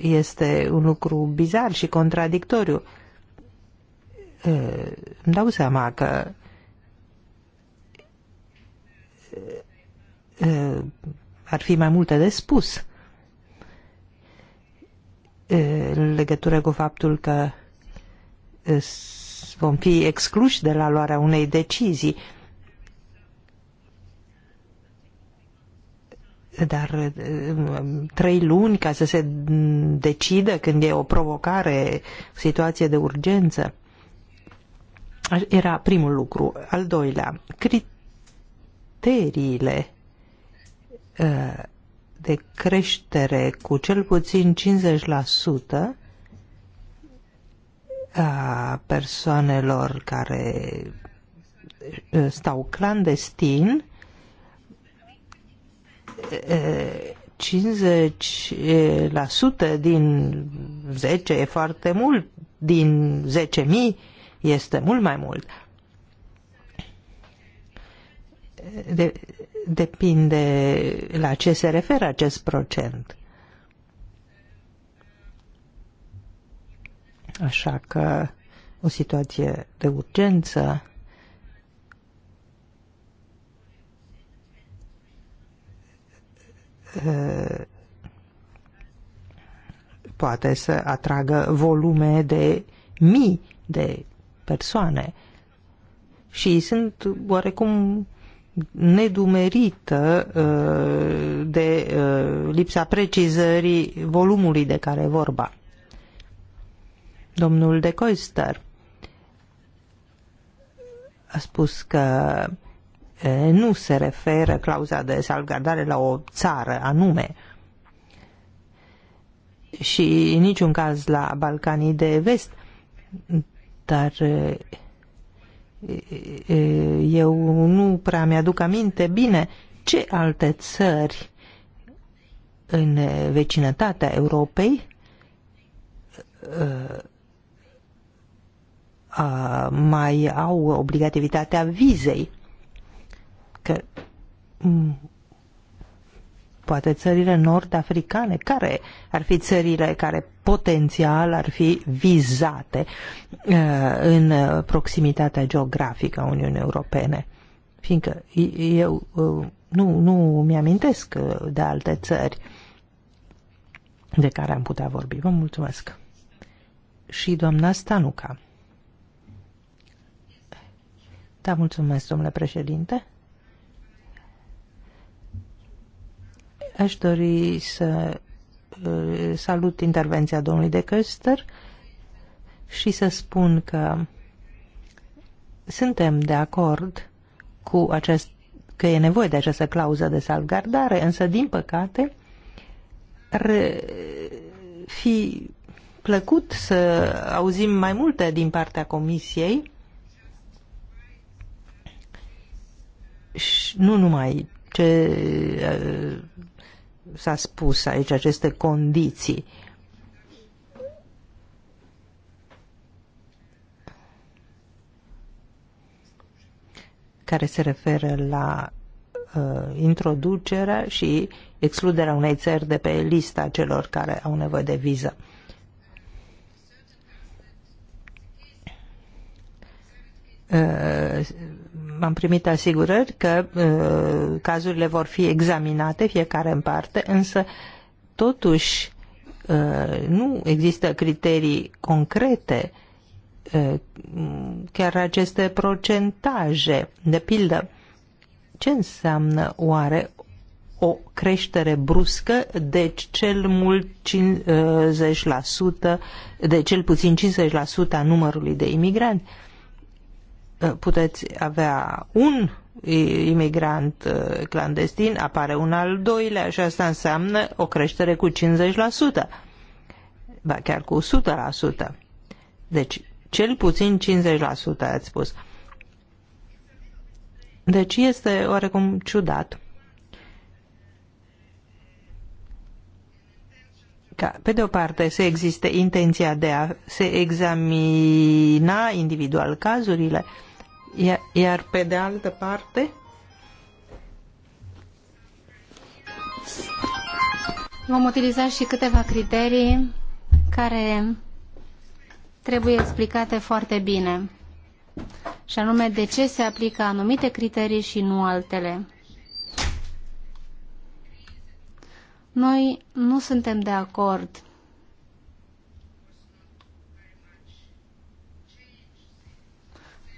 Este un lucru bizar și contradictoriu. Îmi dau seama că ar fi mai multe de spus în legătură cu faptul că vom fi excluși de la luarea unei decizii Dar eh, mm, trei luni ca să se decidă când e o provocare, o situație de urgență, era primul lucru. Al doilea, criteriile eh, de creștere cu cel puțin 50% a persoanelor care eh, stau clandestin 50% eh, din 10 e foarte mult, din 10.000 este mult mai mult. De, depinde la ce se referă acest procent. Așa că o situație de urgență Uh, poate să atragă volume de mii de persoane. Și sunt oarecum nedumerită uh, de uh, lipsa precizării volumului de care e vorba. Domnul de Coister a spus că nu se referă clauza de salvgardare la o țară anume și în niciun caz la Balcanii de vest, dar eu nu prea mi-aduc aminte bine ce alte țări în vecinătatea Europei mai au obligativitatea vizei. Mm. poate țările nord-africane, care ar fi țările care potențial ar fi vizate uh, în uh, proximitatea geografică a Uniunii Europene. Fiindcă eu uh, nu, nu mi-amintesc de alte țări de care am putea vorbi. Vă mulțumesc. Și doamna Stanuca. Da, mulțumesc, domnule președinte. Aș dori să uh, salut intervenția domnului de Căster și să spun că suntem de acord cu acest, că e nevoie de această clauză de salvgardare, însă, din păcate, ar fi plăcut să auzim mai multe din partea Comisiei și nu numai ce uh, s-a spus aici, aceste condiții. care se referă la uh, introducerea și excluderea unei țări de pe lista celor care au nevoie de viză. Uh, am primit asigurări că uh, cazurile vor fi examinate fiecare în parte, însă totuși uh, nu există criterii concrete uh, chiar aceste procentaje. De pildă, ce înseamnă oare o creștere bruscă de deci, cel mult 50%, uh, de cel puțin 50% a numărului de imigranți? Eh, puteți avea un imigrant eh, clandestin, apare un al doilea și asta înseamnă o creștere cu 50%, ba chiar cu 100%. Deci, cel puțin 50% ați spus. Deci este oarecum ciudat ca, pe de o parte, să existe intenția de a se examina individual cazurile, iar pe de altă parte, vom utiliza și câteva criterii care trebuie explicate foarte bine, și anume de ce se aplică anumite criterii și nu altele. Noi nu suntem de acord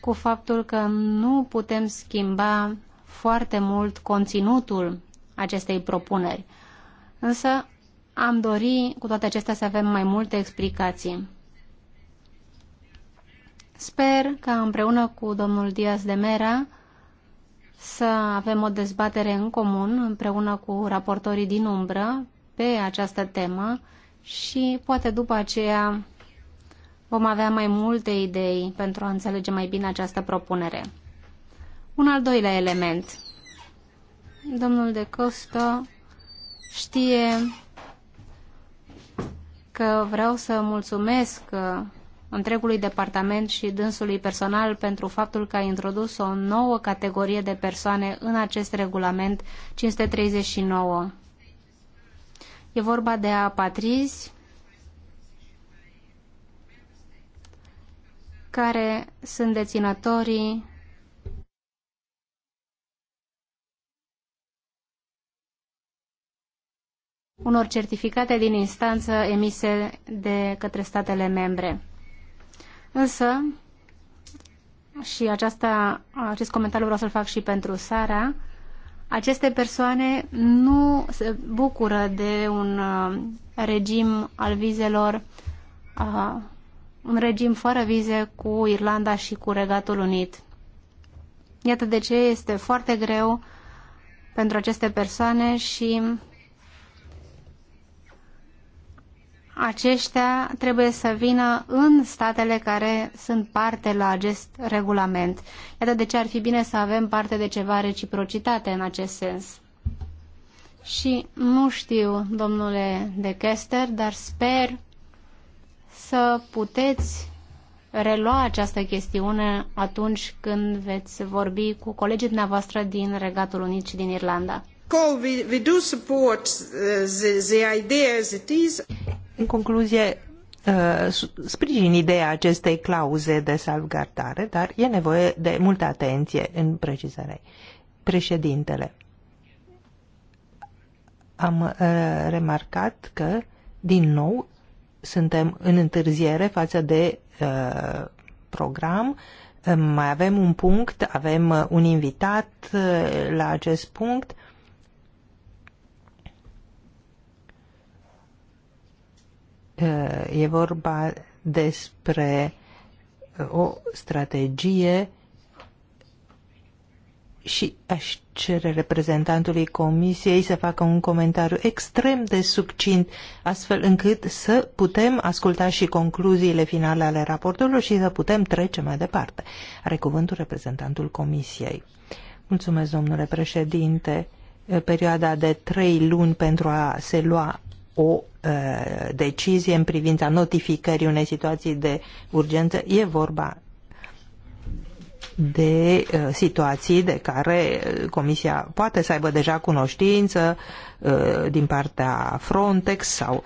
cu faptul că nu putem schimba foarte mult conținutul acestei propuneri. Însă am dori cu toate acestea să avem mai multe explicații. Sper că împreună cu domnul Diaz de Mera să avem o dezbatere în comun împreună cu raportorii din umbră pe această temă și poate după aceea Vom avea mai multe idei pentru a înțelege mai bine această propunere. Un al doilea element. Domnul de Costa știe că vreau să mulțumesc uh, întregului departament și dânsului personal pentru faptul că a introdus o nouă categorie de persoane în acest regulament 539. E vorba de apatrizi care sunt deținătorii unor certificate din instanță emise de către statele membre. Însă, și aceasta, acest comentariu vreau să-l fac și pentru Sara, aceste persoane nu se bucură de un uh, regim al vizelor uh, un regim fără vize cu Irlanda și cu Regatul Unit. Iată de ce este foarte greu pentru aceste persoane și aceștia trebuie să vină în statele care sunt parte la acest regulament. Iată de ce ar fi bine să avem parte de ceva reciprocitate în acest sens. Și nu știu, domnule de Kester, dar sper să puteți relua această chestiune atunci când veți vorbi cu colegii dumneavoastră din Regatul Unit și din Irlanda. În concluzie, uh, sprijin ideea acestei clauze de salvgardare, dar e nevoie de multă atenție în precizare. Președintele, am uh, remarcat că, din nou, suntem în întârziere față de uh, program. Mai avem un punct, avem uh, un invitat uh, la acest punct. Uh, e vorba despre o strategie și aș cere reprezentantului Comisiei să facă un comentariu extrem de succint, astfel încât să putem asculta și concluziile finale ale raportului și să putem trece mai departe. Are cuvântul reprezentantul Comisiei. Mulțumesc, domnule președinte. Perioada de trei luni pentru a se lua o uh, decizie în privința notificării unei situații de urgență e vorba de uh, situații de care uh, Comisia poate să aibă deja cunoștință uh, din partea Frontex sau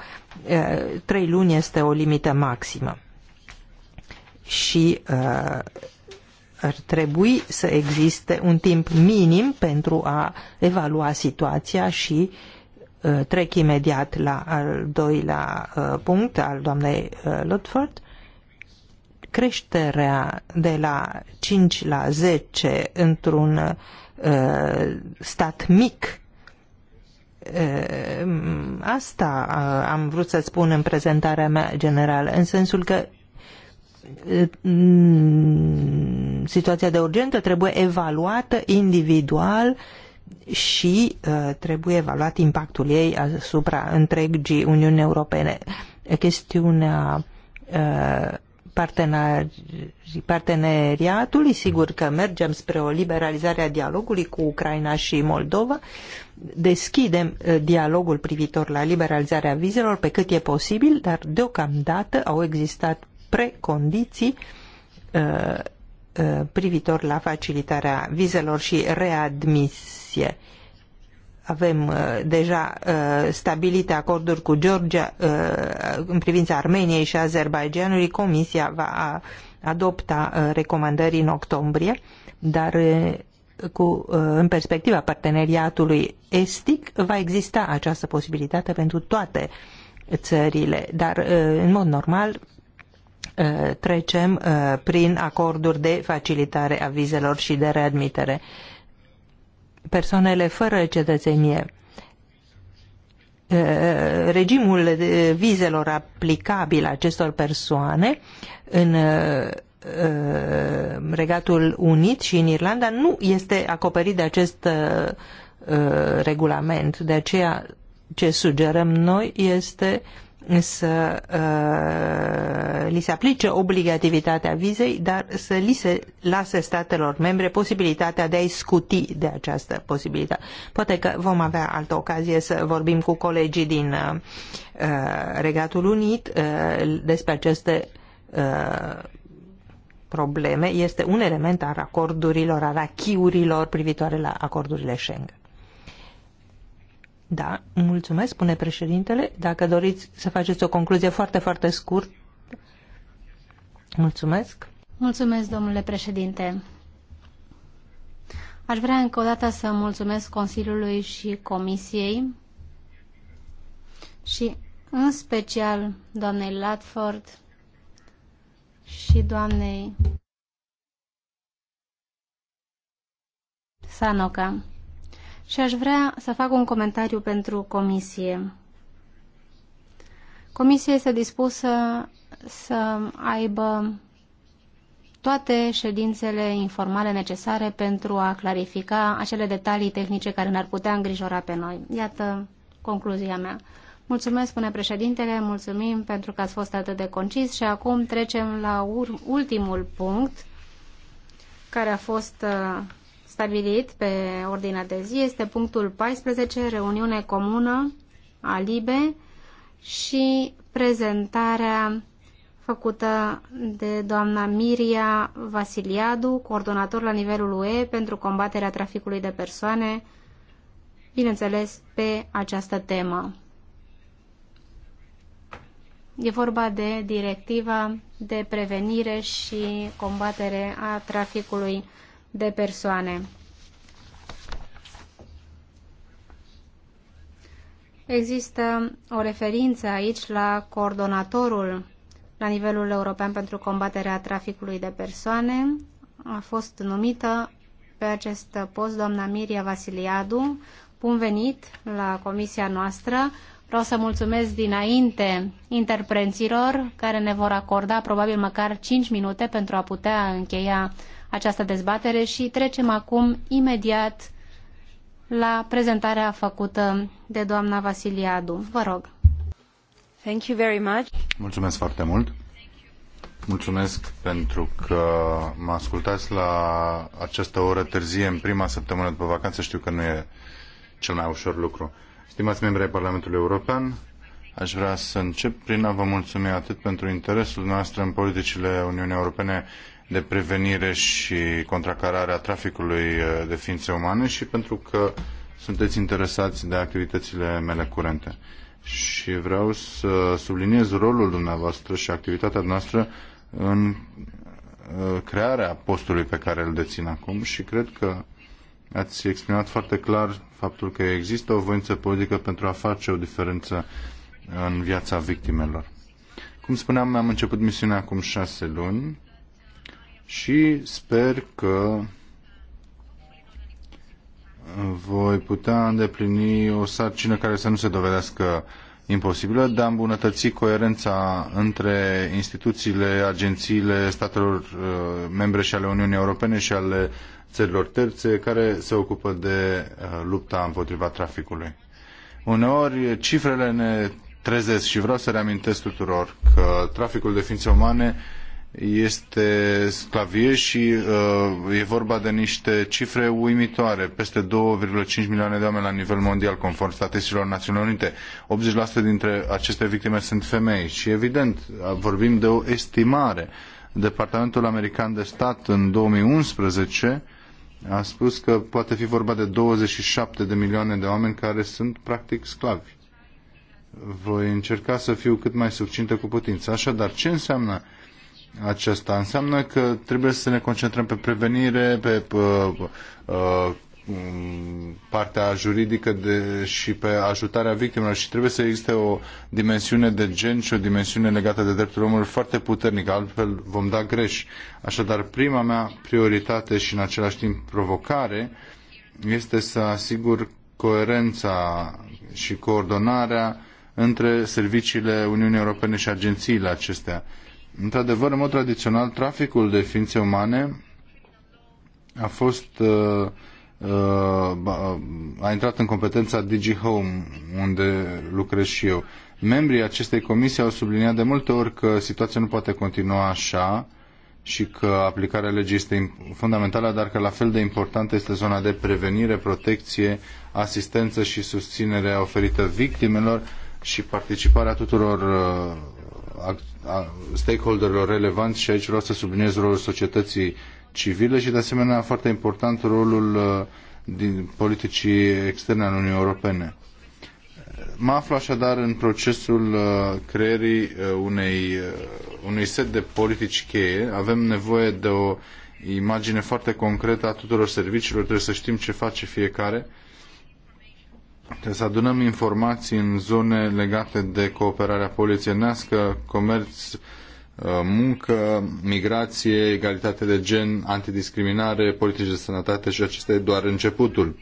trei luni este o limită maximă. Și ar trebui să existe un timp minim pentru a evalua situația și trec imediat la al doilea punct al doamnei Lutford creșterea de la 5 la 10 într-un uh, stat mic. Uh, asta uh, am vrut să spun în prezentarea mea generală, în sensul că mm, situația de urgență trebuie evaluată individual și uh, trebuie evaluat impactul ei asupra întregii Uniunii Europene. Chestiunea uh, Parteneri, parteneriatului. Sigur că mergem spre o liberalizare a dialogului cu Ucraina și Moldova. Deschidem uh, dialogul privitor la liberalizarea vizelor pe cât e posibil, dar deocamdată au existat precondiții uh, uh, privitor la facilitarea vizelor și readmisie avem uh, deja uh, stabilite acorduri cu Georgia uh, în privința Armeniei și Azerbaijanului, Comisia va adopta uh, recomandări în octombrie, dar uh, cu, uh, în perspectiva parteneriatului estic va exista această posibilitate pentru toate țările, dar în mod normal trecem prin acorduri de facilitare a vizelor și de readmitere persoanele fără cetățenie. Eh, regimul vizelor aplicabil acestor persoane în eh, Regatul Unit și în Irlanda nu este acoperit de acest eh, regulament. De aceea ce sugerăm noi este uh, să uh, li se aplice obligativitatea vizei, dar să li se lase statelor membre posibilitatea de a-i scuti de această posibilitate. Poate că vom avea altă ocazie să vorbim cu colegii din uh, uh Regatul Unit uh, despre aceste uh, probleme. Este un element al acordurilor, al achiurilor privitoare la acordurile Schengen. Da, mulțumesc, spune președintele. Dacă doriți să faceți o concluzie foarte, foarte scurt. Mulțumesc. Mulțumesc, domnule președinte. Aș vrea încă o dată să mulțumesc Consiliului și Comisiei și în special doamnei Latford și doamnei Sanoca și aș vrea să fac un comentariu pentru comisie. Comisia este dispusă să aibă toate ședințele informale necesare pentru a clarifica acele detalii tehnice care ne-ar putea îngrijora pe noi. Iată concluzia mea. Mulțumesc, spune președintele, mulțumim pentru că ați fost atât de concis și acum trecem la ultimul punct care a fost uh, stabilit pe ordinea de zi este punctul 14, reuniune comună a LIBE și prezentarea făcută de doamna Miria Vasiliadu, coordonator la nivelul UE pentru combaterea traficului de persoane, bineînțeles, pe această temă. E vorba de directiva de prevenire și combatere a traficului de persoane. Există o referință aici la coordonatorul la nivelul european pentru combaterea traficului de persoane. A fost numită pe acest post doamna Miria Vasiliadu. Bun venit la comisia noastră. Vreau să mulțumesc dinainte interprenților care ne vor acorda probabil măcar 5 minute pentru a putea încheia această dezbatere și trecem acum imediat la prezentarea făcută de doamna Vasiliadu. Vă rog. Thank you very much. Mulțumesc foarte mult. Mulțumesc pentru că mă ascultați la această oră târzie, în prima săptămână după vacanță. Știu că nu e cel mai ușor lucru. Stimați membri ai Parlamentului European, aș vrea să încep prin a vă mulțumi atât pentru interesul noastră în politicile Uniunii Europene de prevenire și contracarare a traficului uh, de ființe umane și pentru că sunteți interesați de activitățile mele curente. Și vreau să subliniez rolul dumneavoastră și activitatea noastră în uh, crearea postului pe care îl dețin acum și cred că ați exprimat foarte clar faptul că există o voință politică pentru a face o diferență în viața victimelor. Cum spuneam, am început misiunea acum șase luni și sper că voi putea îndeplini o sarcină care să nu se dovedească imposibilă, a îmbunătăți coerența între instituțiile, agențiile statelor uh, membre și ale Uniunii Europene și ale țărilor terțe care se ocupă de uh, lupta împotriva traficului. Uneori cifrele ne trezesc și vreau să reamintesc tuturor că traficul de ființe umane este sclavie și uh, e vorba de niște cifre uimitoare. Peste 2,5 milioane de oameni la nivel mondial, conform statisticilor Națiunilor Unite. 80% dintre aceste victime sunt femei și evident vorbim de o estimare. Departamentul American de Stat în 2011 a spus că poate fi vorba de 27 de milioane de oameni care sunt practic sclavi. Voi încerca să fiu cât mai succintă cu putință. Așadar, ce înseamnă uh, acesta. Înseamnă că trebuie să ne concentrăm pe prevenire, pe, pe uh, uh, partea juridică de, și pe ajutarea victimelor și trebuie să existe o dimensiune de gen și o dimensiune legată de dreptul omului foarte puternică, altfel vom da greș. Așadar, prima mea prioritate și în același timp provocare este să asigur coerența și coordonarea între serviciile Uniunii Europene și agențiile acestea Într-adevăr, în mod tradițional, traficul de ființe umane a fost uh, uh, a intrat în competența DigiHome, unde lucrez și eu. Membrii acestei comisii au subliniat de multe ori că situația nu poate continua așa și că aplicarea legii este fundamentală, dar că la fel de importantă este zona de prevenire, protecție, asistență și susținere oferită victimelor și participarea tuturor uh, stakeholderilor relevanți și aici vreau să subliniez rolul societății civile și de asemenea foarte important rolul uh, din politicii externe al Uniunii Europene. Mă aflu așadar în procesul uh, creierii uh, unei, unui set de politici cheie. Avem nevoie de o imagine foarte concretă a tuturor serviciilor, trebuie să știm ce face fiecare Trebuie să adunăm informații în zone legate de cooperarea polițienească, comerț, uh, muncă, migrație, egalitate de gen, antidiscriminare, politici de sănătate și acesta e doar începutul.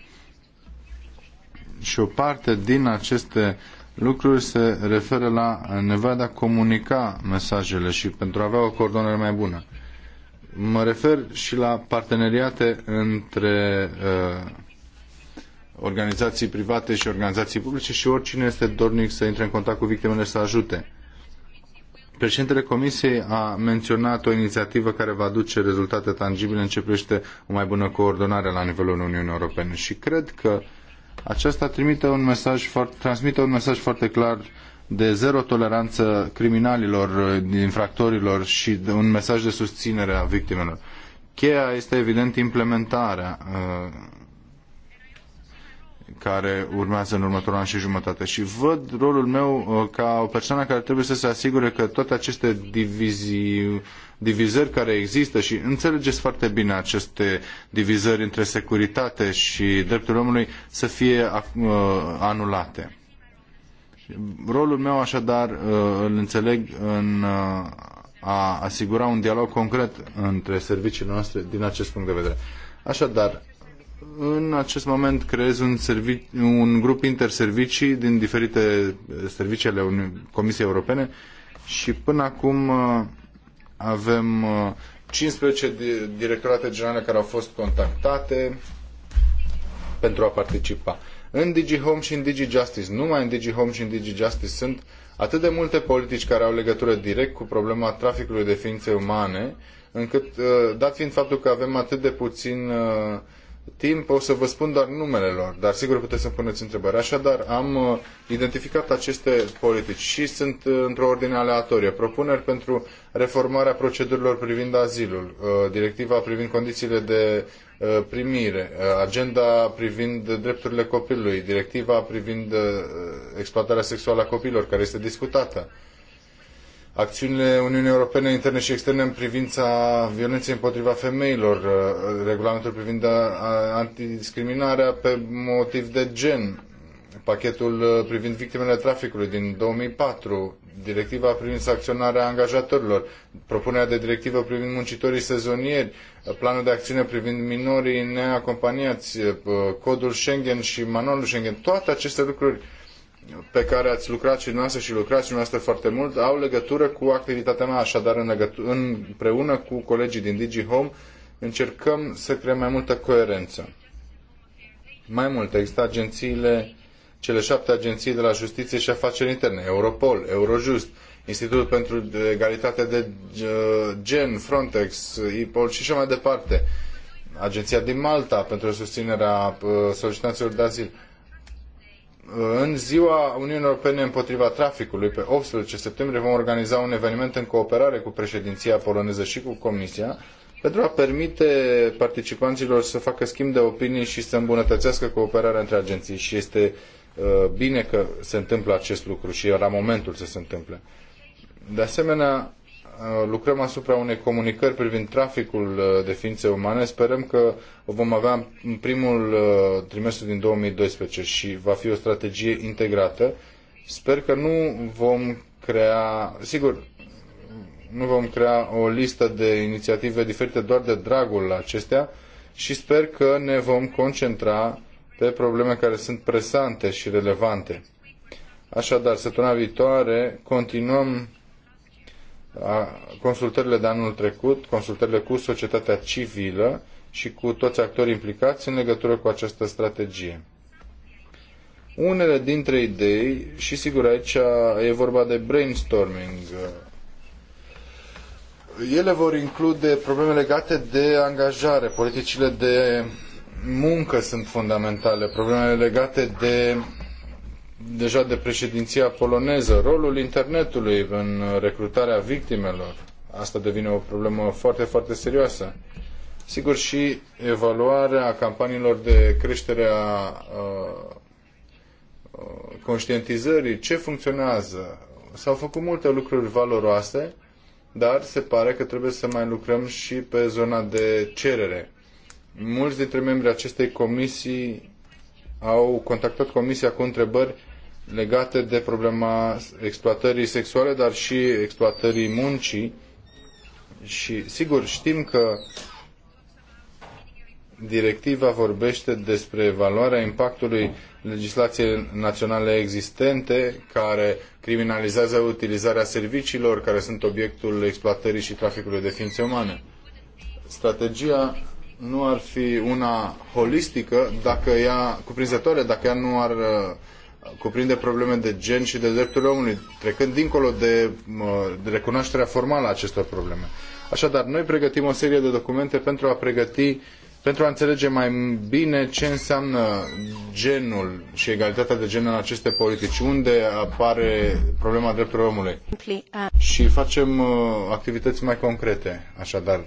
Și o parte din aceste lucruri se referă la nevoia de a comunica mesajele și pentru a avea o coordonare mai bună. Mă refer și la parteneriate între uh, organizații private și organizații publice și oricine este dornic să intre în contact cu victimele să ajute. Președintele Comisiei a menționat o inițiativă care va duce rezultate tangibile în ce privește o mai bună coordonare la nivelul Uniunii Europene și cred că aceasta trimite un mesaj foarte, transmite un mesaj foarte clar de zero toleranță criminalilor, infractorilor și de un mesaj de susținere a victimelor. Cheia este evident implementarea uh, care urmează în următorul an și jumătate. Și văd rolul meu uh, ca o persoană care trebuie să se asigure că toate aceste divizii, divizări care există și înțelegeți foarte bine aceste divizări între securitate și dreptul omului să fie uh, anulate. Rolul meu așadar uh, îl înțeleg în a asigura un dialog concret între serviciile noastre din acest punct de vedere. Așadar, în acest moment creez un, un grup interservicii din diferite eh, servicii ale Comisiei Europene și până acum eh, avem 15 eh, directorate generale care au fost contactate pentru a participa. În DigiHome și în digi Justice, numai în DigiHome și în digi justice sunt atât de multe politici care au legătură direct cu problema traficului de ființe umane, încât, dat fiind faptul că avem atât de puțin uh, timp, o să vă spun doar numele lor, dar sigur puteți să-mi puneți întrebări. Așadar, am uh, identificat aceste politici și sunt uh, într-o ordine aleatorie. Propuneri pentru reformarea procedurilor privind azilul, uh, directiva privind condițiile de primire, agenda privind drepturile copilului, directiva privind exploatarea sexuală a copiilor, care este discutată, acțiunile Uniunii Europene interne și externe în privința violenței împotriva femeilor, uh, regulamentul privind uh, antidiscriminarea pe motiv de gen, pachetul uh, privind victimele traficului din 2004, directiva privind sancționarea angajatorilor, propunerea de directivă privind muncitorii sezonieri, planul de acțiune privind minorii neacompaniați, codul Schengen și manualul Schengen, toate aceste lucruri pe care ați lucrat și dumneavoastră și lucrați și dumneavoastră foarte mult au legătură cu activitatea mea, așadar în legătură, împreună cu colegii din DG Home încercăm să creăm mai multă coerență. Mai mult, există agențiile, cele șapte agenții de la Justiție și Afaceri Interne, Europol, Eurojust, Institutul pentru Egalitate de uh, Gen, Frontex, IPOL și așa mai departe, Agenția din Malta pentru susținerea uh, solicitanților de azil în ziua Uniunii Europene împotriva traficului, pe 18 septembrie, vom organiza un eveniment în cooperare cu președinția poloneză și cu Comisia pentru a permite participanților să facă schimb de opinii și să îmbunătățească cooperarea între agenții și este uh, bine că se întâmplă acest lucru și era momentul să se întâmple. De asemenea, Uh, lucrăm asupra unei comunicări privind traficul uh, de ființe umane. Sperăm că o vom avea în primul uh, trimestru din 2012 și va fi o strategie integrată. Sper că nu vom crea, sigur, nu vom crea o listă de inițiative diferite doar de dragul acestea și sper că ne vom concentra pe probleme care sunt presante și relevante. Așadar, săptămâna viitoare continuăm consultările de anul trecut, consultările cu societatea civilă și cu toți actorii implicați în legătură cu această strategie. Unele dintre idei, și sigur aici e vorba de brainstorming, ele vor include probleme legate de angajare, politicile de muncă sunt fundamentale, problemele legate de deja de președinția poloneză, rolul internetului în recrutarea victimelor. Asta devine o problemă foarte, foarte serioasă. Sigur, și evaluarea campaniilor de creștere a uh, uh, conștientizării, ce funcționează. S-au făcut multe lucruri valoroase, dar se pare că trebuie să mai lucrăm și pe zona de cerere. Mulți dintre membrii acestei comisii au contactat comisia cu întrebări legate de problema exploatării sexuale, dar și exploatării muncii. Și sigur, știm că directiva vorbește despre evaluarea impactului legislației naționale existente care criminalizează utilizarea serviciilor care sunt obiectul exploatării și traficului de ființe umane. Strategia nu ar fi una holistică dacă ea, cuprinzătoare, dacă ea nu ar uh, cuprinde probleme de gen și de drepturile omului, trecând dincolo de, de recunoașterea formală a acestor probleme. Așadar, noi pregătim o serie de documente pentru a pregăti pentru a înțelege mai bine ce înseamnă genul și egalitatea de gen în aceste politici, unde apare problema drepturilor omului. Și facem uh, activități mai concrete, așadar,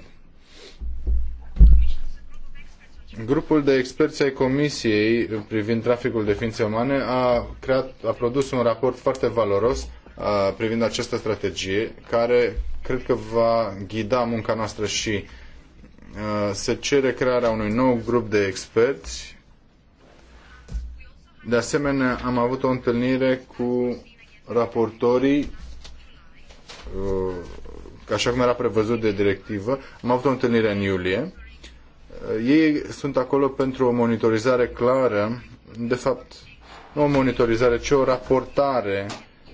Grupul de experți ai Comisiei privind traficul de ființe umane a, creat, a produs un raport foarte valoros a, privind această strategie, care cred că va ghida munca noastră și a, se cere crearea unui nou grup de experți. De asemenea, am avut o întâlnire cu raportorii a, așa cum era prevăzut de directivă. Am avut o întâlnire în iulie ei sunt acolo pentru o monitorizare clară, de fapt, nu o monitorizare, ci o raportare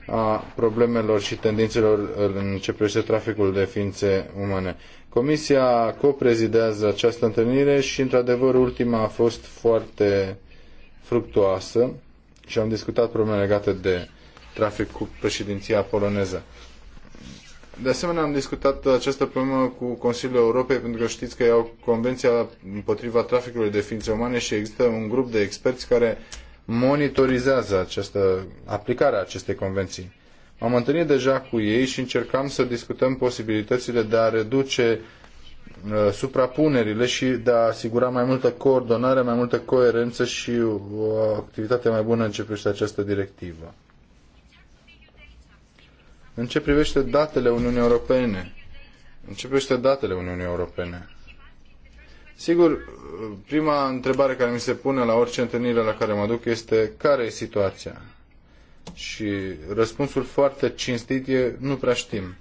a problemelor și tendințelor în ce privește traficul de ființe umane. Comisia coprezidează această întâlnire și, într-adevăr, ultima a fost foarte fructuoasă și am discutat probleme legate de trafic cu președinția poloneză. De asemenea, am discutat această problemă cu Consiliul Europei, pentru că știți că iau Convenția împotriva traficului de ființe umane și există un grup de experți care monitorizează această, aplicarea acestei convenții. M-am întâlnit deja cu ei și încercam să discutăm posibilitățile de a reduce uh, suprapunerile și de a asigura mai multă coordonare, mai multă coerență și o activitate mai bună în ce privește această directivă. În ce privește datele Uniunii Europene? În ce privește datele Uniunii Europene? Sigur, prima întrebare care mi se pune la orice întâlnire la care mă duc este care e situația? Și răspunsul foarte cinstit e nu prea știm.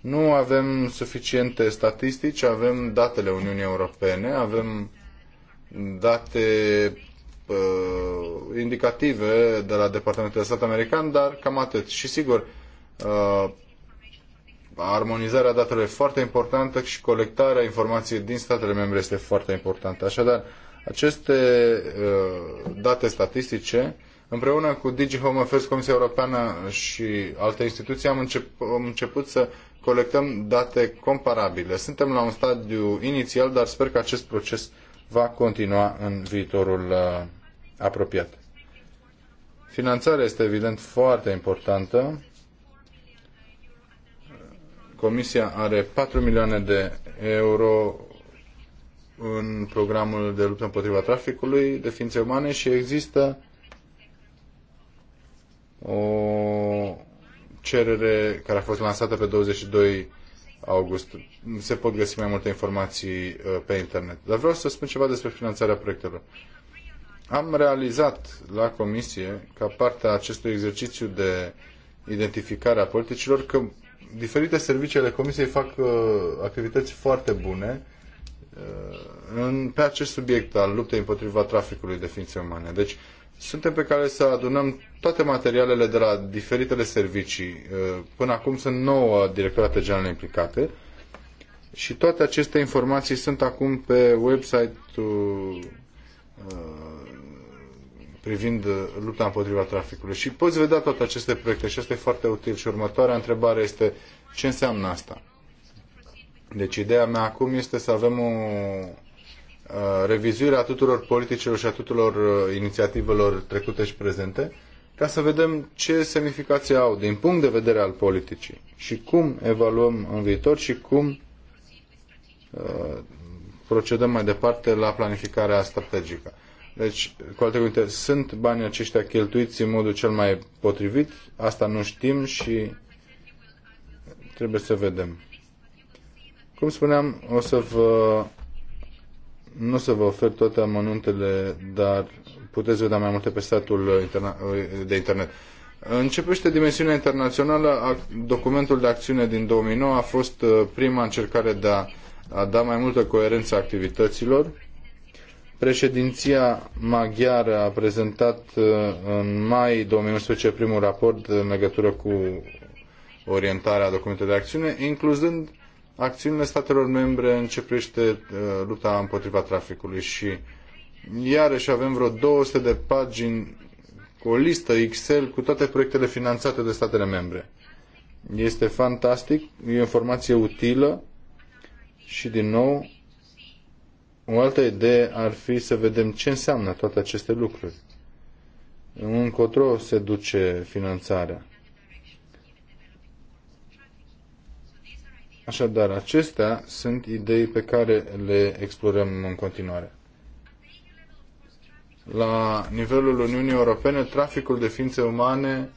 Nu avem suficiente statistici, avem datele Uniunii Europene, avem date uh, indicative de la Departamentul de Stat American, dar cam atât. Și sigur, Uh, armonizarea datelor e foarte importantă și colectarea informației din statele membre este foarte importantă. Așadar, aceste uh, date statistice, împreună cu Digi Home Affairs, Comisia Europeană și alte instituții, am, încep, am început să colectăm date comparabile. Suntem la un stadiu inițial, dar sper că acest proces va continua în viitorul uh, apropiat. Finanțarea este evident foarte importantă. Comisia are 4 milioane de euro în programul de luptă împotriva traficului de ființe umane și există o cerere care a fost lansată pe 22 august. Se pot găsi mai multe informații uh, pe internet. Dar vreau să spun ceva despre finanțarea proiectelor. Am realizat la comisie, ca parte a acestui exercițiu de identificare a politicilor, că diferite servicii ale Comisiei fac uh, activități foarte bune uh, în, pe acest subiect al luptei împotriva traficului de ființe umane. Deci, suntem pe care să adunăm toate materialele de la diferitele servicii. Uh, până acum sunt nouă directorate generale implicate și toate aceste informații sunt acum pe website-ul uh, privind uh, lupta împotriva traficului. Și poți vedea toate aceste proiecte și asta e foarte util. Și următoarea întrebare este ce înseamnă asta? Deci ideea mea acum este să avem o uh, revizuire a tuturor politicilor și a tuturor uh, inițiativelor trecute și prezente ca să vedem ce semnificație au din punct de vedere al politicii și cum evaluăm în viitor și cum procedăm mai departe la planificarea strategică. Deci, cu alte cuvinte, sunt banii aceștia cheltuiți în modul cel mai potrivit? Asta nu știm și trebuie să vedem. Cum spuneam, o să vă... Nu o să vă ofer toate amănuntele, dar puteți vedea mai multe pe statul de internet. Începește dimensiunea internațională. Documentul de acțiune din 2009 a fost uh, prima încercare de a, a da mai multă coerență activităților Președinția maghiară a prezentat uh, în mai 2011 primul raport în legătură cu orientarea documentelor de acțiune, incluzând acțiunile statelor membre în ce privește uh, lupta împotriva traficului și iarăși avem vreo 200 de pagini cu o listă Excel cu toate proiectele finanțate de statele membre. Este fantastic, e o informație utilă și din nou o altă idee ar fi să vedem ce înseamnă toate aceste lucruri. Încotro se duce finanțarea. Așadar, acestea sunt idei pe care le explorăm în continuare. La nivelul Uniunii Europene, traficul de ființe umane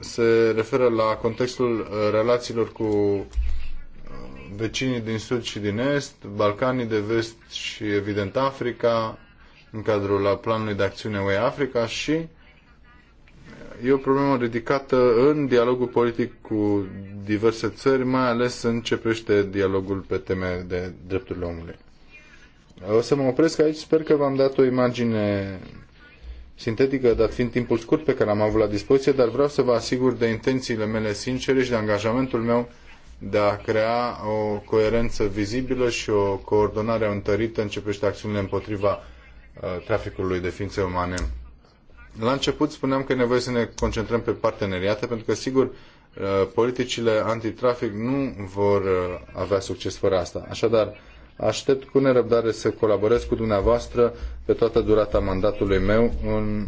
se referă la contextul relațiilor cu vecinii din sud și din est, Balcanii de vest și, evident, Africa, în cadrul planului de acțiune UE Africa și e o problemă ridicată în dialogul politic cu diverse țări, mai ales în ce prește dialogul pe teme de drepturile omului. O să mă opresc aici, sper că v-am dat o imagine sintetică, dat fiind timpul scurt pe care l-am avut la dispoziție, dar vreau să vă asigur de intențiile mele sincere și de angajamentul meu de a crea o coerență vizibilă și o coordonare întărită în ce privește acțiunile împotriva uh, traficului de ființe umane. La început spuneam că e nevoie să ne concentrăm pe parteneriate, pentru că, sigur, uh, politicile antitrafic nu vor uh, avea succes fără asta. Așadar, aștept cu nerăbdare să colaborez cu dumneavoastră pe toată durata mandatului meu în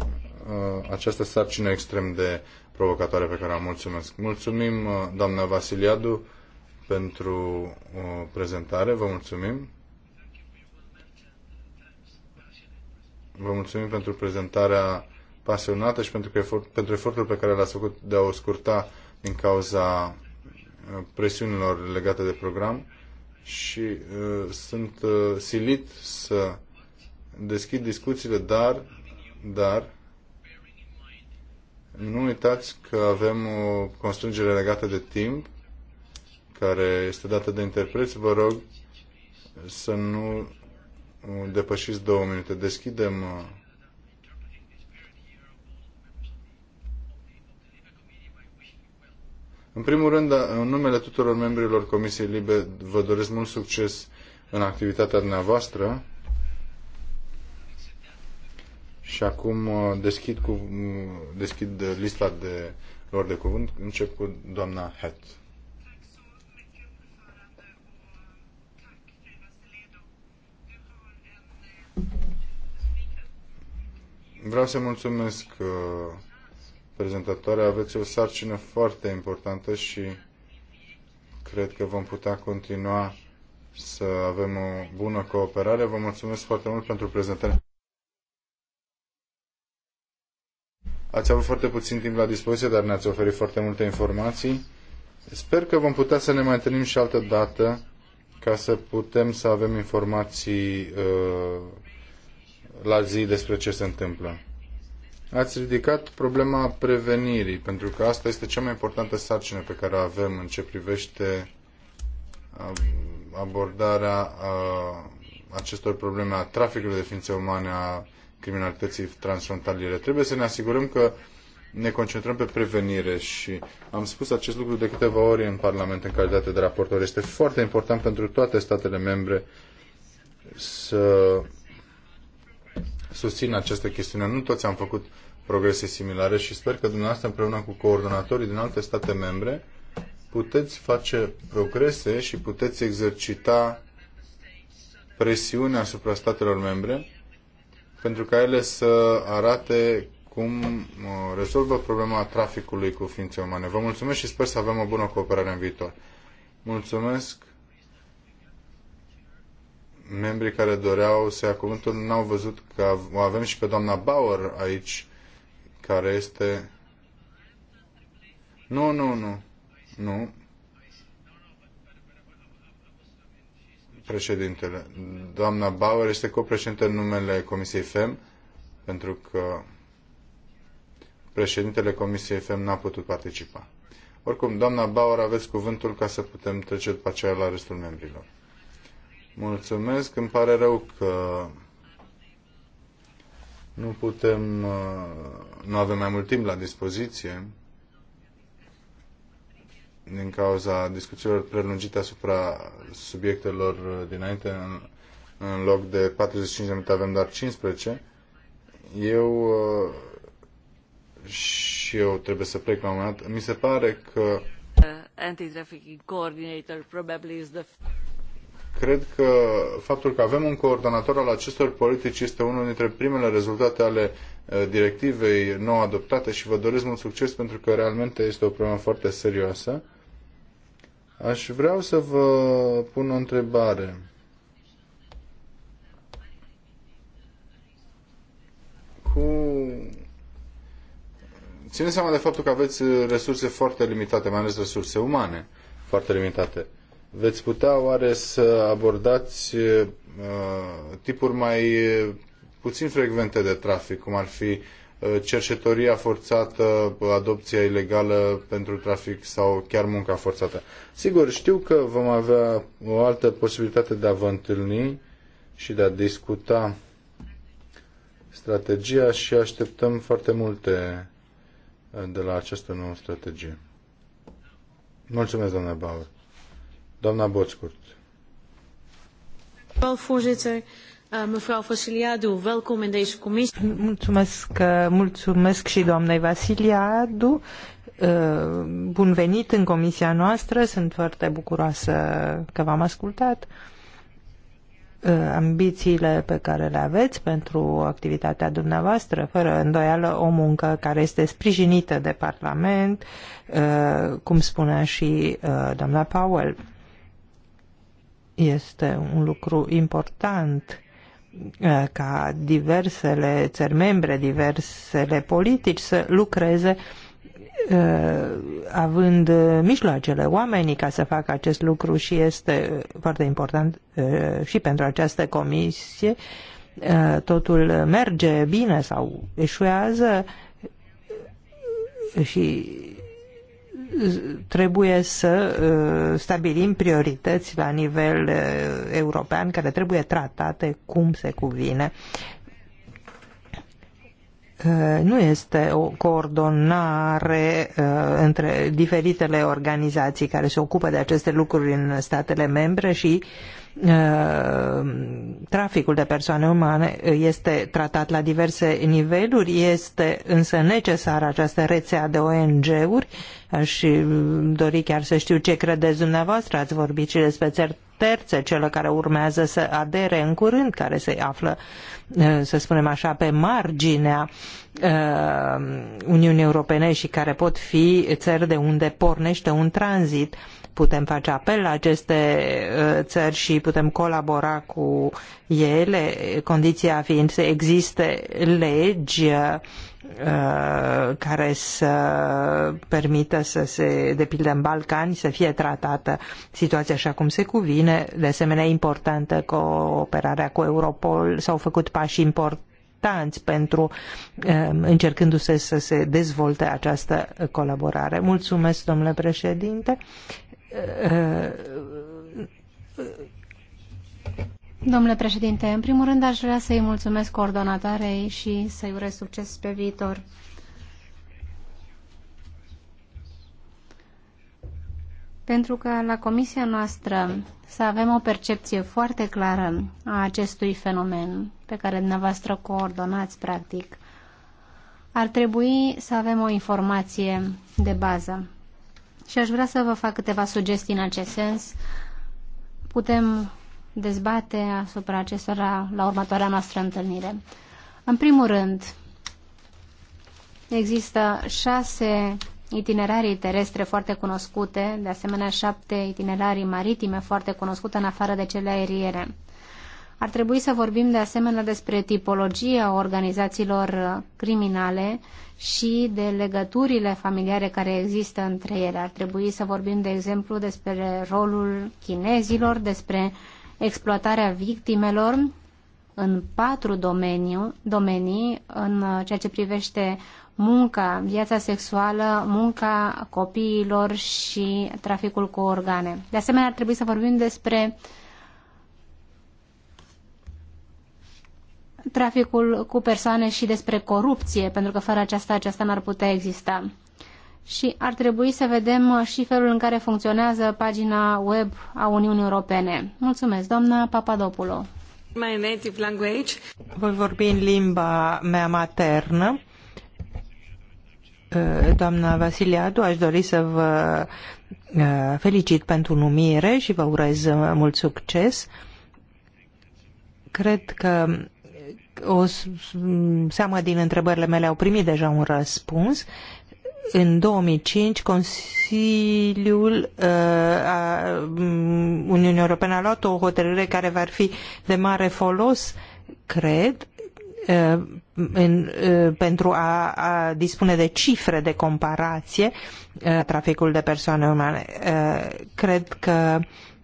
această sarcină extrem de provocatoare pe care o mulțumesc. Mulțumim, doamna Vasiliadu pentru uh, prezentare. Vă mulțumim. Vă mulțumim pentru prezentarea pasionată și pentru, că efort, pentru efortul pe care l-ați făcut de a o scurta din cauza uh, presiunilor legate de program și uh, sunt uh, silit să deschid discuțiile, dar, dar nu uitați că avem o constrângere legată de timp care este dată de interpreți, vă rog să nu depășiți două minute. Deschidem uh, În primul rând, da, în numele tuturor membrilor Comisiei Libe, vă doresc mult succes în activitatea dumneavoastră. Și acum uh, deschid, cu, uh, deschid lista de lor de cuvânt. Încep cu doamna Het. Vreau să mulțumesc uh, prezentatoare. Aveți o sarcină foarte importantă și cred că vom putea continua să avem o bună cooperare. Vă mulțumesc foarte mult pentru prezentare. Ați avut foarte puțin timp la dispoziție, dar ne-ați oferit foarte multe informații. Sper că vom putea să ne mai întâlnim și altă dată ca să putem să avem informații uh, la zi despre ce se întâmplă. Ați ridicat problema prevenirii, pentru că asta este cea mai importantă sarcină pe care o avem în ce privește uh, abordarea uh, acestor probleme a traficului de ființe umane, a criminalității transfrontaliere. Trebuie să ne asigurăm că ne concentrăm pe prevenire și am spus acest lucru de câteva ori în Parlament în calitate de raportor. Este foarte important pentru toate statele membre să susțin această chestiune. Nu toți am făcut progrese similare și sper că dumneavoastră împreună cu coordonatorii din alte state membre puteți face progrese și puteți exercita presiune asupra statelor membre pentru ca ele să arate cum uh, rezolvă problema traficului cu ființe umane. Vă mulțumesc și sper să avem o bună cooperare în viitor. Mulțumesc membrii care doreau să ia cuvântul n-au văzut că o avem și pe doamna Bauer aici, care este... Nu, nu, nu. Nu. Președintele. Doamna Bauer este copreședinte în numele Comisiei FEM, pentru că președintele Comisiei FEM n-a putut participa. Oricum, doamna Bauer, aveți cuvântul ca să putem trece după aceea la restul membrilor. Mulțumesc, îmi pare rău că nu putem, uh, nu avem mai mult timp la dispoziție din cauza discuțiilor prelungite asupra subiectelor dinainte, în, în loc de 45 de minute avem doar 15. Eu uh, și eu trebuie să plec la un moment dat. Mi se pare că uh, anti-trafficking coordinator probably is the Cred că faptul că avem un coordonator al acestor politici este unul dintre primele rezultate ale directivei nou adoptate și vă doresc mult succes pentru că realmente este o problemă foarte serioasă. Aș vrea să vă pun o întrebare. Cu... Țineți seama de faptul că aveți resurse foarte limitate, mai ales resurse umane foarte limitate veți putea oare să abordați uh, tipuri mai uh, puțin frecvente de trafic, cum ar fi uh, cercetoria forțată, adopția ilegală pentru trafic sau chiar munca forțată. Sigur, știu că vom avea o altă posibilitate de a vă întâlni și de a discuta strategia și așteptăm foarte multe de la această nouă strategie. Mulțumesc, doamna Bauer. Doamna Boțcurt. mevrouw eh, Vasiliadu, welkom in deze Mulțumesc, eh, mulțumesc și doamnei Vasiliadu. Eh, bun venit în comisia noastră, sunt foarte bucuroasă că v-am ascultat ambițiile pe care le aveți pentru activitatea dumneavoastră, fără îndoială o muncă care este sprijinită de Parlament, cum spunea și doamna Powell. Este un lucru important eh, ca diversele țări membre, diversele politici să lucreze eh, având mijloacele oamenii ca să facă acest lucru și este foarte important eh, și pentru această comisie totul merge bine sau eșuează și trebuie să uh, stabilim priorități la nivel uh, european care trebuie tratate cum se cuvine. Uh, nu este o coordonare între diferitele organizații care se ocupă de aceste lucruri în statele membre și uh, Ă, traficul de persoane umane este tratat la diverse niveluri, este însă necesară această rețea de ONG-uri și dori chiar să știu ce credeți dumneavoastră, ați vorbit și despre țări terțe, cele care urmează să adere în curând, care se află, ă, să spunem așa, pe marginea ă, Uniunii Europene și care pot fi țări de unde pornește un tranzit putem face apel la aceste uh, țări și putem colabora cu ele, condiția fiind să existe legi uh, care să permită să se, de pildă în Balcani, să fie tratată situația așa cum se cuvine. De asemenea, importantă cooperarea cu Europol. S-au făcut pași importanți pentru um, încercându-se să se dezvolte această colaborare. Mulțumesc, domnule președinte. Domnule președinte, în primul rând aș vrea să-i mulțumesc coordonatoarei și să-i urez succes pe viitor. Pentru că la comisia noastră să avem o percepție foarte clară a acestui fenomen pe care dumneavoastră coordonați practic, ar trebui să avem o informație de bază și aș vrea să vă fac câteva sugestii în acest sens. Putem dezbate asupra acestora la următoarea noastră întâlnire. În primul rând, există șase itinerarii terestre foarte cunoscute, de asemenea șapte itinerarii maritime foarte cunoscute în afară de cele aeriene. Ar trebui să vorbim de asemenea despre tipologia organizațiilor uh, criminale și de legăturile familiare care există între ele. Ar trebui să vorbim, de exemplu, despre rolul chinezilor, despre exploatarea victimelor în patru domeniu, domenii, în uh, ceea ce privește munca, viața sexuală, munca copiilor și traficul cu organe. De asemenea, ar trebui să vorbim despre uh, traficul cu persoane și despre corupție, pentru că fără aceasta, aceasta n-ar putea exista. Și ar trebui să vedem uh, și felul în care funcționează pagina web a Uniunii Europene. Mulțumesc, doamna Papadopulo. My native language. Voi vorbi în limba mea maternă. Uh, doamna Vasiliadu, aș dori să vă uh, felicit pentru numire și vă urez mult succes. Cred că o seamă din întrebările mele au primit deja un răspuns. În 2005, Consiliul uh, a, Uniunii Europene a luat o hotărâre care va fi de mare folos, cred, uh, în, uh, pentru a, a, dispune de cifre de comparație uh, traficul de persoane umane. Uh, cred că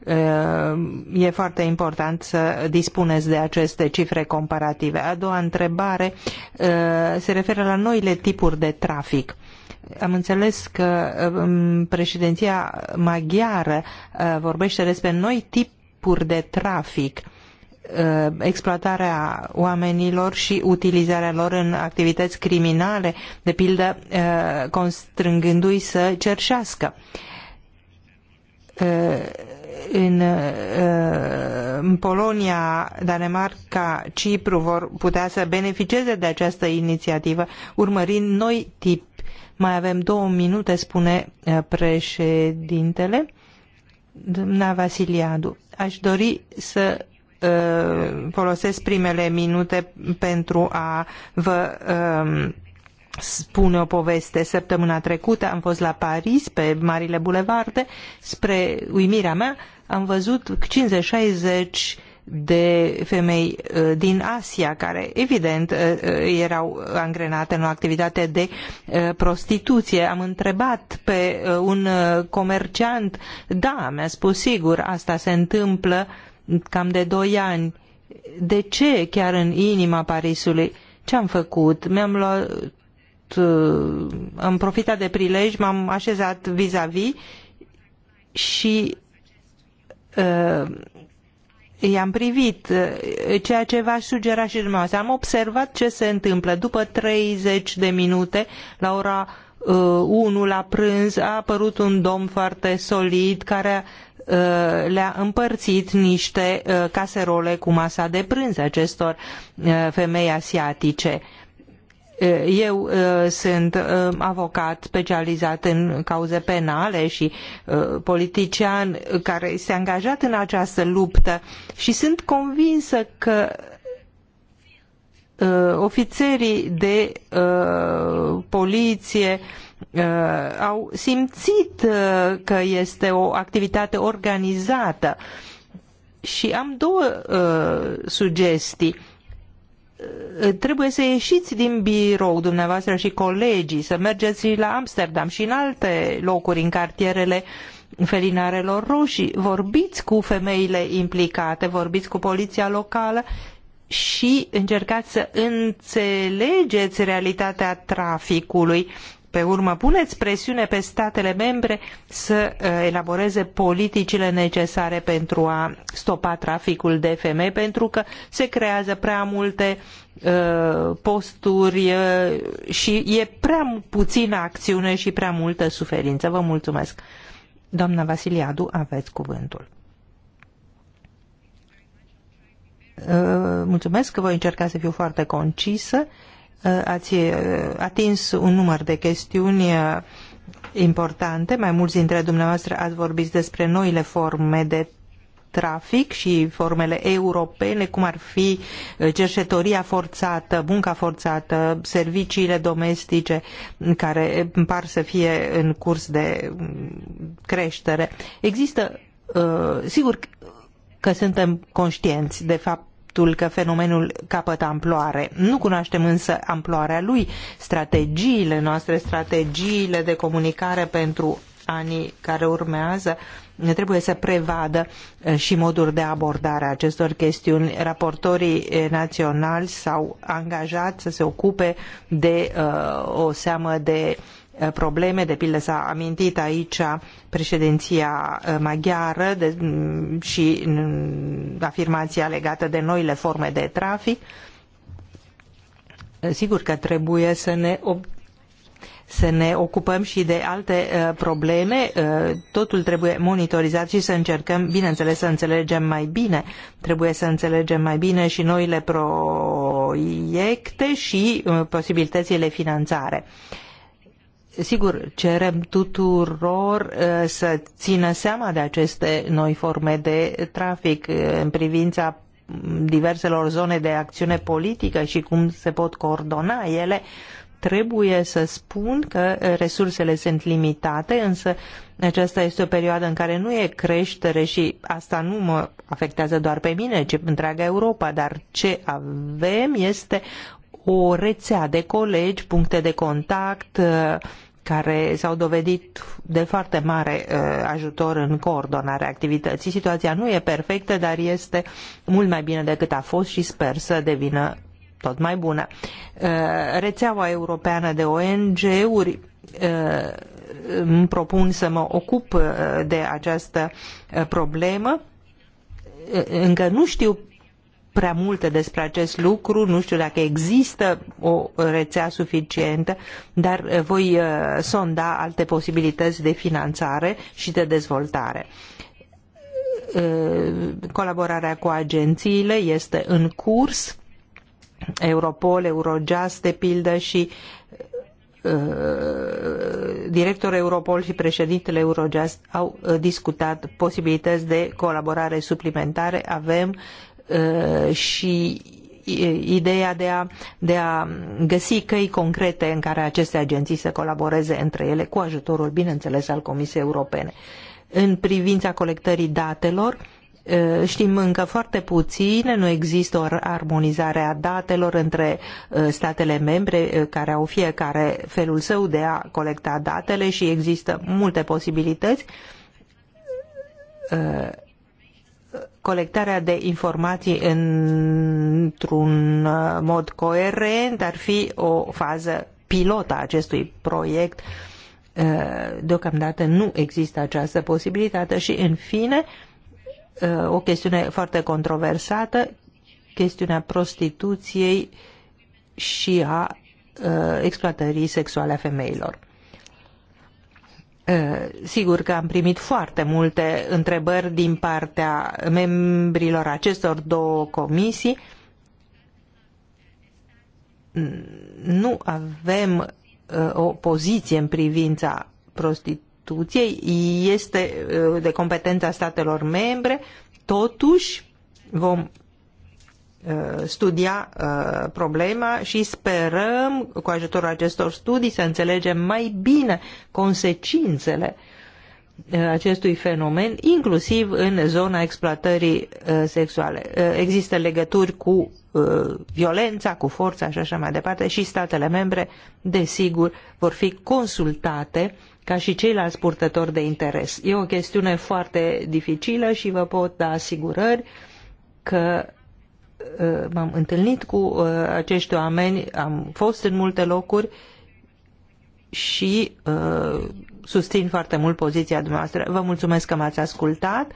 Ehm, e foarte important să dispuneți de aceste cifre comparative. A doua întrebare ehm, se referă la noile tipuri de trafic. Am înțeles că ehm, președinția maghiară vorbește despre noi tipuri de trafic exploatarea oamenilor și utilizarea lor în activități criminale, de pildă constrângându-i să cerșească în, uh, în Polonia, Danemarca, Cipru vor putea să beneficieze de această inițiativă, urmărind noi tip. Mai avem două minute, spune uh, președintele. Doamna Vasiliadu, aș dori să uh, folosesc primele minute pentru a vă um, spune o poveste. Săptămâna trecută am fost la Paris, pe marile bulevarde, spre uimirea mea, am văzut 50-60 de femei uh, din Asia, care evident uh, uh, erau angrenate în o activitate de prostituție. Am întrebat pe un comerciant, da, mi-a spus sigur, asta se întâmplă cam de doi ani. De ce chiar în inima Parisului? Ce am făcut? Mi-am luat am uh, profitat de prilej, m-am așezat vis-a-vis și uh, i-am privit uh, ceea ce v-aș sugera și dumneavoastră. Am observat ce se întâmplă. După 30 de minute, la ora uh, 1 la prânz, a apărut un domn foarte solid care uh, le-a împărțit niște caserole cu masa de prânz acestor femei asiatice. Eh, eu eh, sunt eh, avocat specializat în cauze penale și politician care s-a angajat în această luptă și sunt convinsă că ofițerii de poliție au simțit că este o activitate organizată și am două sugestii Eh, trebuie să ieșiți din birou dumneavoastră și colegii, să mergeți la Amsterdam și în alte locuri, în cartierele felinarelor roșii, vorbiți cu femeile implicate, vorbiți cu poliția locală și încercați să înțelegeți realitatea traficului pe urmă, puneți presiune pe statele membre să uh, elaboreze politicile necesare pentru a stopa traficul de femei, pentru că se creează prea multe uh, posturi uh, și e prea puțină acțiune și prea multă suferință. Vă mulțumesc. Doamna Vasiliadu, aveți cuvântul. Mulțumesc că voi încerca să fiu foarte concisă. Eh, ați eh, atins un număr de chestiuni eh, importante. Mai mulți dintre dumneavoastră ați vorbit despre noile forme de trafic și formele europene, cum ar fi cerșetoria forțată, munca forțată, serviciile domestice care par să fie în curs de mm, creștere. Există, sigur că suntem conștienți de fapt faptul că fenomenul capătă amploare. Nu cunoaștem însă amploarea lui. Strategiile noastre, strategiile de comunicare pentru anii care urmează trebuie să prevadă eh, și moduri de abordare a acestor chestiuni. Raportorii eh, naționali s-au angajat să se ocupe de uh, o seamă de probleme, de pildă s-a amintit aici președinția uh, maghiară de, mm, și mm, afirmația legată de noile forme de trafic. Uh, sigur că trebuie să ne să ne ocupăm și de alte uh, probleme, uh, totul trebuie monitorizat și să încercăm, bineînțeles, să înțelegem mai bine. Trebuie să înțelegem mai bine și noile proiecte și uh, posibilitățile finanțare. Uh, Sigur, cerem tuturor uh, să țină seama de aceste noi forme de trafic uh, în privința diverselor zone de acțiune politică și cum se pot coordona ele, trebuie să spun că resursele sunt limitate, însă aceasta este o perioadă în care nu e creștere și asta nu mă afectează doar pe mine, ci întreaga Europa, dar ce avem este o rețea de colegi, puncte de contact, uh, care s-au dovedit de foarte mare uh, ajutor în coordonarea activității. Situația nu e perfectă, dar este mult mai bine decât a fost și sper să devină tot mai bună. Uh, rețeaua europeană de ONG-uri uh, îmi propun să mă ocup uh, de această uh, problemă uh, încă nu știu prea multe despre acest lucru, nu știu dacă există o rețea suficientă, dar voi uh, sonda alte posibilități de finanțare și de dezvoltare uh, colaborarea cu agențiile este în curs, Europol, Eurojust, de pildă și uh, directorul Europol și președintele Eurojust au discutat posibilități de colaborare suplimentare. Avem Uh, și ideea de a, de a găsi căi concrete în care aceste agenții să colaboreze între ele, cu ajutorul, bineînțeles, al Comisiei Europene. În privința colectării datelor, uh, Știm încă foarte puține, nu există o armonizare a datelor între uh, statele membre care au fiecare felul său de a colecta datele și există multe posibilități colectarea de informații într-un uh, mod coerent ar fi o fază pilotă a acestui proiect. Uh, deocamdată nu există această posibilitate și, în fine, uh, o chestiune foarte controversată, chestiunea prostituției și a exploatării sexuale a femeilor. Eh, sigur că am primit foarte multe întrebări din partea membrilor acestor două comisii. Nu avem eh, o poziție în privința prostituției, este eh, de competența statelor membre, totuși vom Uh, studia uh, problema și sperăm cu ajutorul acestor studii să înțelegem mai bine consecințele uh, acestui fenomen, inclusiv în zona exploatării sexuale. Există legături cu violența, cu forța și așa mai departe și statele membre, desigur, vor fi consultate ca și ceilalți purtători de interes. E o chestiune foarte dificilă și vă pot da asigurări că Uh, m-am întâlnit cu uh, acești oameni, am fost în multe locuri și uh, susțin foarte mult poziția dumneavoastră. Vă mulțumesc că m-ați ascultat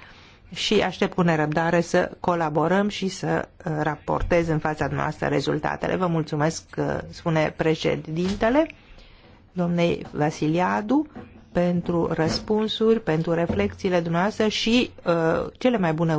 și aștept cu nerăbdare să colaborăm și să raportez în fața dumneavoastră rezultatele. Vă mulțumesc, spune președintele, domnei Vasiliadu, pentru răspunsuri, pentru reflexiile dumneavoastră și uh, cele mai bune